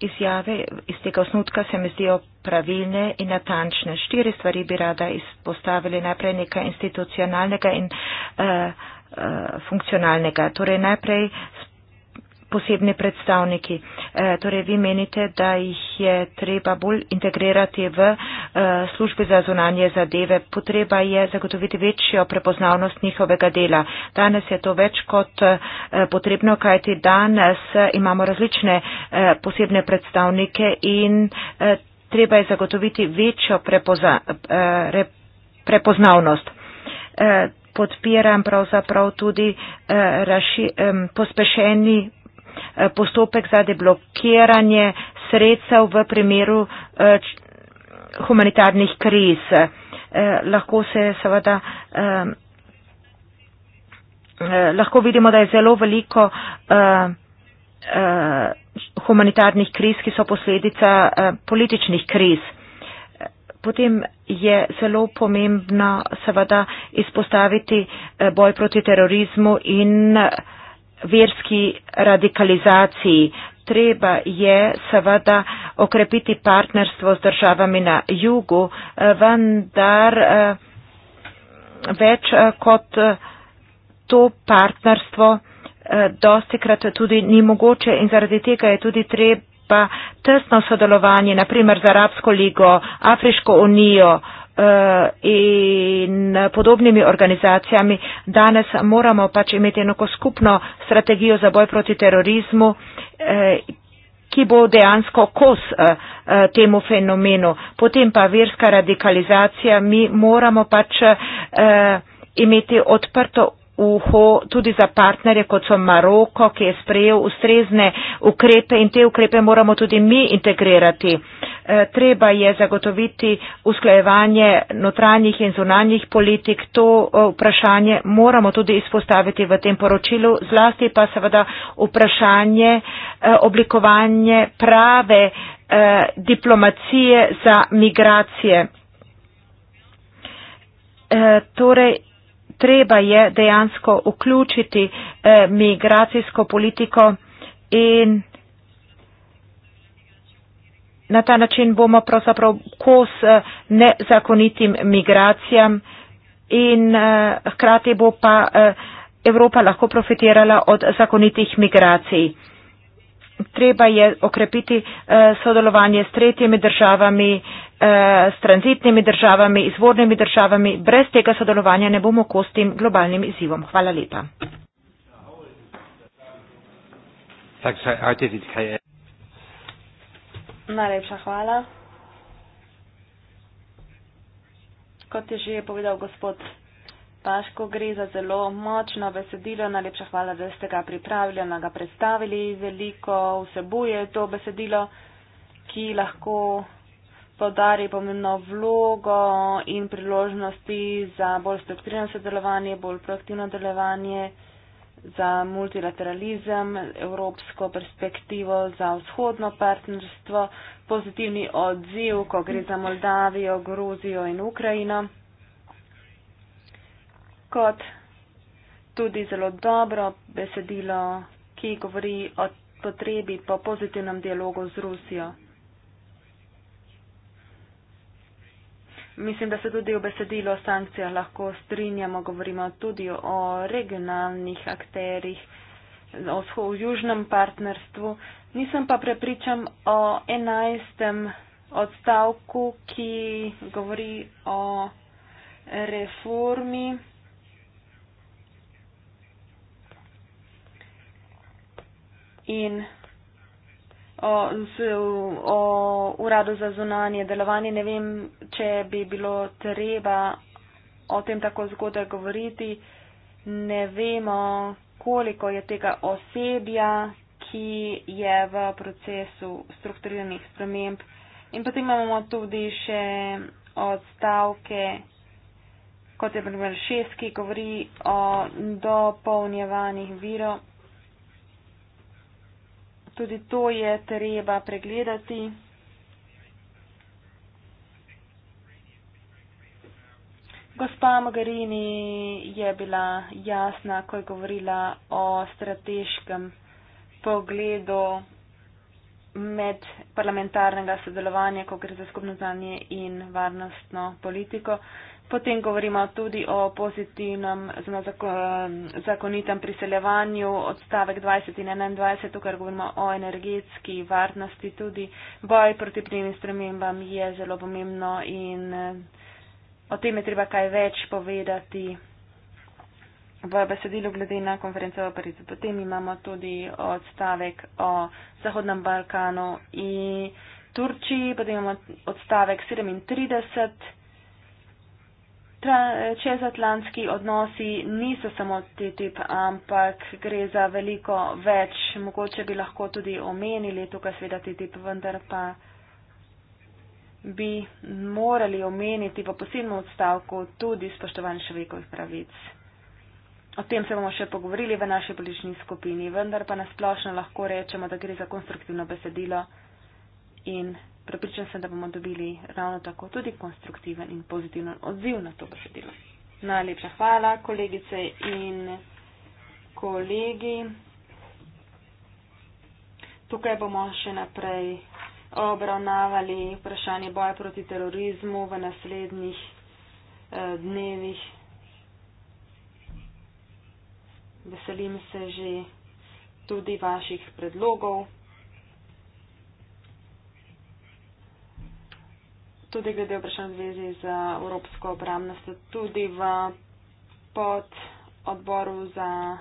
izjave iz tega osnutka se mi zdijo pravilne in natančne. Štiri stvari bi rada izpostavili. Najprej nekaj institucionalnega in uh, uh, funkcionalnega. Torej najprej posebni predstavniki. Uh, torej vi menite, da jih je treba bolj integrirati v uh, Eh, službi za zunanje zadeve, potreba je zagotoviti večjo prepoznavnost njihovega dela. Danes je to več kot eh, potrebno, kajti danes eh, imamo različne posebne predstavnike in treba je zagotoviti večjo prepoznavnost. Podpiram pravzaprav tudi raši, pospešeni postopek za deblokiranje sredstev v primeru humanitarnih kriz. Eh, lahko se seveda. Eh, eh, lahko vidimo, da je zelo veliko humanitarnih kriz, ki so posledica političnih kriz. Potem je zelo pomembno seveda izpostaviti boj proti terorizmu in verski radikalizaciji treba je seveda okrepiti partnerstvo z državami na jugu, eh, vendar eh, več eh, kot to partnerstvo dosti krat tudi ni mogoče in zaradi tega je tudi treba tesno sodelovanje, naprimer z Arabsko ligo, Afriško unijo in podobnimi organizacijami. Danes moramo pač imeti enako skupno strategijo za boj proti terorizmu ki bo dejansko kos eh, eh, temu fenomenu. Potem pa verska radikalizacija, mi moramo pač eh, imeti odprto uho tudi za partnerje, kot so Maroko, ki je sprejel ustrezne ukrepe in te ukrepe moramo tudi mi integrirati. Eh, treba je zagotoviti usklajevanje notranjih in zunanjih politik. To eh, vprašanje moramo tudi izpostaviti v tem poročilu, zlasti pa seveda vprašanje eh, oblikovanje prave diplomacije za migracije. Torej, treba je dejansko vključiti migracijsko politiko in na ta način bomo pravzaprav kos eh, nezakonitim migracijam in eh, hkrati bo pa eh, Evropa lahko profitirala od zakonitih migracij. Treba je okrepiti sodelovanje s tretjimi državami, s tranzitnimi državami, izvornimi državami. Brez tega sodelovanja ne bomo kostim globalnim izzivom. Hvala lepa. Thanks, Najlepša hvala. Kot je že povedal gospod Paško, gre za zelo močno besedilo. Najlepša hvala, da ste ga pripravili, da ga predstavili. Veliko vsebuje to besedilo, ki lahko podari pomembno vlogo in priložnosti za bolj strukturno sodelovanje, bolj proaktivno delovanje za multilateralizem, evropsko perspektivo, za vzhodno partnerstvo, pozitivni odziv, ko gre za Moldavijo, Gruzijo in Ukrajino, kot tudi zelo dobro besedilo, ki govori o potrebi po pozitivnem dialogu z Rusijo. Mislim, da se tudi v besedilu o sankcijah lahko strinjamo, govorimo tudi o regionalnih akterih, o vzhodnem partnerstvu. Nisem pa prepričan o enajstem odstavku, ki govori o reformi. In o, z, o uradu za zunanje delovanje. Ne vem, če bi bilo treba o tem tako zgodaj govoriti. Ne vemo, koliko je tega osebja, ki je v procesu strukturiranih sprememb. In potem imamo tudi še odstavke, kot je primer šest, ki govori o dopolnjevanih virov tudi to je treba pregledati. Gospa Mogherini je bila jasna, ko je govorila o strateškem pogledu med parlamentarnega sodelovanja, ko gre za skupno znanje in varnostno politiko. Potem govorimo tudi o pozitivnem zakonitem priseljevanju odstavek 20 in 21, tukaj govorimo o energetski varnosti, tudi boj proti plinim spremembam je zelo pomembno in eh, o tem je treba kaj več povedati v besedilu glede na konferenco v Parizu. Potem imamo tudi odstavek o Zahodnem Balkanu in Turčiji, potem imamo odstavek 37 čezatlantski odnosi niso samo TTIP, ampak gre za veliko več. Mogoče bi lahko tudi omenili tukaj sveda TTIP, vendar pa bi morali omeniti v posebnem odstavku tudi spoštovanje človekovih pravic. O tem se bomo še pogovorili v naši politični skupini, vendar pa nasplošno lahko rečemo, da gre za konstruktivno besedilo in Prepričan sem, da bomo dobili ravno tako tudi konstruktiven in pozitiven odziv na to besedilo. Najlepša hvala, kolegice in kolegi. Tukaj bomo še naprej obravnavali vprašanje boja proti terorizmu v naslednjih eh, dnevih. Veselim se že tudi vaših predlogov. tudi glede vprašanj zvezi z Evropsko obramnostjo, tudi v pod odboru za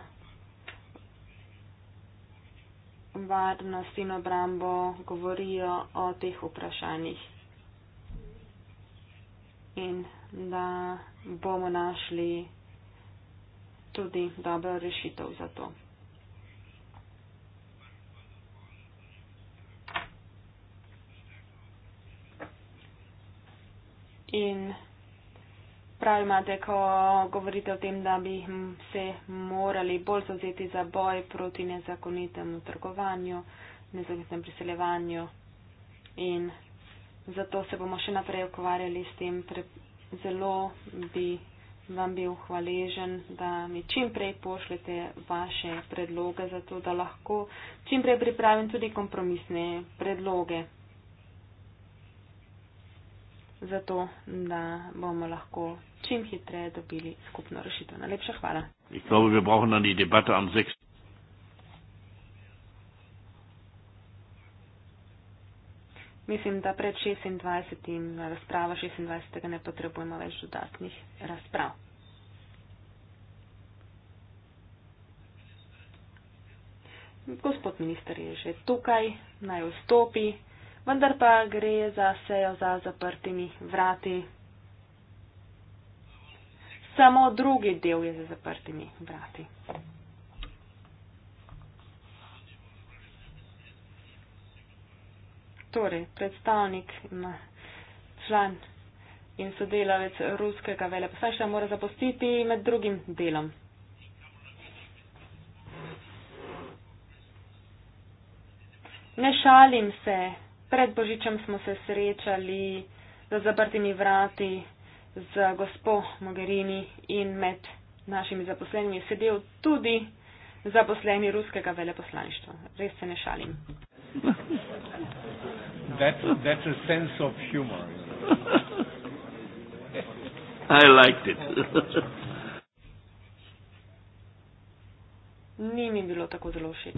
varnost in obrambo govorijo o teh vprašanjih in da bomo našli tudi dobro rešitev za to. In prav imate, ko govorite o tem, da bi se morali bolj zavzeti za boj proti nezakonitemu trgovanju, nezakonitemu priseljevanju. In zato se bomo še naprej ukvarjali s tem. Zelo bi vam bil hvaležen, da mi čim prej pošljete vaše predloge, zato da lahko čim prej pripravim tudi kompromisne predloge zato, da bomo lahko čim hitreje dobili skupno rešitev. Najlepša hvala. Mislim, da pred 26. razprava 26. ne potrebujemo več dodatnih razprav. Gospod minister je že tukaj, naj vstopi vendar pa gre za sejo za zaprtimi vrati. Samo drugi del je za zaprtimi vrati. Torej, predstavnik ima član in sodelavec ruskega veleposlaništva mora zapustiti med drugim delom. Ne šalim se, pred Božičem smo se srečali za zaprtimi vrati z gospo Mogherini in med našimi zaposlenimi sedel tudi zaposleni ruskega veleposlaništva. Res se ne šalim. That, that's a sense of humor. I liked it. Ni mi bilo tako zelo všeč.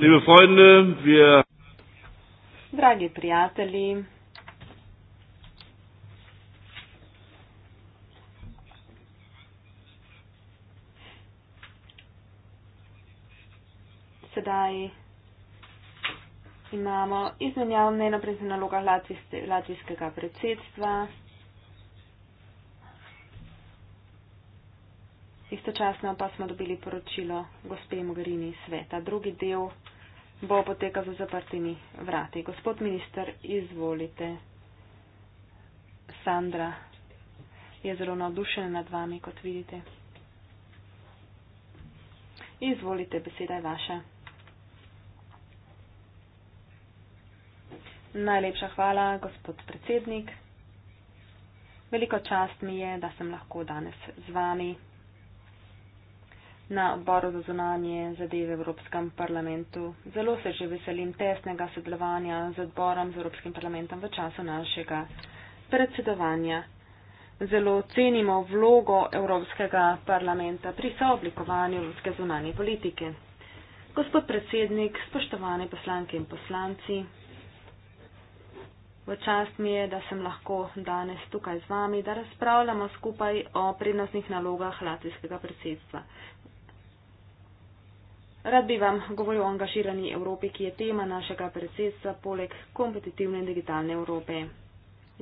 Liebe Freunde, wir Dragi prijatelji, sedaj imamo izmenjavne na prezenalogah latvijskega predsedstva. Istočasno pa smo dobili poročilo gospe Mogherini sveta. Drugi del bo potekal za zaprtimi vrati. Gospod minister, izvolite. Sandra je zelo navdušena nad vami, kot vidite. Izvolite, beseda je vaša. Najlepša hvala, gospod predsednik. Veliko čast mi je, da sem lahko danes z vami na odboru za zunanje zadeve v Evropskem parlamentu. Zelo se že veselim tesnega sodelovanja z odborom, z Evropskim parlamentom v času našega predsedovanja. Zelo cenimo vlogo Evropskega parlamenta pri sooblikovanju evropske zunanje politike. Gospod predsednik, spoštovane poslanke in poslanci, v čast mi je, da sem lahko danes tukaj z vami, da razpravljamo skupaj o prednostnih nalogah latvijskega predsedstva. Rad bi vam govoril o angažirani Evropi, ki je tema našega predsedstva poleg kompetitivne in digitalne Evrope.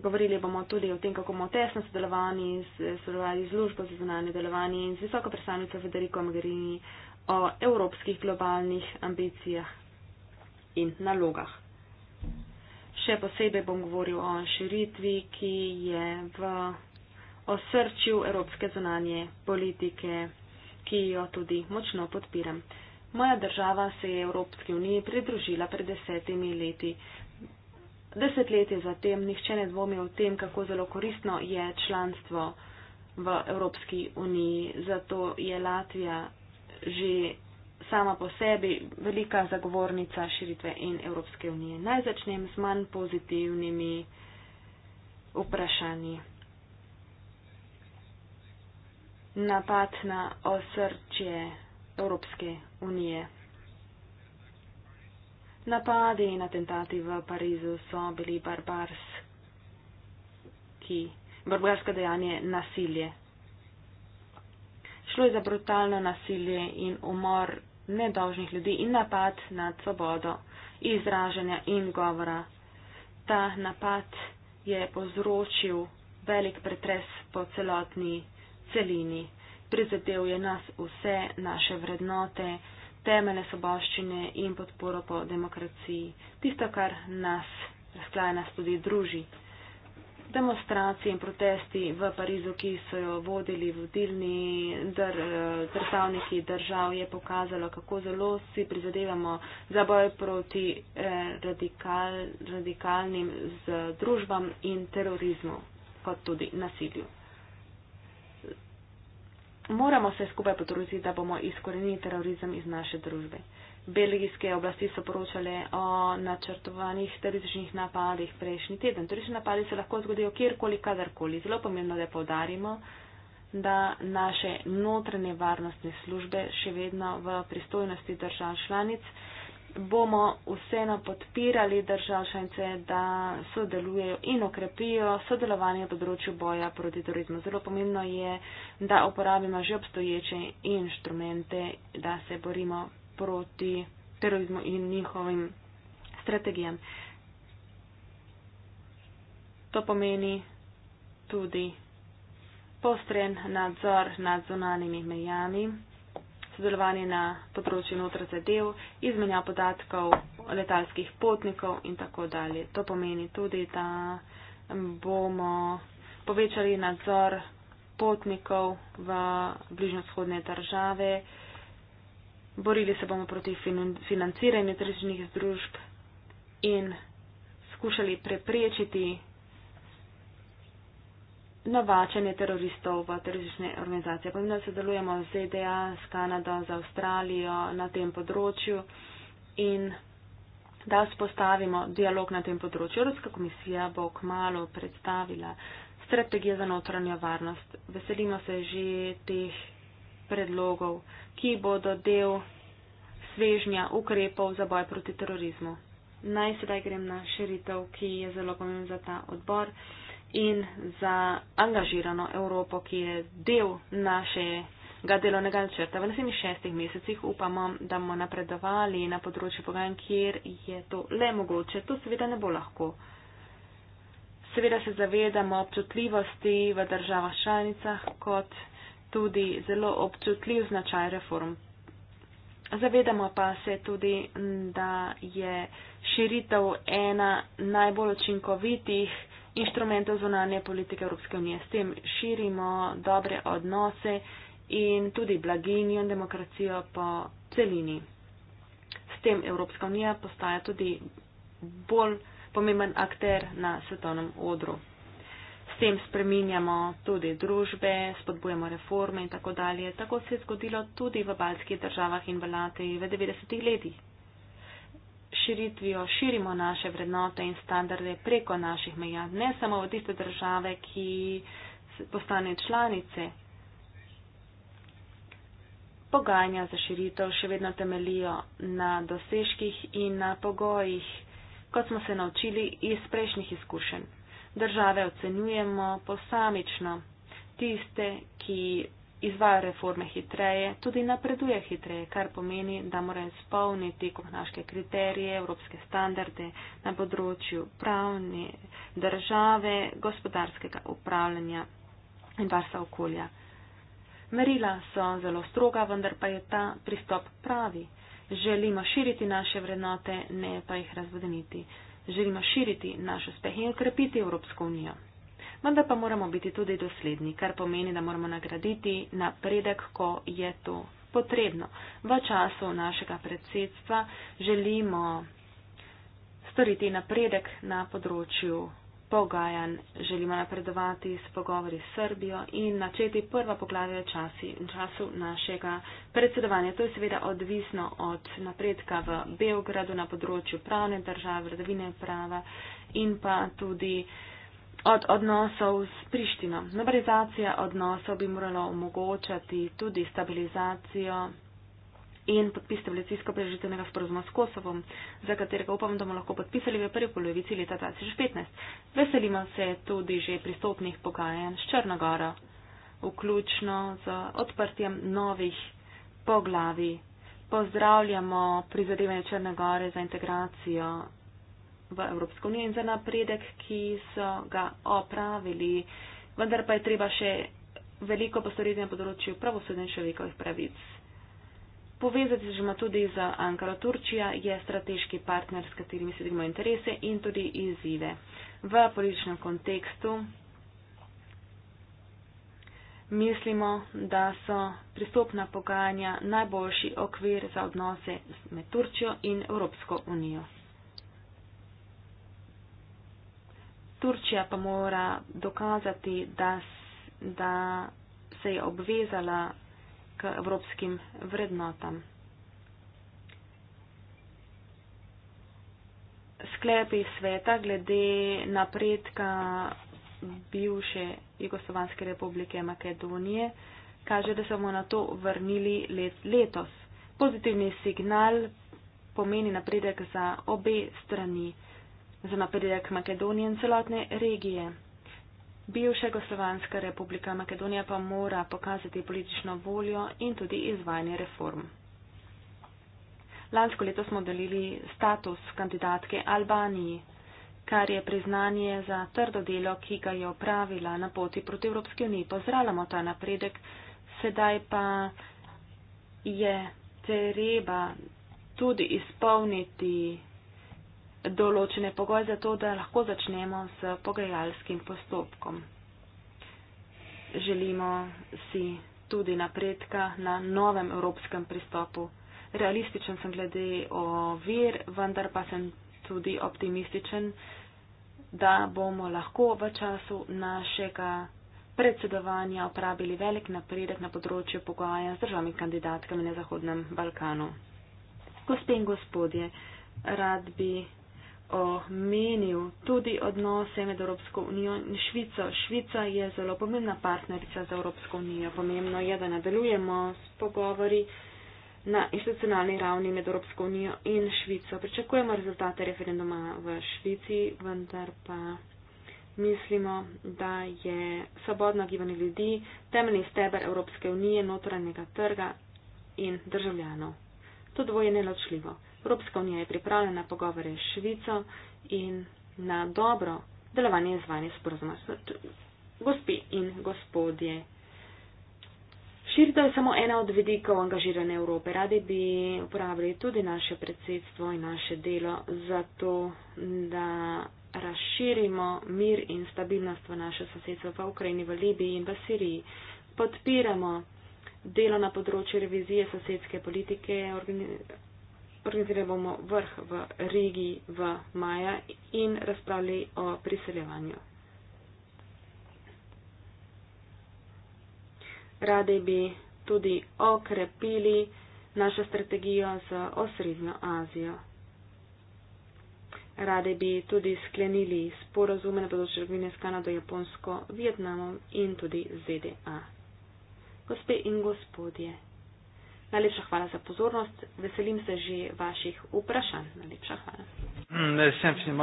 Govorili bomo tudi o tem, kako bomo tesno sodelovali z, sodelovali z Lužbo za zunanje delovanje in z visoko predstavnico Federico Mogherini o evropskih globalnih ambicijah in nalogah. Še posebej bom govoril o širitvi, ki je v osrčju evropske zunanje politike, ki jo tudi močno podpiram. Moja država se je Evropski uniji pridružila pred desetimi leti. Desetletje zatem nihče ne dvomi o tem, kako zelo koristno je članstvo v Evropski uniji. Zato je Latvija že sama po sebi velika zagovornica širitve in Evropske unije. Naj začnem s manj pozitivnimi vprašanji. Napad na osrčje Evropske unije. Napadi in atentati v Parizu so bili barbarski, barbarsko dejanje nasilje. Šlo je za brutalno nasilje in umor nedolžnih ljudi in napad nad svobodo izražanja in govora. Ta napad je povzročil velik pretres po celotni celini prizadel je nas vse naše vrednote, temele soboščine in podporo po demokraciji, tisto, kar nas razklaja, nas tudi druži. Demonstracije in protesti v Parizu, ki so jo vodili vodilni dr, predstavniki držav, je pokazalo, kako zelo si prizadevamo za boj proti eh, radikal, radikalnim združbam in terorizmu, kot tudi nasilju moramo se skupaj potruditi, da bomo izkorenili terorizem iz naše družbe. Belgijske oblasti so poročale o načrtovanih terorističnih napadih prejšnji teden. Teroristični napadi se lahko zgodijo kjerkoli, kadarkoli. Zelo pomembno, da povdarimo, da naše notranje varnostne službe še vedno v pristojnosti držav članic bomo vseeno podpirali državšence, da sodelujejo in okrepijo sodelovanje v področju boja proti turizmu. Zelo pomembno je, da uporabimo že obstoječe inštrumente, da se borimo proti terorizmu in njihovim strategijam. To pomeni tudi postren nadzor nad zunanimi mejami sodelovanje na področju notrazadev, izmenja podatkov letalskih potnikov in tako dalje. To pomeni tudi, da bomo povečali nadzor potnikov v bližnjo-shodne države, borili se bomo proti financiranju tržnih združb in skušali preprečiti navačanje teroristov v teroristične organizacije. Potem da sodelujemo z ZDA, s Kanado, z Avstralijo na tem področju in da spostavimo dialog na tem področju. Evropska komisija bo k malu predstavila strategijo za notranjo varnost. Veselimo se že teh predlogov, ki bodo del svežnja ukrepov za boj proti terorizmu. Naj sedaj grem na širitev, ki je zelo pomembna za ta odbor in za angažirano Evropo, ki je del našega delovnega načrta. V naslednjih šestih mesecih upamo, da bomo napredovali na področju pogajanj, kjer je to le mogoče. To seveda ne bo lahko. Seveda se zavedamo občutljivosti v državah članicah, kot tudi zelo občutljiv značaj reform. Zavedamo pa se tudi, da je širitev ena najbolj učinkovitih inštrumenta zunanje politike Evropske unije. S tem širimo dobre odnose in tudi blaginjo in demokracijo po celini. S tem Evropska unija postaja tudi bolj pomemben akter na svetovnem odru. S tem spreminjamo tudi družbe, spodbujamo reforme in tako dalje. Tako se je zgodilo tudi v baljskih državah in v Latviji v 90-ih letih širitvijo širimo naše vrednote in standarde preko naših meja, ne samo v tiste države, ki postane članice. Pogajanja za širitev še vedno temelijo na dosežkih in na pogojih, kot smo se naučili iz prejšnjih izkušenj. Države ocenjujemo posamično, tiste, ki izvaja reforme hitreje, tudi napreduje hitreje, kar pomeni, da mora izpolniti kohnaške kriterije, evropske standarde na področju pravne države, gospodarskega upravljanja in varstva okolja. Merila so zelo stroga, vendar pa je ta pristop pravi. Želimo širiti naše vrednote, ne pa jih razvodeniti. Želimo širiti naš uspeh in ukrepiti Evropsko unijo vendar pa moramo biti tudi dosledni, kar pomeni, da moramo nagraditi napredek, ko je to potrebno. V času našega predsedstva želimo storiti napredek na področju pogajanj, želimo napredovati s pogovori s Srbijo in načeti prva poglavja časi in času našega predsedovanja. To je seveda odvisno od napredka v Beogradu na področju pravne države, vladavine prava in pa tudi od odnosov s Prištino. Normalizacija odnosov bi morala omogočati tudi stabilizacijo in podpis stabilizacijsko preživitevnega sporozuma s Kosovom, za katerega upam, da bomo lahko podpisali v prvi polovici leta 2015. Veselimo se tudi že pristopnih pogajanj s Črnogoro, vključno z odprtjem novih poglavi. Pozdravljamo prizadevanje Črne gore za integracijo v Evropsko unijo in za napredek, ki so ga opravili. Vendar pa je treba še veliko postoriti na področju pravosodnih človekovih pravic. Povezati se želimo tudi z Ankaro. Turčija je strateški partner, s katerimi sedimo interese in tudi izzive. V političnem kontekstu mislimo, da so pristopna pogajanja najboljši okvir za odnose med Turčijo in Evropsko unijo. Turčija pa mora dokazati, da, da se je obvezala k evropskim vrednotam. Sklepi sveta glede napredka bivše Jugoslovanske republike Makedonije kaže, da se bomo na to vrnili let, letos. Pozitivni signal pomeni napredek za obe strani za napredek Makedonije in celotne regije. Bivša Jugoslovanska republika Makedonija pa mora pokazati politično voljo in tudi izvajanje reform. Lansko leto smo delili status kandidatke Albaniji, kar je priznanje za trdo delo, ki ga je opravila na poti proti Evropski uniji. Pozdravljamo ta napredek, sedaj pa je treba tudi izpolniti določene pogoje za to, da lahko začnemo s pogajalskim postopkom. Želimo si tudi napredka na novem evropskem pristopu. Realističen sem glede o vir, vendar pa sem tudi optimističen, da bomo lahko v času našega predsedovanja opravili velik napredek na področju pogajanja z državami kandidatkami na Zahodnem Balkanu. Gospe in gospodje, rad bi omenil tudi odnose med Evropsko unijo in Švico. Švica je zelo pomembna partnerica za Evropsko unijo. Pomembno je, da nadaljujemo s pogovori na institucionalni ravni med Evropsko unijo in Švico. Pričakujemo rezultate referenduma v Švici, vendar pa mislimo, da je svobodno gibanje ljudi temeljni steber Evropske unije, notranjega trga in državljanov. To dvoje neločljivo. Evropska unija je pripravljena pogovore s Švico in na dobro delovanje izvajanja sporozuma. Gospi in gospodje, širitev je samo ena od vidikov angažirane Evrope. Radi bi uporabili tudi naše predsedstvo in naše delo za to, da razširimo mir in stabilnost v naše sosedstvo v Ukrajini, v Libiji in v Siriji. Podpiramo delo na področju revizije sosedske politike, organizacije organiziramo vrh v Rigi v maju in razpravljali o priseljevanju. Radi bi tudi okrepili našo strategijo z osrednjo Azijo. Radi bi tudi sklenili sporozume na področju trgovine s Kanado, Japonsko, Vietnamom in tudi ZDA. Gospe in gospodje. Najlepša hvala za pozornost. Veselim se že vaših vprašanj. Najlepša hvala.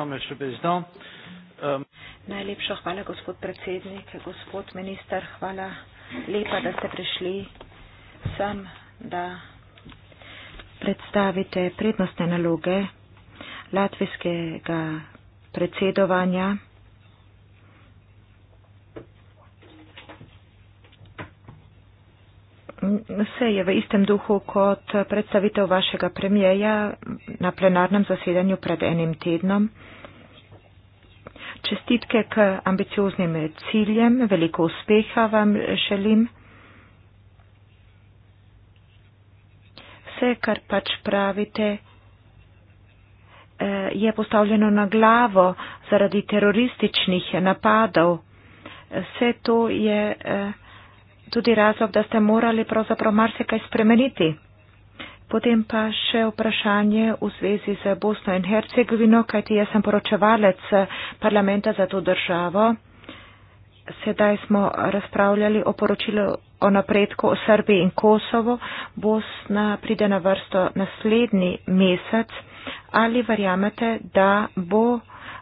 Mm, um, Najlepša hvala, gospod predsednik, gospod minister. Hvala lepa, da ste prišli sem, da predstavite prednostne naloge latvijskega predsedovanja. se je v istem duhu kot predstavitev vašega premijeja na plenarnem zasedanju pred enim tednom. Čestitke k ambicioznim ciljem, veliko uspeha vam želim. Vse, kar pač pravite, eh, je postavljeno na glavo zaradi terorističnih napadov. Vse to je. Eh, tudi razlog, da ste morali pravzaprav marsikaj spremeniti. Potem pa še vprašanje v zvezi z Bosno in Hercegovino, kajti jaz sem poročevalec parlamenta za to državo. Sedaj smo razpravljali o poročilu o napredku o Srbiji in Kosovo. Bosna pride na vrsto naslednji mesec. Ali verjamete, da bo.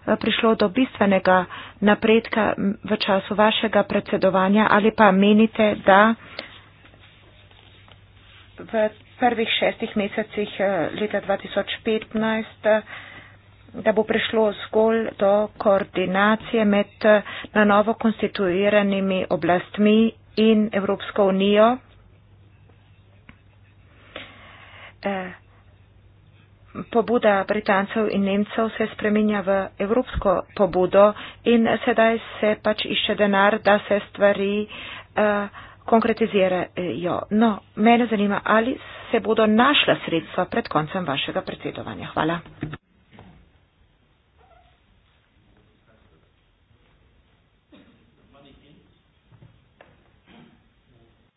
Eh, prišlo do bistvenega napredka v času vašega predsedovanja ali pa menite, da v prvih šestih mesecih eh, leta 2015, eh, da bo prišlo zgolj do koordinacije med na novo konstituiranimi oblastmi in Evropsko unijo pobuda Britancev in Nemcev se spreminja v evropsko pobudo in sedaj se pač išče denar, da se stvari uh, konkretizirajo. No, mene zanima, ali se bodo našla sredstva pred koncem vašega predsedovanja. Hvala.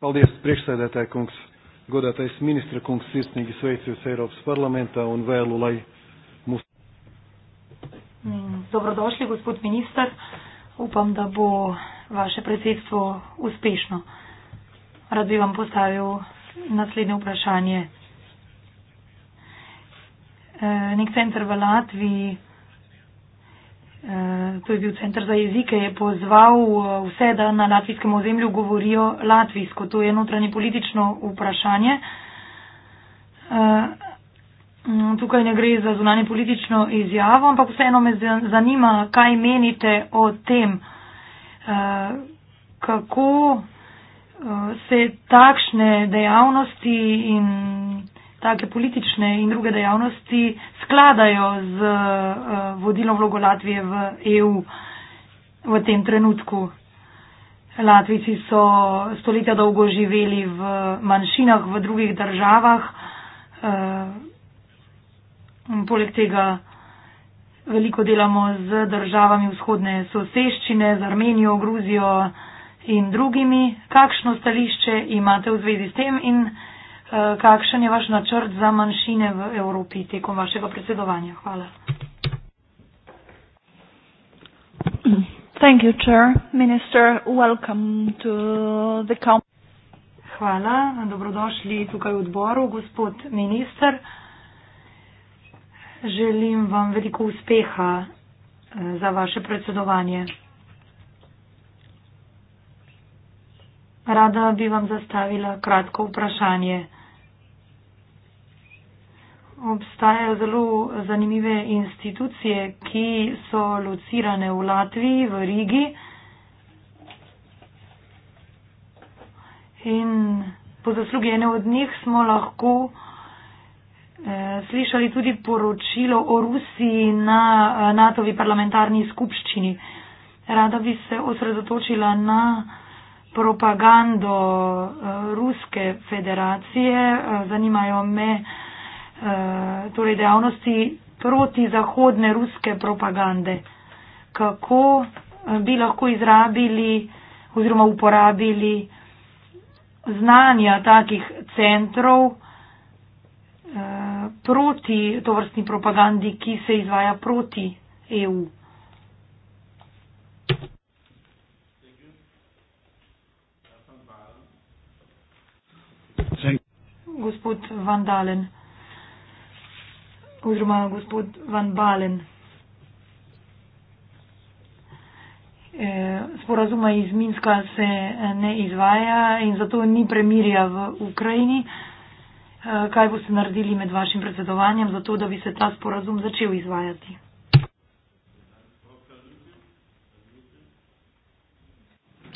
Paldies, priekšsēdētāji kungs godātais ministra kungs sirsnīgi sveicu jūs Eiropas parlamentā un vēlu, lai mūsu. Mm, Dobrodošļi, gospod ministrs. Upam, da bo vaše predsedstvo uspešno. Rad bi vam postavil naslednje vprašanje. E, nek center v Latviji. Eh, to je bil centr za jezike, je pozval eh, vse, da na latvijskem ozemlju govorijo latvijsko. To je notranje politično vprašanje. Eh, tukaj ne gre za zunanje politično izjavo, ampak vseeno me zanima, kaj menite o tem, kako se takšne dejavnosti in take politične in druge dejavnosti skladajo z uh, vodilno vlogo Latvije v EU v tem trenutku. Latvici so stoletja dolgo živeli v manjšinah v drugih državah. Uh, poleg tega veliko delamo z državami vzhodne soseščine, z Armenijo, Gruzijo in drugimi. Kakšno stališče imate v zvezi s tem? In, uh, Eh, kakšen je vaš načrt za manjšine v Evropi tekom vašega predsedovanja. Hvala. Thank you, Chair. Minister, welcome to the Hvala, dobrodošli tukaj v odboru, gospod minister. Želim vam veliko uspeha eh, za vaše predsedovanje. Rada bi vam zastavila kratko vprašanje obstajajo zelo zanimive institucije, ki so locirane v Latviji, v Rigi. In po zaslugi ene od njih smo lahko eh, slišali tudi poročilo o Rusiji na eh, NATO-vi parlamentarni skupščini. Rada bi se osredotočila na propagando eh, Ruske federacije. Eh, zanimajo me eh, Eh, torej dejavnosti proti zahodne ruske propagande. Kako eh, bi lahko izrabili oziroma uporabili znanja takih centrov eh, proti tovrstni propagandi, ki se izvaja proti EU. Gospod Vandalen oziroma gospod Van Balen. E, sporazuma iz Minska se ne izvaja in zato ni premirja v Ukrajini. E, kaj boste naredili med vašim predsedovanjem, zato da bi se ta sporazum začel izvajati?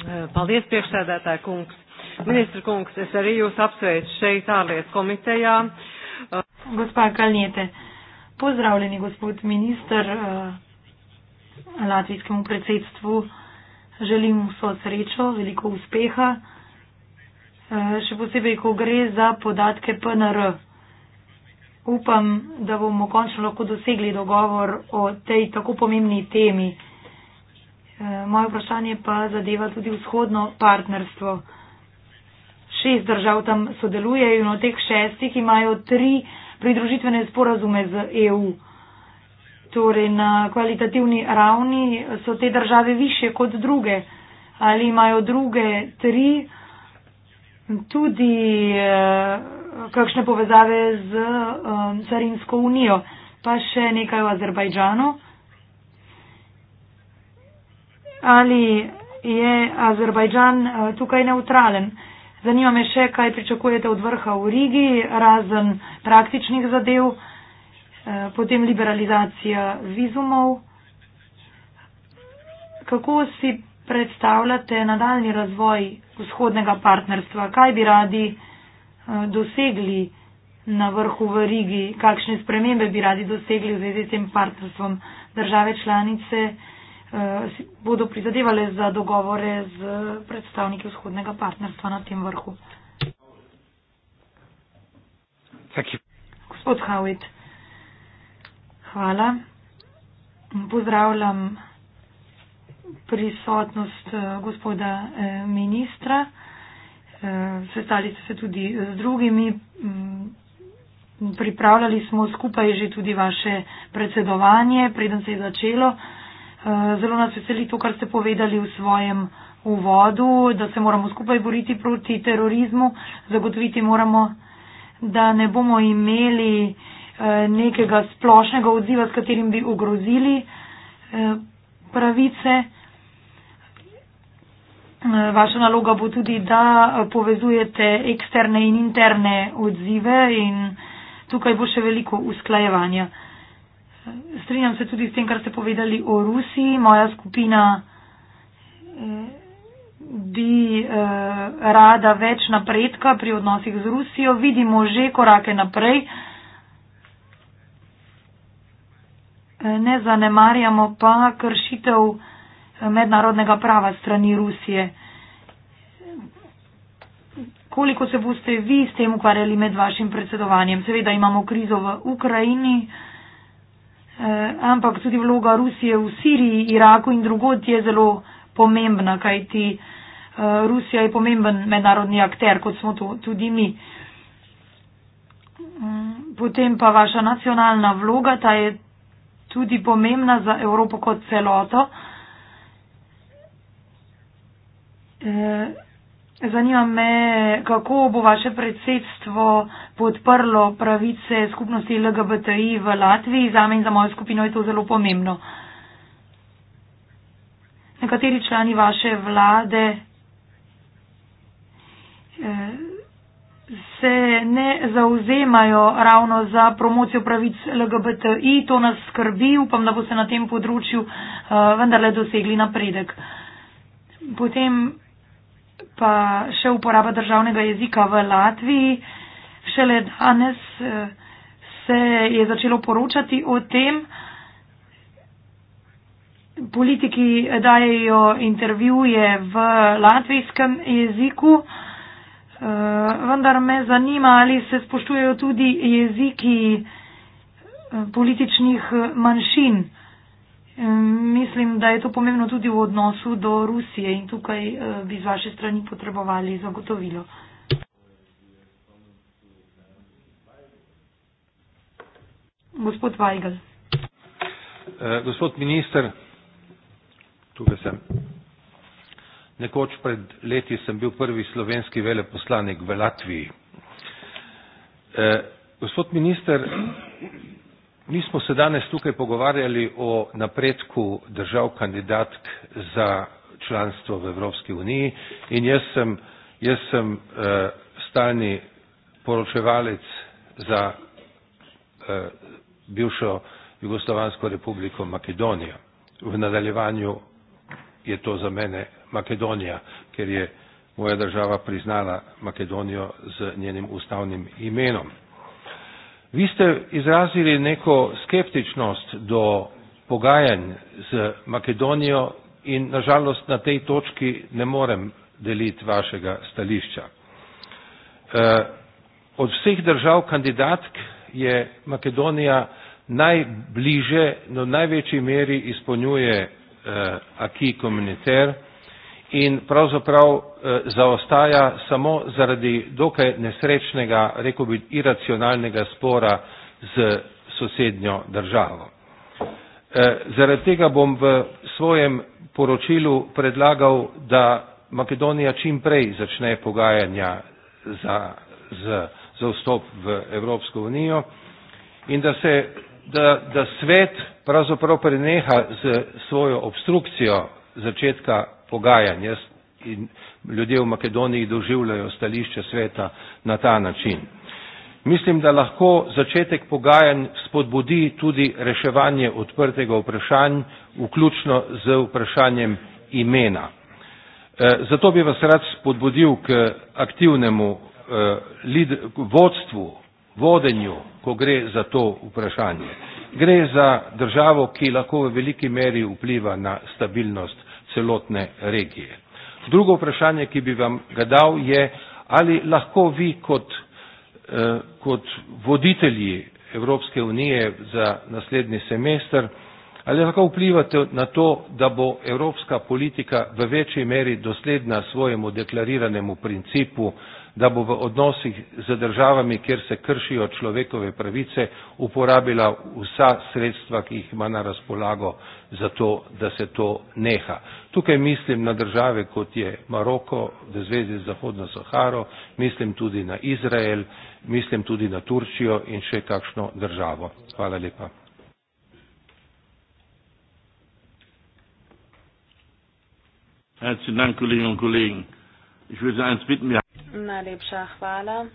E, paldies, priekšsēdētāji kungs. Ministra kungs, es arī jūs apsveicu šeit ārlietu komitejā. Gospā Kalniete. Uh, Pozdravljeni, gospod minister, eh, latvijskemu predsedstvu želim vso srečo, veliko uspeha, eh, še posebej, ko gre za podatke PNR. Upam, da bomo končno lahko dosegli dogovor o tej tako pomembni temi. Eh, moje vprašanje pa zadeva tudi vzhodno partnerstvo. Šest držav tam sodelujejo in od teh šestih imajo tri pridružitvene sporazume z EU. Torej, na kvalitativni ravni so te države više kot druge ali imajo druge tri tudi eh, kakšne povezave z eh, Carinsko unijo, pa še nekaj v Azerbajdžanu. Ali je Azerbajdžan eh, tukaj neutralen? Eh, Zanima me še, kaj pričakujete od vrha v Rigi, razen praktičnih zadev, eh, potem liberalizacija vizumov. Kako si predstavljate nadaljni razvoj vzhodnega partnerstva? Kaj bi radi eh, dosegli na vrhu v Rigi? Kakšne spremembe bi radi dosegli v zvezi s tem partnerstvom države članice? Eh, bodo prizadevale za dogovore z predstavniki vzhodnega partnerstva na tem vrhu. Gospod Howitt, hvala. Pozdravljam prisotnost eh, gospoda eh, ministra. Sestali ste se tudi z drugimi. Mm, pripravljali smo skupaj že tudi vaše predsedovanje, preden se je začelo. Eh, zelo nas veseli to, kar ste povedali v svojem uvodu, da se moramo skupaj boriti proti terorizmu. Zagotoviti moramo, da ne bomo imeli eh, nekega splošnega odziva, s katerim bi ogrozili eh, pravice. Vaša naloga bo tudi, da povezujete eksterne in interne odzive in tukaj bo še veliko usklajevanja. Strinjam se tudi s tem, kar ste povedali o Rusiji. Moja skupina eh, bi eh, rada več napredka pri odnosih z Rusijo. Vidimo že korake naprej. Eh, ne zanemarjamo pa kršitev mednarodnega prava strani Rusije. Koliko se boste vi s tem ukvarjali med vašim predsedovanjem? Seveda imamo krizo v Ukrajini. Eh, ampak tudi vloga Rusije v Siriji, Iraku in drugod je zelo pomembna, kajti eh, Rusija je pomemben mednarodni akter, kot smo to tudi mi. Mm, potem pa vaša nacionalna vloga, ta je tudi pomembna za Evropo kot celoto. Eh, Zanima me, kako bo vaše predsedstvo podprlo pravice skupnosti LGBTI v Latviji. Za me in za mojo skupino je to zelo pomembno. Nekateri člani vaše vlade eh, se ne zauzemajo ravno za promocijo pravic LGBTI. To nas skrbi, upam, da boste na tem področju eh, vendarle dosegli napredek. Potem pa še uporaba državnega jezika v Latviji. Šele danes eh, se je začelo poročati o tem. Politiki dajejo intervjuje v latvijskem jeziku, eh, vendar me zanima, ali se spoštujejo tudi jeziki eh, političnih manjšin. Mislim, da je to pomembno tudi v odnosu do Rusije in tukaj eh, bi z vaše strani potrebovali zagotovilo. Gospod Vajgal. Eh, gospod minister, tukaj sem. Nekoč pred leti sem bil prvi slovenski veleposlanik v Latviji. Eh, gospod minister, Mi smo se danes tukaj pogovarjali o napredku držav kandidatk za članstvo v Evropski uniji in jaz sem, jaz sem uh, stalni poročevalec za uh, bivšo Jugoslovansko republiko Makedonijo. V nadaljevanju je to za mene Makedonija, ker je moja država priznala Makedonijo z njenim ustavnim imenom. Vi ste izrazili neko skeptičnost do pogajanj z Makedonijo in nažalost na tej točki ne morem deliti vašega stališča. E, od vseh držav kandidatk je Makedonija najbliže, na no največji meri izpolnjuje e, acquis communitaire, in pravzaprav eh, zaostaja samo zaradi dokaj nesrečnega, rekel bi, iracionalnega spora z sosednjo državo. Eh, zaradi tega bom v svojem poročilu predlagal, da Makedonija čim prej začne pogajanja za, za, za vstop v Evropsko unijo in da, se, da, da svet pravzaprav preneha z svojo obstrukcijo začetka pogajanj. Jaz in ljudje v Makedoniji doživljajo stališče sveta na ta način. Mislim, da lahko začetek pogajanj spodbudi tudi reševanje odprtega vprašanja, vključno z vprašanjem imena. Eh, zato bi vas rad spodbudil k aktivnemu eh, vodstvu, vodenju, ko gre za to vprašanje. Gre za državo, ki lahko v veliki meri vpliva na stabilnost celotne regije. Drugo vprašanje, ki bi vam ga dal, je, ali lahko vi kot, eh, kot voditelji Evropske unije za naslednji semester, ali lahko vplivate na to, da bo evropska politika v večji meri dosledna svojemu deklariranemu principu, da bo v odnosih z državami, kjer se kršijo človekove pravice, uporabila vsa sredstva, ki jih ima na razpolago za to, da se to neha. Tukaj mislim na države, kot je Maroko, v zvezi z Zahodno Saharo, mislim tudi na Izrael, mislim tudi na Turčijo in še kakšno državo. Hvala lepa. Herzlichen Dank, Kolleginnen und Kollegen. Ich würde eins bitten. Wir Najlepša hvala.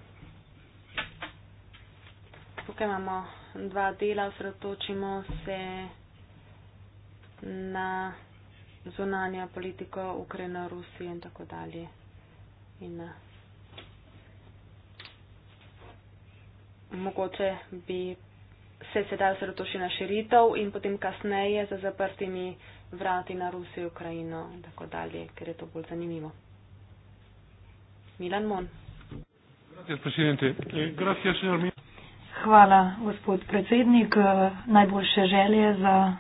Tukaj imamo dva dela, osredotočimo se na zunanja politiko Ukrajina, Rusija in tako dalje. In eh, mogoče bi se sedaj osredotočili na širitev in potem kasneje za zaprtimi vrati na Rusijo, Ukrajino in tako dalje, ker je to bolj zanimivo. Milan Mon. Eh, Hvala, gospod predsednik. Eh, najboljše želje za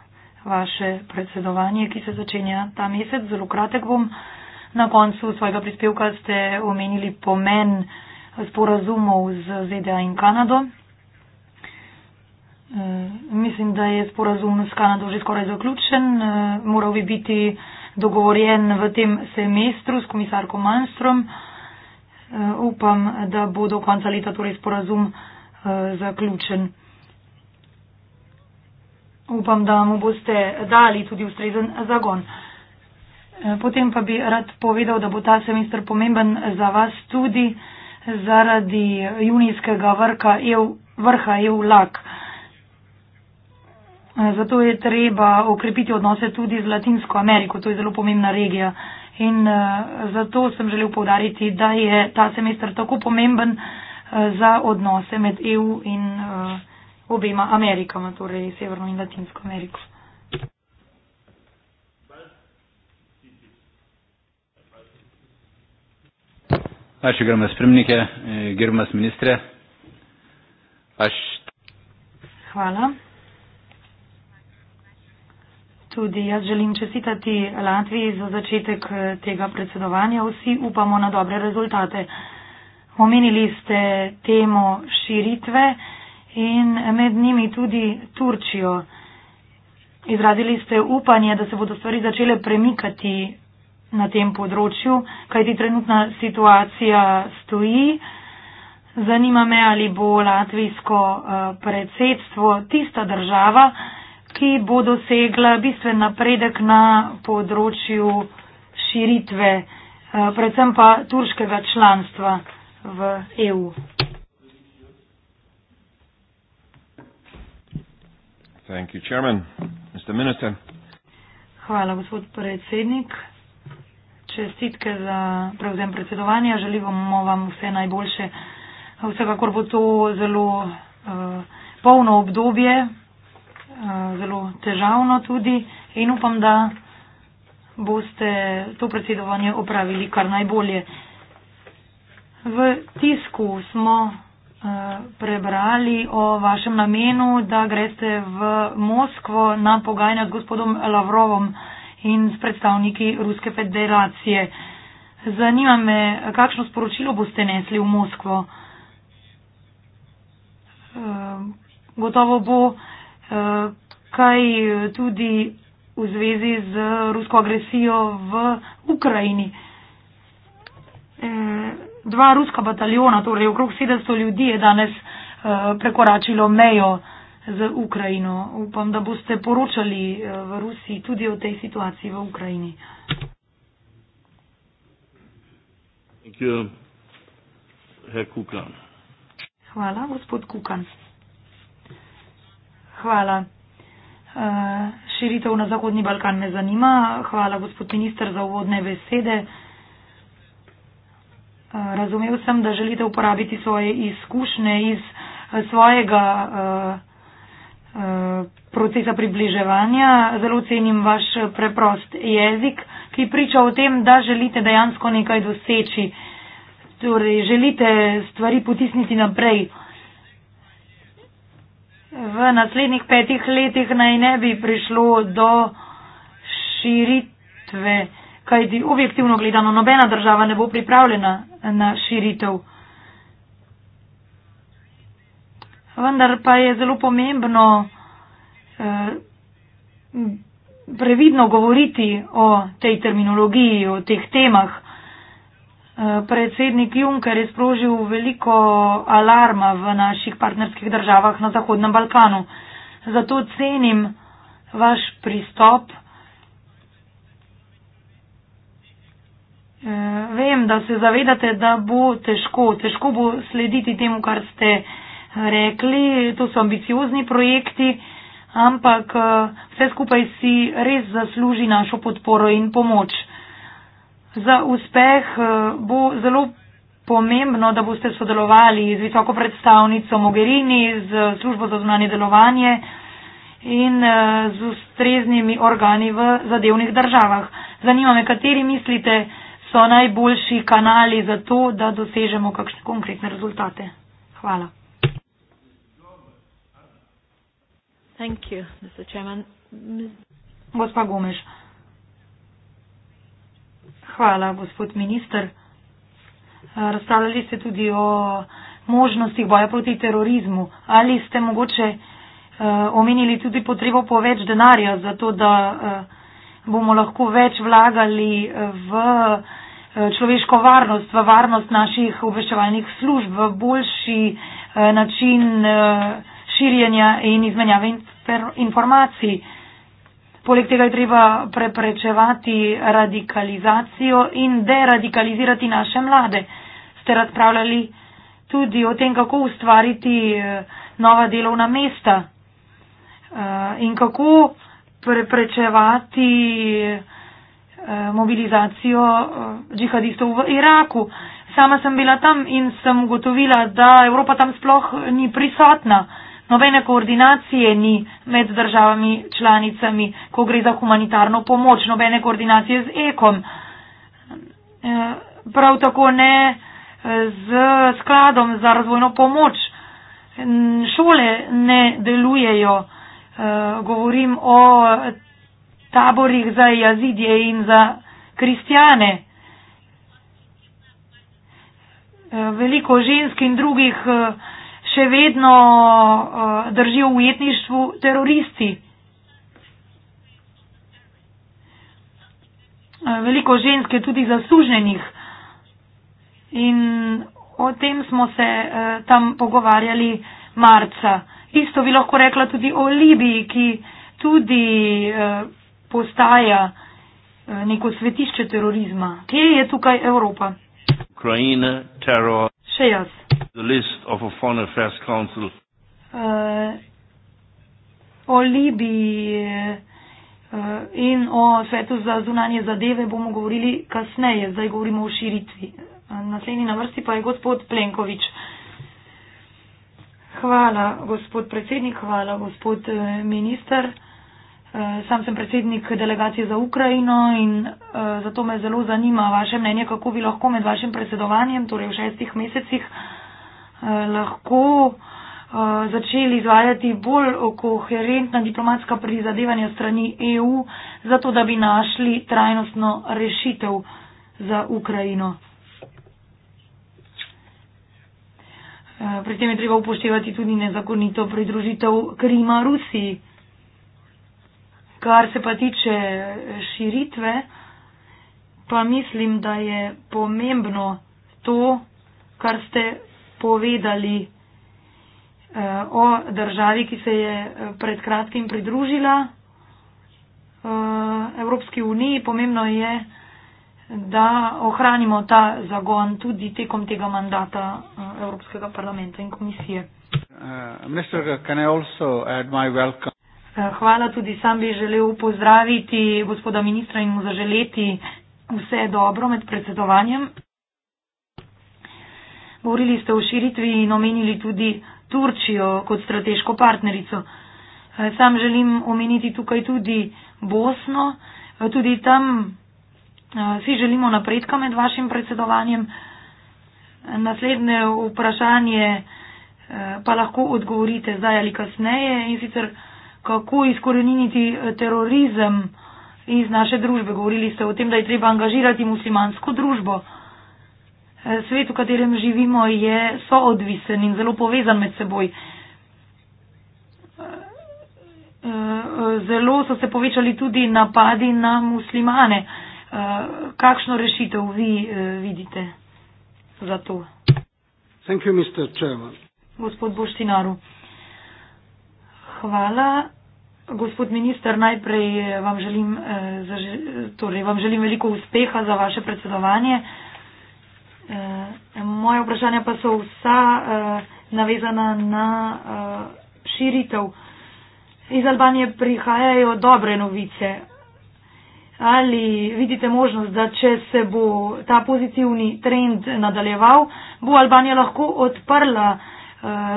vaše predsedovanje, ki se začenja ta mesec. Zelo kratek bom. Na koncu svojega prispevka ste omenili pomen sporazumov z ZDA in Kanado. Eh, mislim, da je sporazum s Kanado že skoraj zaključen. Moral bi biti dogovorjen v tem semestru s komisarko Manstrom. Eh, upam, da bo do konca leta torej sporazum eh, zaključen. Upam, da mu boste dali tudi ustrezen zagon. Eh, potem pa bi rad povedal, da bo ta semester pomemben za vas tudi zaradi junijskega vrha EU, vrha EU LAK. Zato je treba okrepiti odnose tudi z Latinsko Ameriko, to je zelo pomembna regija in uh, zato sem želel povdariti, da je ta semester tako pomemben uh, za odnose med EU in uh, obema Amerikama, torej Severno in Latinsko Ameriko. Aš gerbiamas pirmininkė, gerbiamas ministrė. Aš. Hvala. Tudi jaz želim čestitati Latviji za začetek eh, tega predsedovanja. Vsi upamo na dobre rezultate. Omenili ste temo širitve in med njimi tudi Turčijo. Izrazili ste upanje, da se bodo stvari začele premikati na tem področju, kajti trenutna situacija stoji. Zanima me, ali bo latvijsko eh, predsedstvo tista država, ki bo dosegla bistven napredek na področju širitve, eh, predvsem pa turškega članstva v EU. You, Chairman, Hvala, gospod predsednik. Čestitke za prevzem predsedovanja. Želimo vam vse najboljše. Vsekakor bo to zelo uh, polno obdobje, Eh, zelo težavno tudi in upam, da boste to predsedovanje opravili kar najbolje. V tisku smo eh, prebrali o vašem namenu, da greste v Moskvo na pogajanja z gospodom Lavrovom in s predstavniki Ruske federacije. Zanima me, kakšno sporočilo boste nesli v Moskvo. Eh, gotovo bo kaj tudi v zvezi z rusko agresijo v Ukrajini. E, dva ruska bataljona, torej okrog 700 ljudi je danes e, prekoračilo mejo z Ukrajino. Upam, da boste poročali e, v Rusiji tudi o tej situaciji v Ukrajini. Hvala, gospod Kukan hvala. Uh, širitev na Zahodni Balkan me zanima. Hvala, gospod minister, za uvodne besede. Eh, Razumev sem, da želite uporabiti svoje izkušnje iz eh, svojega uh, procesa približevanja. Zelo cenim vaš preprost jezik, ki priča o tem, da želite dejansko nekaj doseči. Torej, želite stvari potisniti naprej. Uh, v naslednjih petih letih naj ne bi prišlo do širitve, kajti objektivno gledano nobena država ne bo pripravljena na širitev. Vendar pa je zelo pomembno eh, previdno govoriti o tej terminologiji, o teh temah predsednik Juncker je sprožil veliko alarma v naših partnerskih državah na Zahodnem Balkanu. Zato cenim vaš pristop. Eh, vem, da se zavedate, da bo težko. Težko bo slediti temu, kar ste rekli. To so ambiciozni projekti, ampak eh, vse skupaj si res zasluži našo podporo in pomoč. Za uspeh eh, bo zelo pomembno, da boste sodelovali z visoko predstavnico Mogherini, z službo za zunanje delovanje in eh, z ustreznimi organi v zadevnih državah. Zanima me, kateri mislite so najboljši kanali za to, da dosežemo kakšne konkretne rezultate. Hvala. Gospa Gomeš. Hvala, gospod minister. Razpravljali ste tudi o možnostih boja proti terorizmu. Ali ste mogoče eh, omenili tudi potrebo po več denarja za to, da eh, bomo lahko več vlagali v eh, človeško varnost, v varnost naših obveščevalnih služb, v boljši način širjenja in izmenjave informacij. Poleg tega je treba preprečevati radikalizacijo in deradikalizirati naše mlade. Ste razpravljali tudi o tem, kako ustvariti eh, nova delovna mesta eh, in kako preprečevati eh, mobilizacijo džihadistov v Iraku. Sama sem bila tam in sem gotovila, da Evropa tam sploh ni prisotna. Nobene koordinacije ni med državami članicami, ko gre za humanitarno pomoč, nobene koordinacije z ekom. Eh, prav tako ne eh, z skladom za razvojno pomoč. Šole ne delujejo. Eh, govorim o taborih za jazidje in za kristjane. Veliko žensk in drugih uh, še vedno uh, držijo v ujetništvu teroristi. Eh, veliko žensk je tudi zasluženih in o tem smo se uh, tam pogovarjali marca. Isto bi lahko rekla tudi o Libiji, ki tudi uh, postaja uh, neko svetišče terorizma. Kje je tukaj Evropa? Ukrajina, teror. Še jaz the list of a foreign affairs council. Uh, o Libiji uh, in o svetu za zunanje zadeve bomo govorili kasneje, zdaj govorimo o širitvi. Naslednji na vrsti pa je gospod Plenkovič. Hvala, gospod predsednik, hvala, gospod eh, minister. Eh, sam sem predsednik delegacije za Ukrajino in eh, zato me zelo zanima vaše mnenje, kako bi lahko med vašim predsedovanjem, torej v šestih mesecih, Eh, lahko eh, začeli izvajati bolj koherentna diplomatska prizadevanja strani EU, zato da bi našli trajnostno rešitev za Ukrajino. Eh, pri tem je treba upoštevati tudi nezakonito pridružitev Krima Rusiji. Kar se pa tiče širitve, pa mislim, da je pomembno to, kar ste povedali eh, o državi, ki se je eh, pred kratkim pridružila eh, Evropski uniji. Pomembno je, da ohranimo ta zagon tudi tekom tega mandata Evropskega parlamenta in komisije. Uh, hvala tudi sam bi želel pozdraviti gospoda ministra in mu zaželeti vse dobro med predsedovanjem. Govorili ste o širitvi in omenili tudi Turčijo kot strateško partnerico. Eh, sam želim omeniti tukaj tudi Bosno. Eh, tudi tam eh, si želimo napredka med vašim predsedovanjem. Naslednje vprašanje pa lahko odgovorite zdaj ali kasneje in sicer kako izkoreniniti terorizem iz naše družbe. Govorili ste o tem, da je treba angažirati muslimansko družbo. Svet, v katerem živimo, je soodvisen in zelo povezan med seboj. Zelo so se povečali tudi napadi na muslimane. Kakšno rešitev vi vidite za to? Thank you, Mr. Chairman. Gospod Boštinaru. Hvala. Gospod minister, najprej eh, vam želim, eh, torej vam želim veliko uspeha za vaše predsedovanje. Eh, moje vprašanja pa so vsa eh, navezana na eh, širitev. Iz Albanije prihajajo dobre novice. Ali vidite možnost, da če se bo ta pozitivni trend nadaljeval, bo Albanija lahko odprla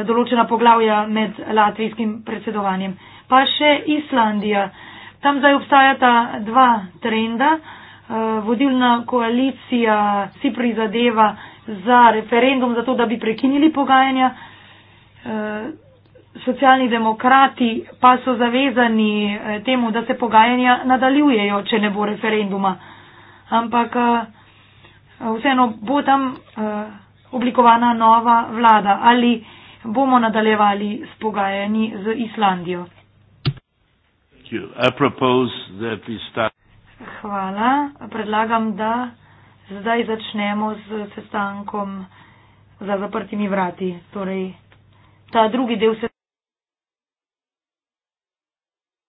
določena poglavja med latvijskim predsedovanjem. Pa še Islandija. Tam zdaj obstajata dva trenda. Eh, vodilna koalicija si prizadeva za referendum, zato da bi prekinili pogajanja. Eh, Socialni demokrati pa so zavezani eh, temu, da se pogajanja nadaljujejo, če ne bo referenduma. Ampak vseeno bo tam oblikovana nova vlada ali bomo nadaljevali s pogajanji z Islandijo. Thank you. I propose that we start hvala. Predlagam, da zdaj začnemo s sestankom za zaprtimi vrati. Torej, ta drugi del se.